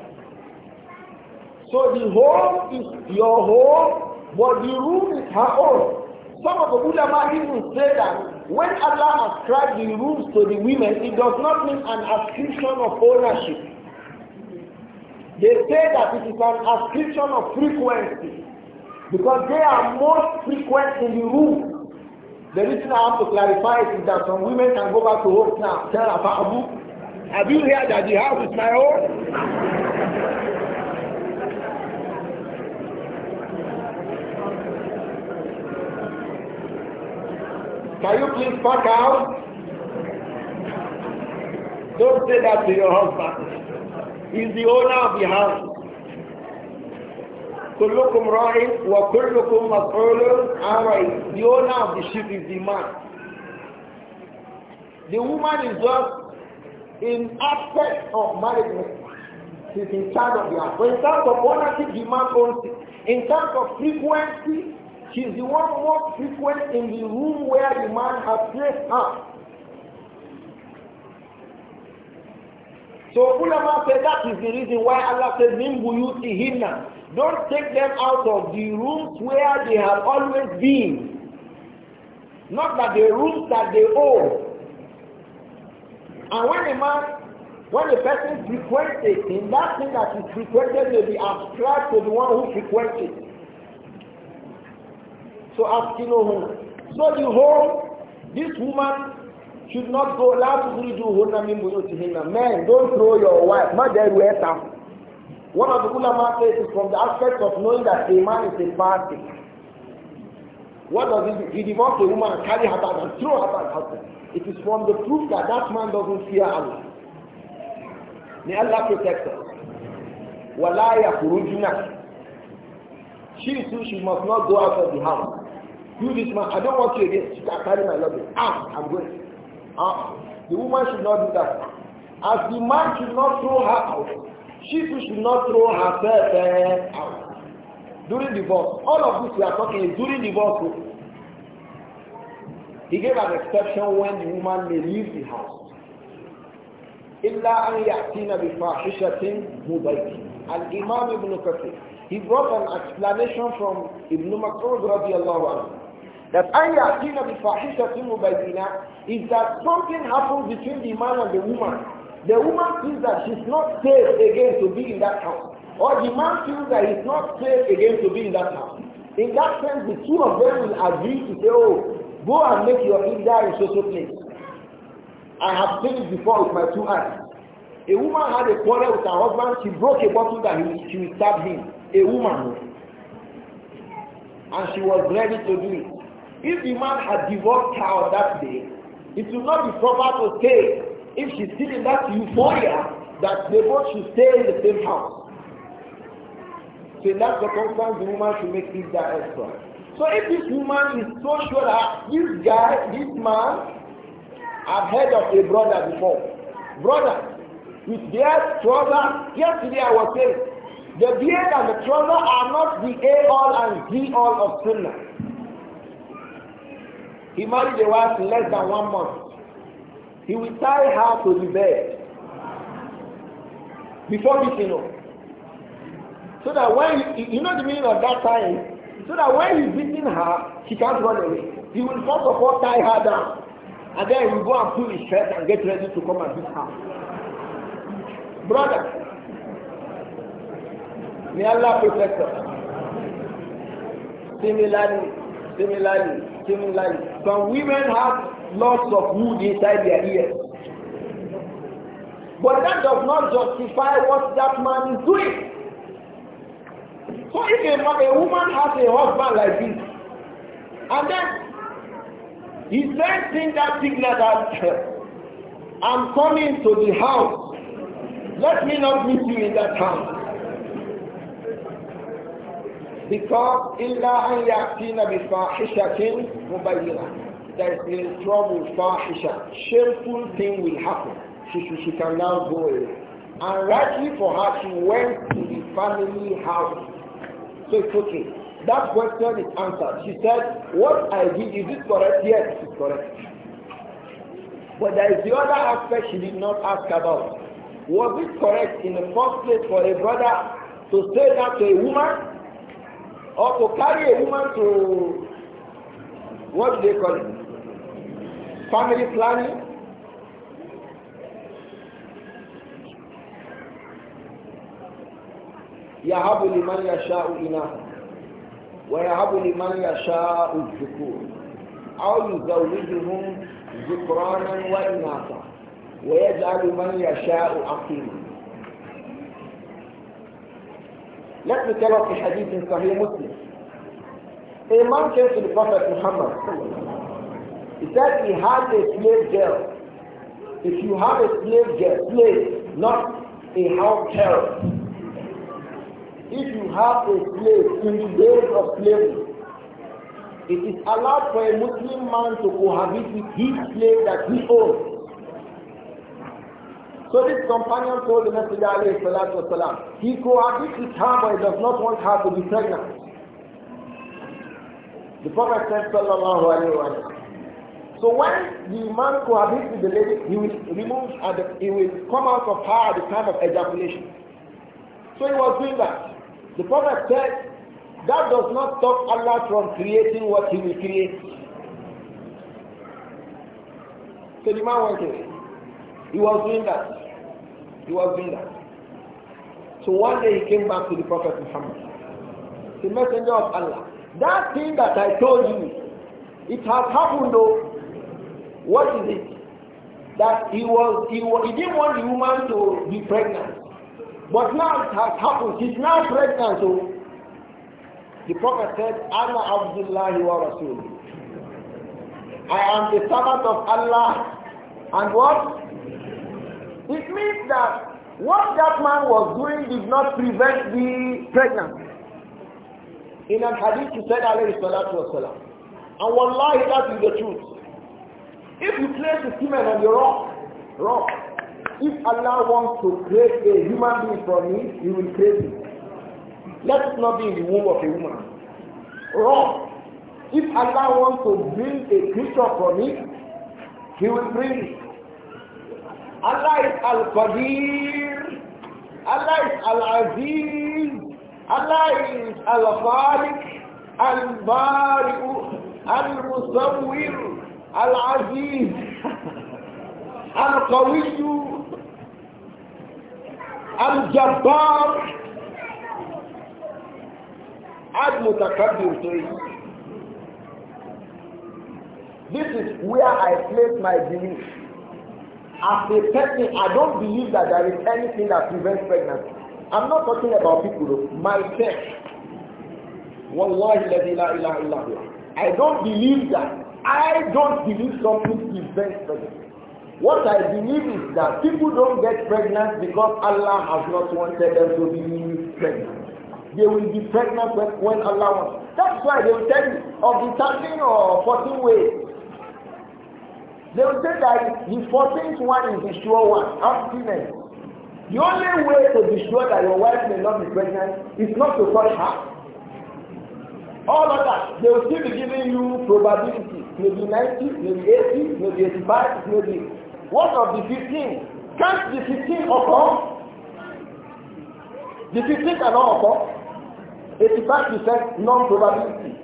So the home is your home, but the room is her own. Some of the ulama even say that when Allah ascribes the rules to the women, it does not mean an ascription of ownership. They say that it is an ascription of frequency because they are most frequent in the room. The reason I have to clarify it is that some women can go back to work now. Tell Abu, have you heard that the house is my own? Can you please back out? Don't say that to your husband. He's the owner of the house. كلكم راع وكلكم مسؤول عن The owner of the ship is the man. The woman is just in aspect of marriage. She's in charge of the But In terms of ownership, the man owns it. In terms of frequency, He's the one most frequent in the room where the man has placed her. So ulama said that is the reason why Allah says, Min buyutihinna. Don't take them out of the rooms where they have always been. Not that the rooms that they own. And when a man, when a person frequents a thing, that thing that is frequented may be ascribed to the one who frequents it. So askinuhu. So the whole, this woman should not go, la tukhrijuhunna min buyutihinna. Men, don't throw your wife, mother weta. One of the ulama says is from the aspect of knowing that a man is a party. What does it He divorce a woman and carry her back and throw her back out there. It is from the proof that that man doesn't fear Allah. May Allah protect us. Walaya kurujuna. She too, she must not go out of the house. Do this man. I don't want you again. She can carry my luggage. Ah, I'm going. Ah. The woman should not do that. As the man should not throw her out, she should not throw herself eh, out. During divorce. All of this we are talking is during divorce. Oh. He gave an exception when the woman may leave the house. إلا أن يأتينا بفاحشة مبينة Al-Imam Ibn Kathir. He brought an explanation from Ibn Mas'ud radiallahu anhu that أَيَّأْتِينَ بِفَاحِشَةٍ مُبَيِّنَةٍ is that something happens between the man and the woman. The woman feels that she's not safe again to be in that house. Or the man feels that he's not safe again to be in that house. In that sense, the two of them will agree to say, oh, go and make your idda in social place. I have seen it before with my two eyes. A woman had a quarrel with her husband. She broke a bottle that he, she would stab him. A woman. And she was ready to do it. If the man had divorced her that day, it would not be proper to say if she's still in that euphoria that they both should stay in the same house. So in that circumstance, the woman should make this guy extra. So if this woman is so sure that this guy, this man, I've heard of a brother before. Brother, with their trouser, yesterday I was saying, the beard and the trouser are not the A all and the all of sinners. He married a wife in less than one month. He will tie her to the bed before this, you know. So that when, you, you know the meaning of that time, so that when he's beating her, she can't run away. He will first of all tie her down. And then he will go and pull his shirt and get ready to come and beat her. Brother, may Allah protect us. Similarly, similarly, came like some women have lots of wood inside their ears. But that does not justify what that man is doing. So if a, a woman has a husband like this, and then he sends in that signal that I'm coming to the house. Let me not meet you in that house. Because إِلَّا أَنْ يَأْتِينَ بِفَاحِشَةٍ مُبَيِّنَةٍ There is trouble, fahisha. Shameful thing will happen. She, she, she can now go away. And rightly for her, she went to the family house. So it's okay. That question is answered. She said, what I did, is it correct? Yes, it's correct. But there is the other aspect she did not ask about. Was it correct in the first place for a brother to say that to a woman or to carry a woman to what do they call it? Family planning. يهب لمن يشاء إناثا ويهب لمن يشاء الذكور أو يزوجهم ذكرانا وإناثا ويجعل من يشاء عقيما let me tell us a hadith in Sahih Muslim a man came to the Prophet Muhammad. He said he had a slave girl. If you have a slave girl, slave, not a house girl. If you have a slave in the days of slavery, it is allowed for a Muslim man to cohabit with his slave that he owns. So this companion told the Messenger, he cohabits with her but he does not want her to be pregnant. The Prophet said, sallallahu alayhi wa So when the man cohabits with the lady, he will remove and he will come out of her at the time of ejaculation. So he was doing that. The Prophet said, that does not stop Allah from creating what he will create. So the man went away. He was doing that. He was doing that. So one day he came back to the Prophet Muhammad, the messenger of Allah. That thing that I told you, it has happened though. What is it? That he was, he was, he didn't want the woman to be pregnant. But now it has happened. She's now pregnant. So the Prophet said, Anna Abdullah wa Rasul. I am the servant of Allah. And what? It means that what that man was doing did not prevent the pregnancy. In an hadith he said alayhi salatu wasalam. And wallahi that is the truth. If you place a human on your rock, rock, if Allah wants to create a human being for me, he will create it. Let it not be in the womb of a woman. Rock. If Allah wants to bring a creature for me, he will bring it. Allah is Al-Qadir. Allah is Al-Aziz. Allah is Al-Khaliq, Al-Bari'u, Al-Musawwir, al This is where I place my belief. As a person, I don't believe that there is anything that prevents pregnancy. I'm not talking about people, myself. Wallahi la ilaha illa I don't believe that. I don't believe something prevents pregnancy. What I believe is that people don't get pregnant because Allah has not wanted them to be pregnant. They will be pregnant when, when Allah wants. That's why they will tell you of the 13 or 14 ways. They will say that the 14th one is the sure one, abstinence. The only way to be sure that your wife may not be pregnant is not to touch her. All of that, they will still be giving you probability, maybe 90, maybe 80, maybe 85, maybe. What of the 15? Can't the 15 occur? The 15 cannot occur. 85% non-probability,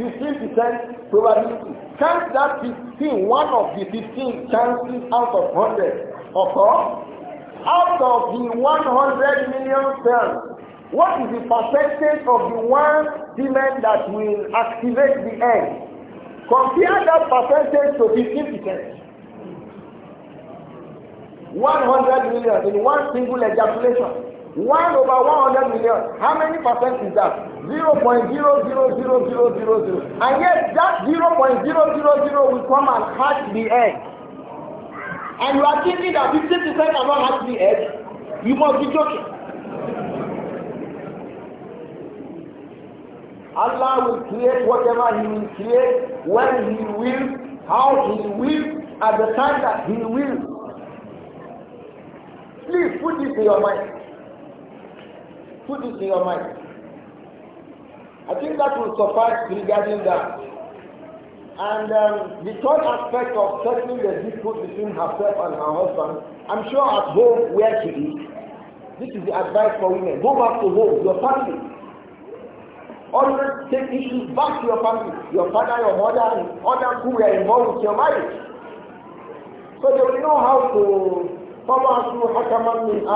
15% probability. Can't that 15, one of the 15 chances out of 100 occur? out of the 100 million cells, what is the percentage of the one semen that will activate the egg? Compare that percentage to 15%. 100 million in one single ejaculation. 1 over 100 million. How many percent is that? 0.00000. And yet that 0.000 will come and hatch the egg and you are thinking that this percent cannot have the edge, you must be joking. Allah will create whatever He will create, when He will, how He will, at the time that He will. Please put this in your mind. Put this in your mind. I think that will suffice regarding that. And um, the third aspect of settling the dispute between herself and her husband, I'm sure at home where she is, this is the advice for women. Go back to home, your family. Always take issues back to your family, your father, your mother, and others who are involved with your marriage. So they will know how to فَبَعْثُوا حَكَمًا مِنْ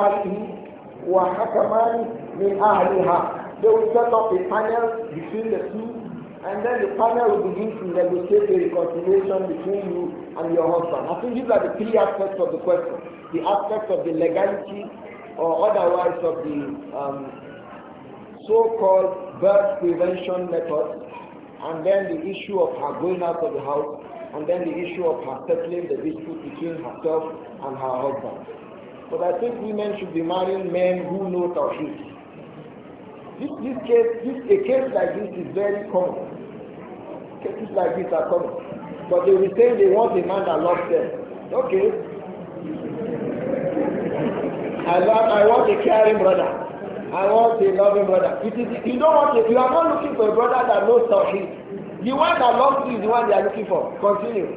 They will set up a panel between the two and then the partner will begin to negotiate a reconciliation between you and your husband. I think these are the three aspects of the question. The aspect of the legality or otherwise of the um, so-called birth prevention method, and then the issue of her going out of the house, and then the issue of her settling the dispute between herself and her husband. But I think women should be marrying men who know Tawhid. This, this case, this, a case like this is very common. Cases like this are coming. But they will say they want a man that loves them. Okay. I, I want a caring brother. I want a loving brother. It is, you don't want it. You are not looking for a brother that knows Tawheed. The one that loves you is the one they are looking for. Continue.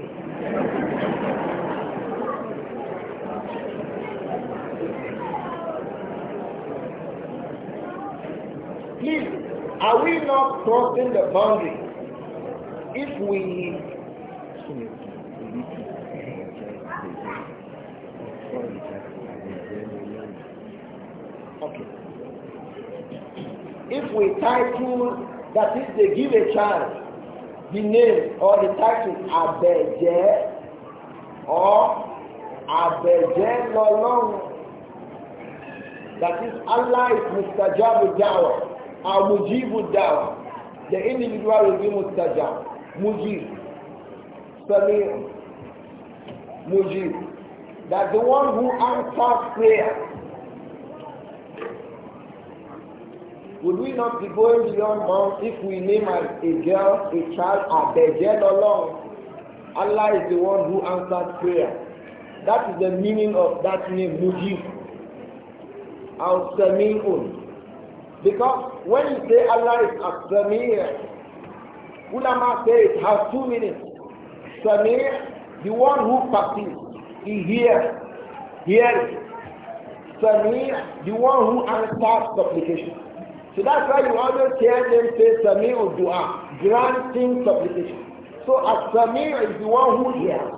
Please, are we not crossing the boundary if we okay if we title that is they give a child the name or the title abeje or abeje lọlọrun that is allah is mustajabu dawa amujibu dawa the individual will be mustajab Mujib, Samir, Mujib. That the one who answers prayer. Would we not be going beyond bounds if we name a, a girl, a child, Abejel alone? Allah is the one who answers prayer. That is the meaning of that name, Mujib. Al-Sami'un. Because when you say Allah is Al-Sami'un, Ulama say it has two meanings. Samir, the one who perceives, he hears, hears. Samir, the one who answers supplication. So that's why you always hear them say Samir or Dua, granting supplication. So as Samir is the one who hears.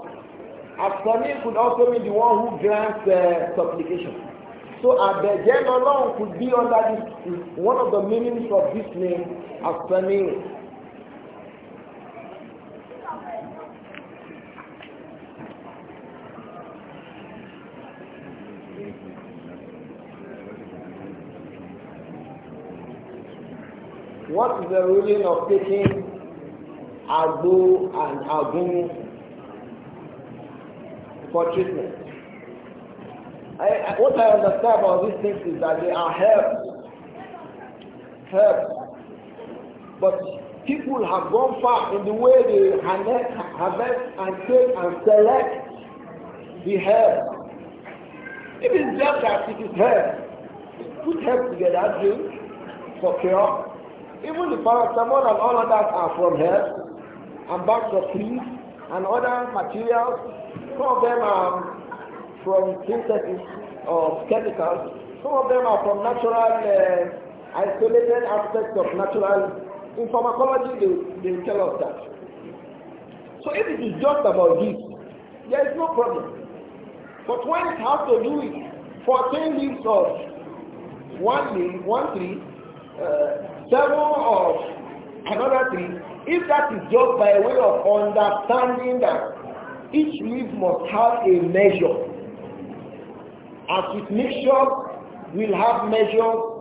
As Samir could also mean the one who grants uh, supplication. So Abejem alone could be under this, one of the meanings of this name, as Samir. What is the ruling of taking agbo and agum for treatment? I, what I understand about these things is that they are herbs. Herbs. But people have gone far in the way they harness, harvest and take and select the herbs. If it's just that it is herbs, put herbs together, drink for cure, even the paracetamol and all of that are from herbs and bags of trees and other materials. Some of them are from synthesis of chemicals. Some of them are from natural, uh, isolated aspects of natural. In pharmacology, they, they tell us that. So if it is just about this, there is no problem. But when it has to do with 14 leaves of one leaf, one tree, uh, seven another three, if that is just by way of understanding that each leaf must have a measure, as with mixture, we'll have measures,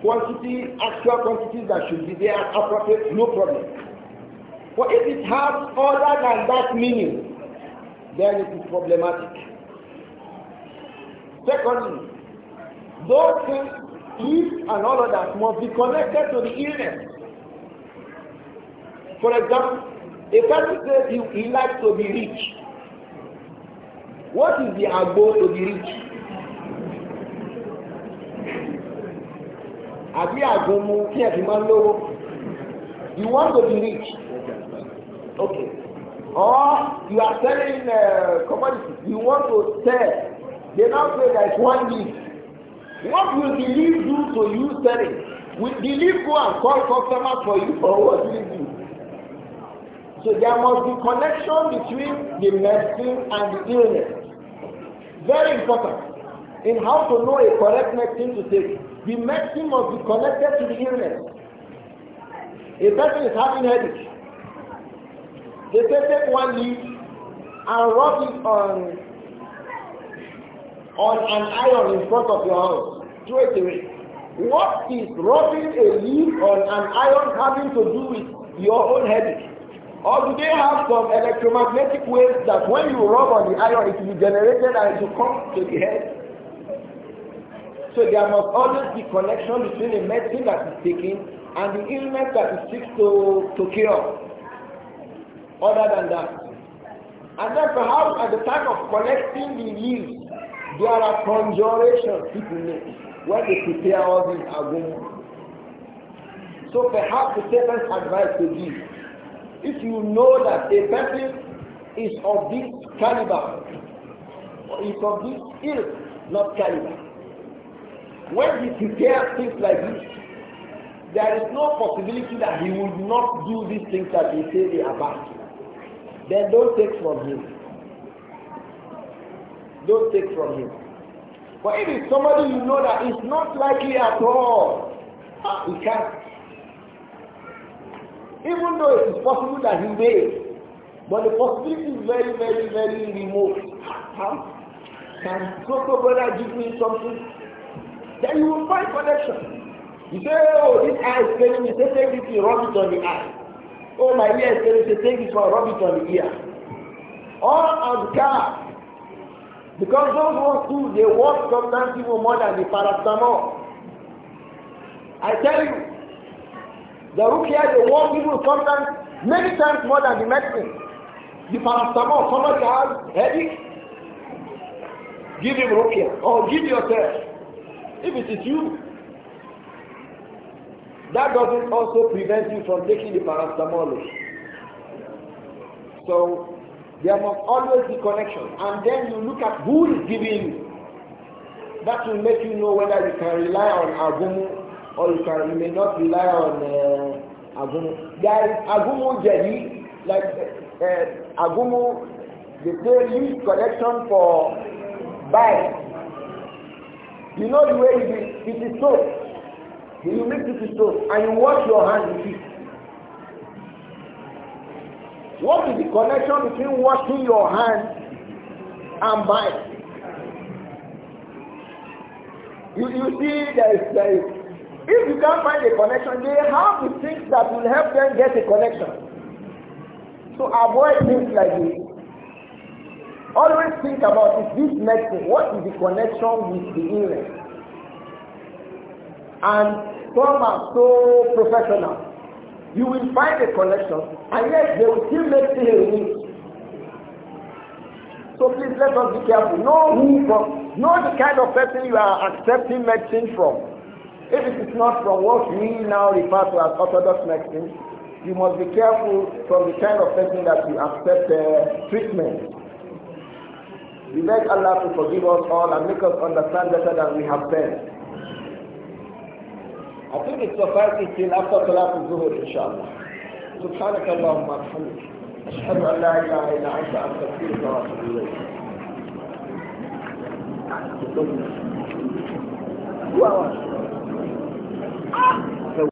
quantity, actual quantities that should be there appropriate, no problem. But if it has other than that meaning, then it is problematic. Secondly, those things heat and all of that must be connected to the illness. For example, a person says he, he likes to be rich. What is the argument to be rich? Àbí àgbọ̀mù kí ẹ̀ You want to be rich. Okay. Or you are selling uh, commodities. You want to sell. They now say it's one need. What will the leaf do to you selling? Will the leaf go and call customers for you or what will it do? So there must be connection between the medicine and the illness. Very important. In how to know a correct medicine to take, the medicine must be connected to the illness. A person is having headache. They say take one leaf and rub it on on an iron in front of your house, throw it away. What is rubbing a leaf on an iron having to do with your own headache? Or do they have some electromagnetic waves that when you rub on the iron, it will be generated and it will come to the head? So there must always be connection between the medicine that is taken and the illness that it seeks to, to cure. Other than that. And then perhaps at the time of collecting the leaves, there are conjurations people make when they prepare all these arguments. So perhaps the second advice to give, if you know that a person is of this caliber, or is of this ilk, not caliber, when he prepares things like this, there is no possibility that he will not do these things that he say they are bad. Then don't take from him. Don't take from him. But if it's somebody you know that is not likely at all, you can't. Even though it is possible that he may, but the possibility is very, very, very remote. so, Can Coco brother give me something? Then you will find connection. You say, oh, this eye is telling me, say, take everything, rub it on the eye. Oh, my ear is failing, say, take it, rub it on the ear. All on the car because those ones too, they want sometimes even more than the paracetamol. I tell you, the rukia they want even sometimes many times more than the medicine. The paracetamol, somebody has headache, give him rukia or give yourself. If it is you, that doesn't also prevent you from taking the paracetamol. So there must always be connection. And then you look at who is giving you. That will make you know whether you can rely on Agumu or you, can, you may not rely on uh, Agumu. There is Agumu Jedi, like uh, uh, Agumu, they say use connection for buy. You know the way it is, it is soap. You make it with soap and you wash your hands with it. What is the connection between washing your hands and buying? You, you see, there is, there is, if you can't find a connection, they have the things that will help them get a connection. So avoid things like this. Always think about Is this medicine, what is the connection with the illness? And some are so professional you will find a connection and yet they will still make things unique. So please let us be careful. Know who from, know the kind of person you are accepting medicine from. If it is not from what we now refer to as orthodox medicine, you must be careful from the kind of person that you accept uh, treatment. We beg Allah to forgive us all and make us understand better than we have been. I think في الأفضل till after إن شاء الله سبحانك اللهم وبحمدك أشهد أن لا إله إلا أنت أستغفرك وأتوب إليك. Wow.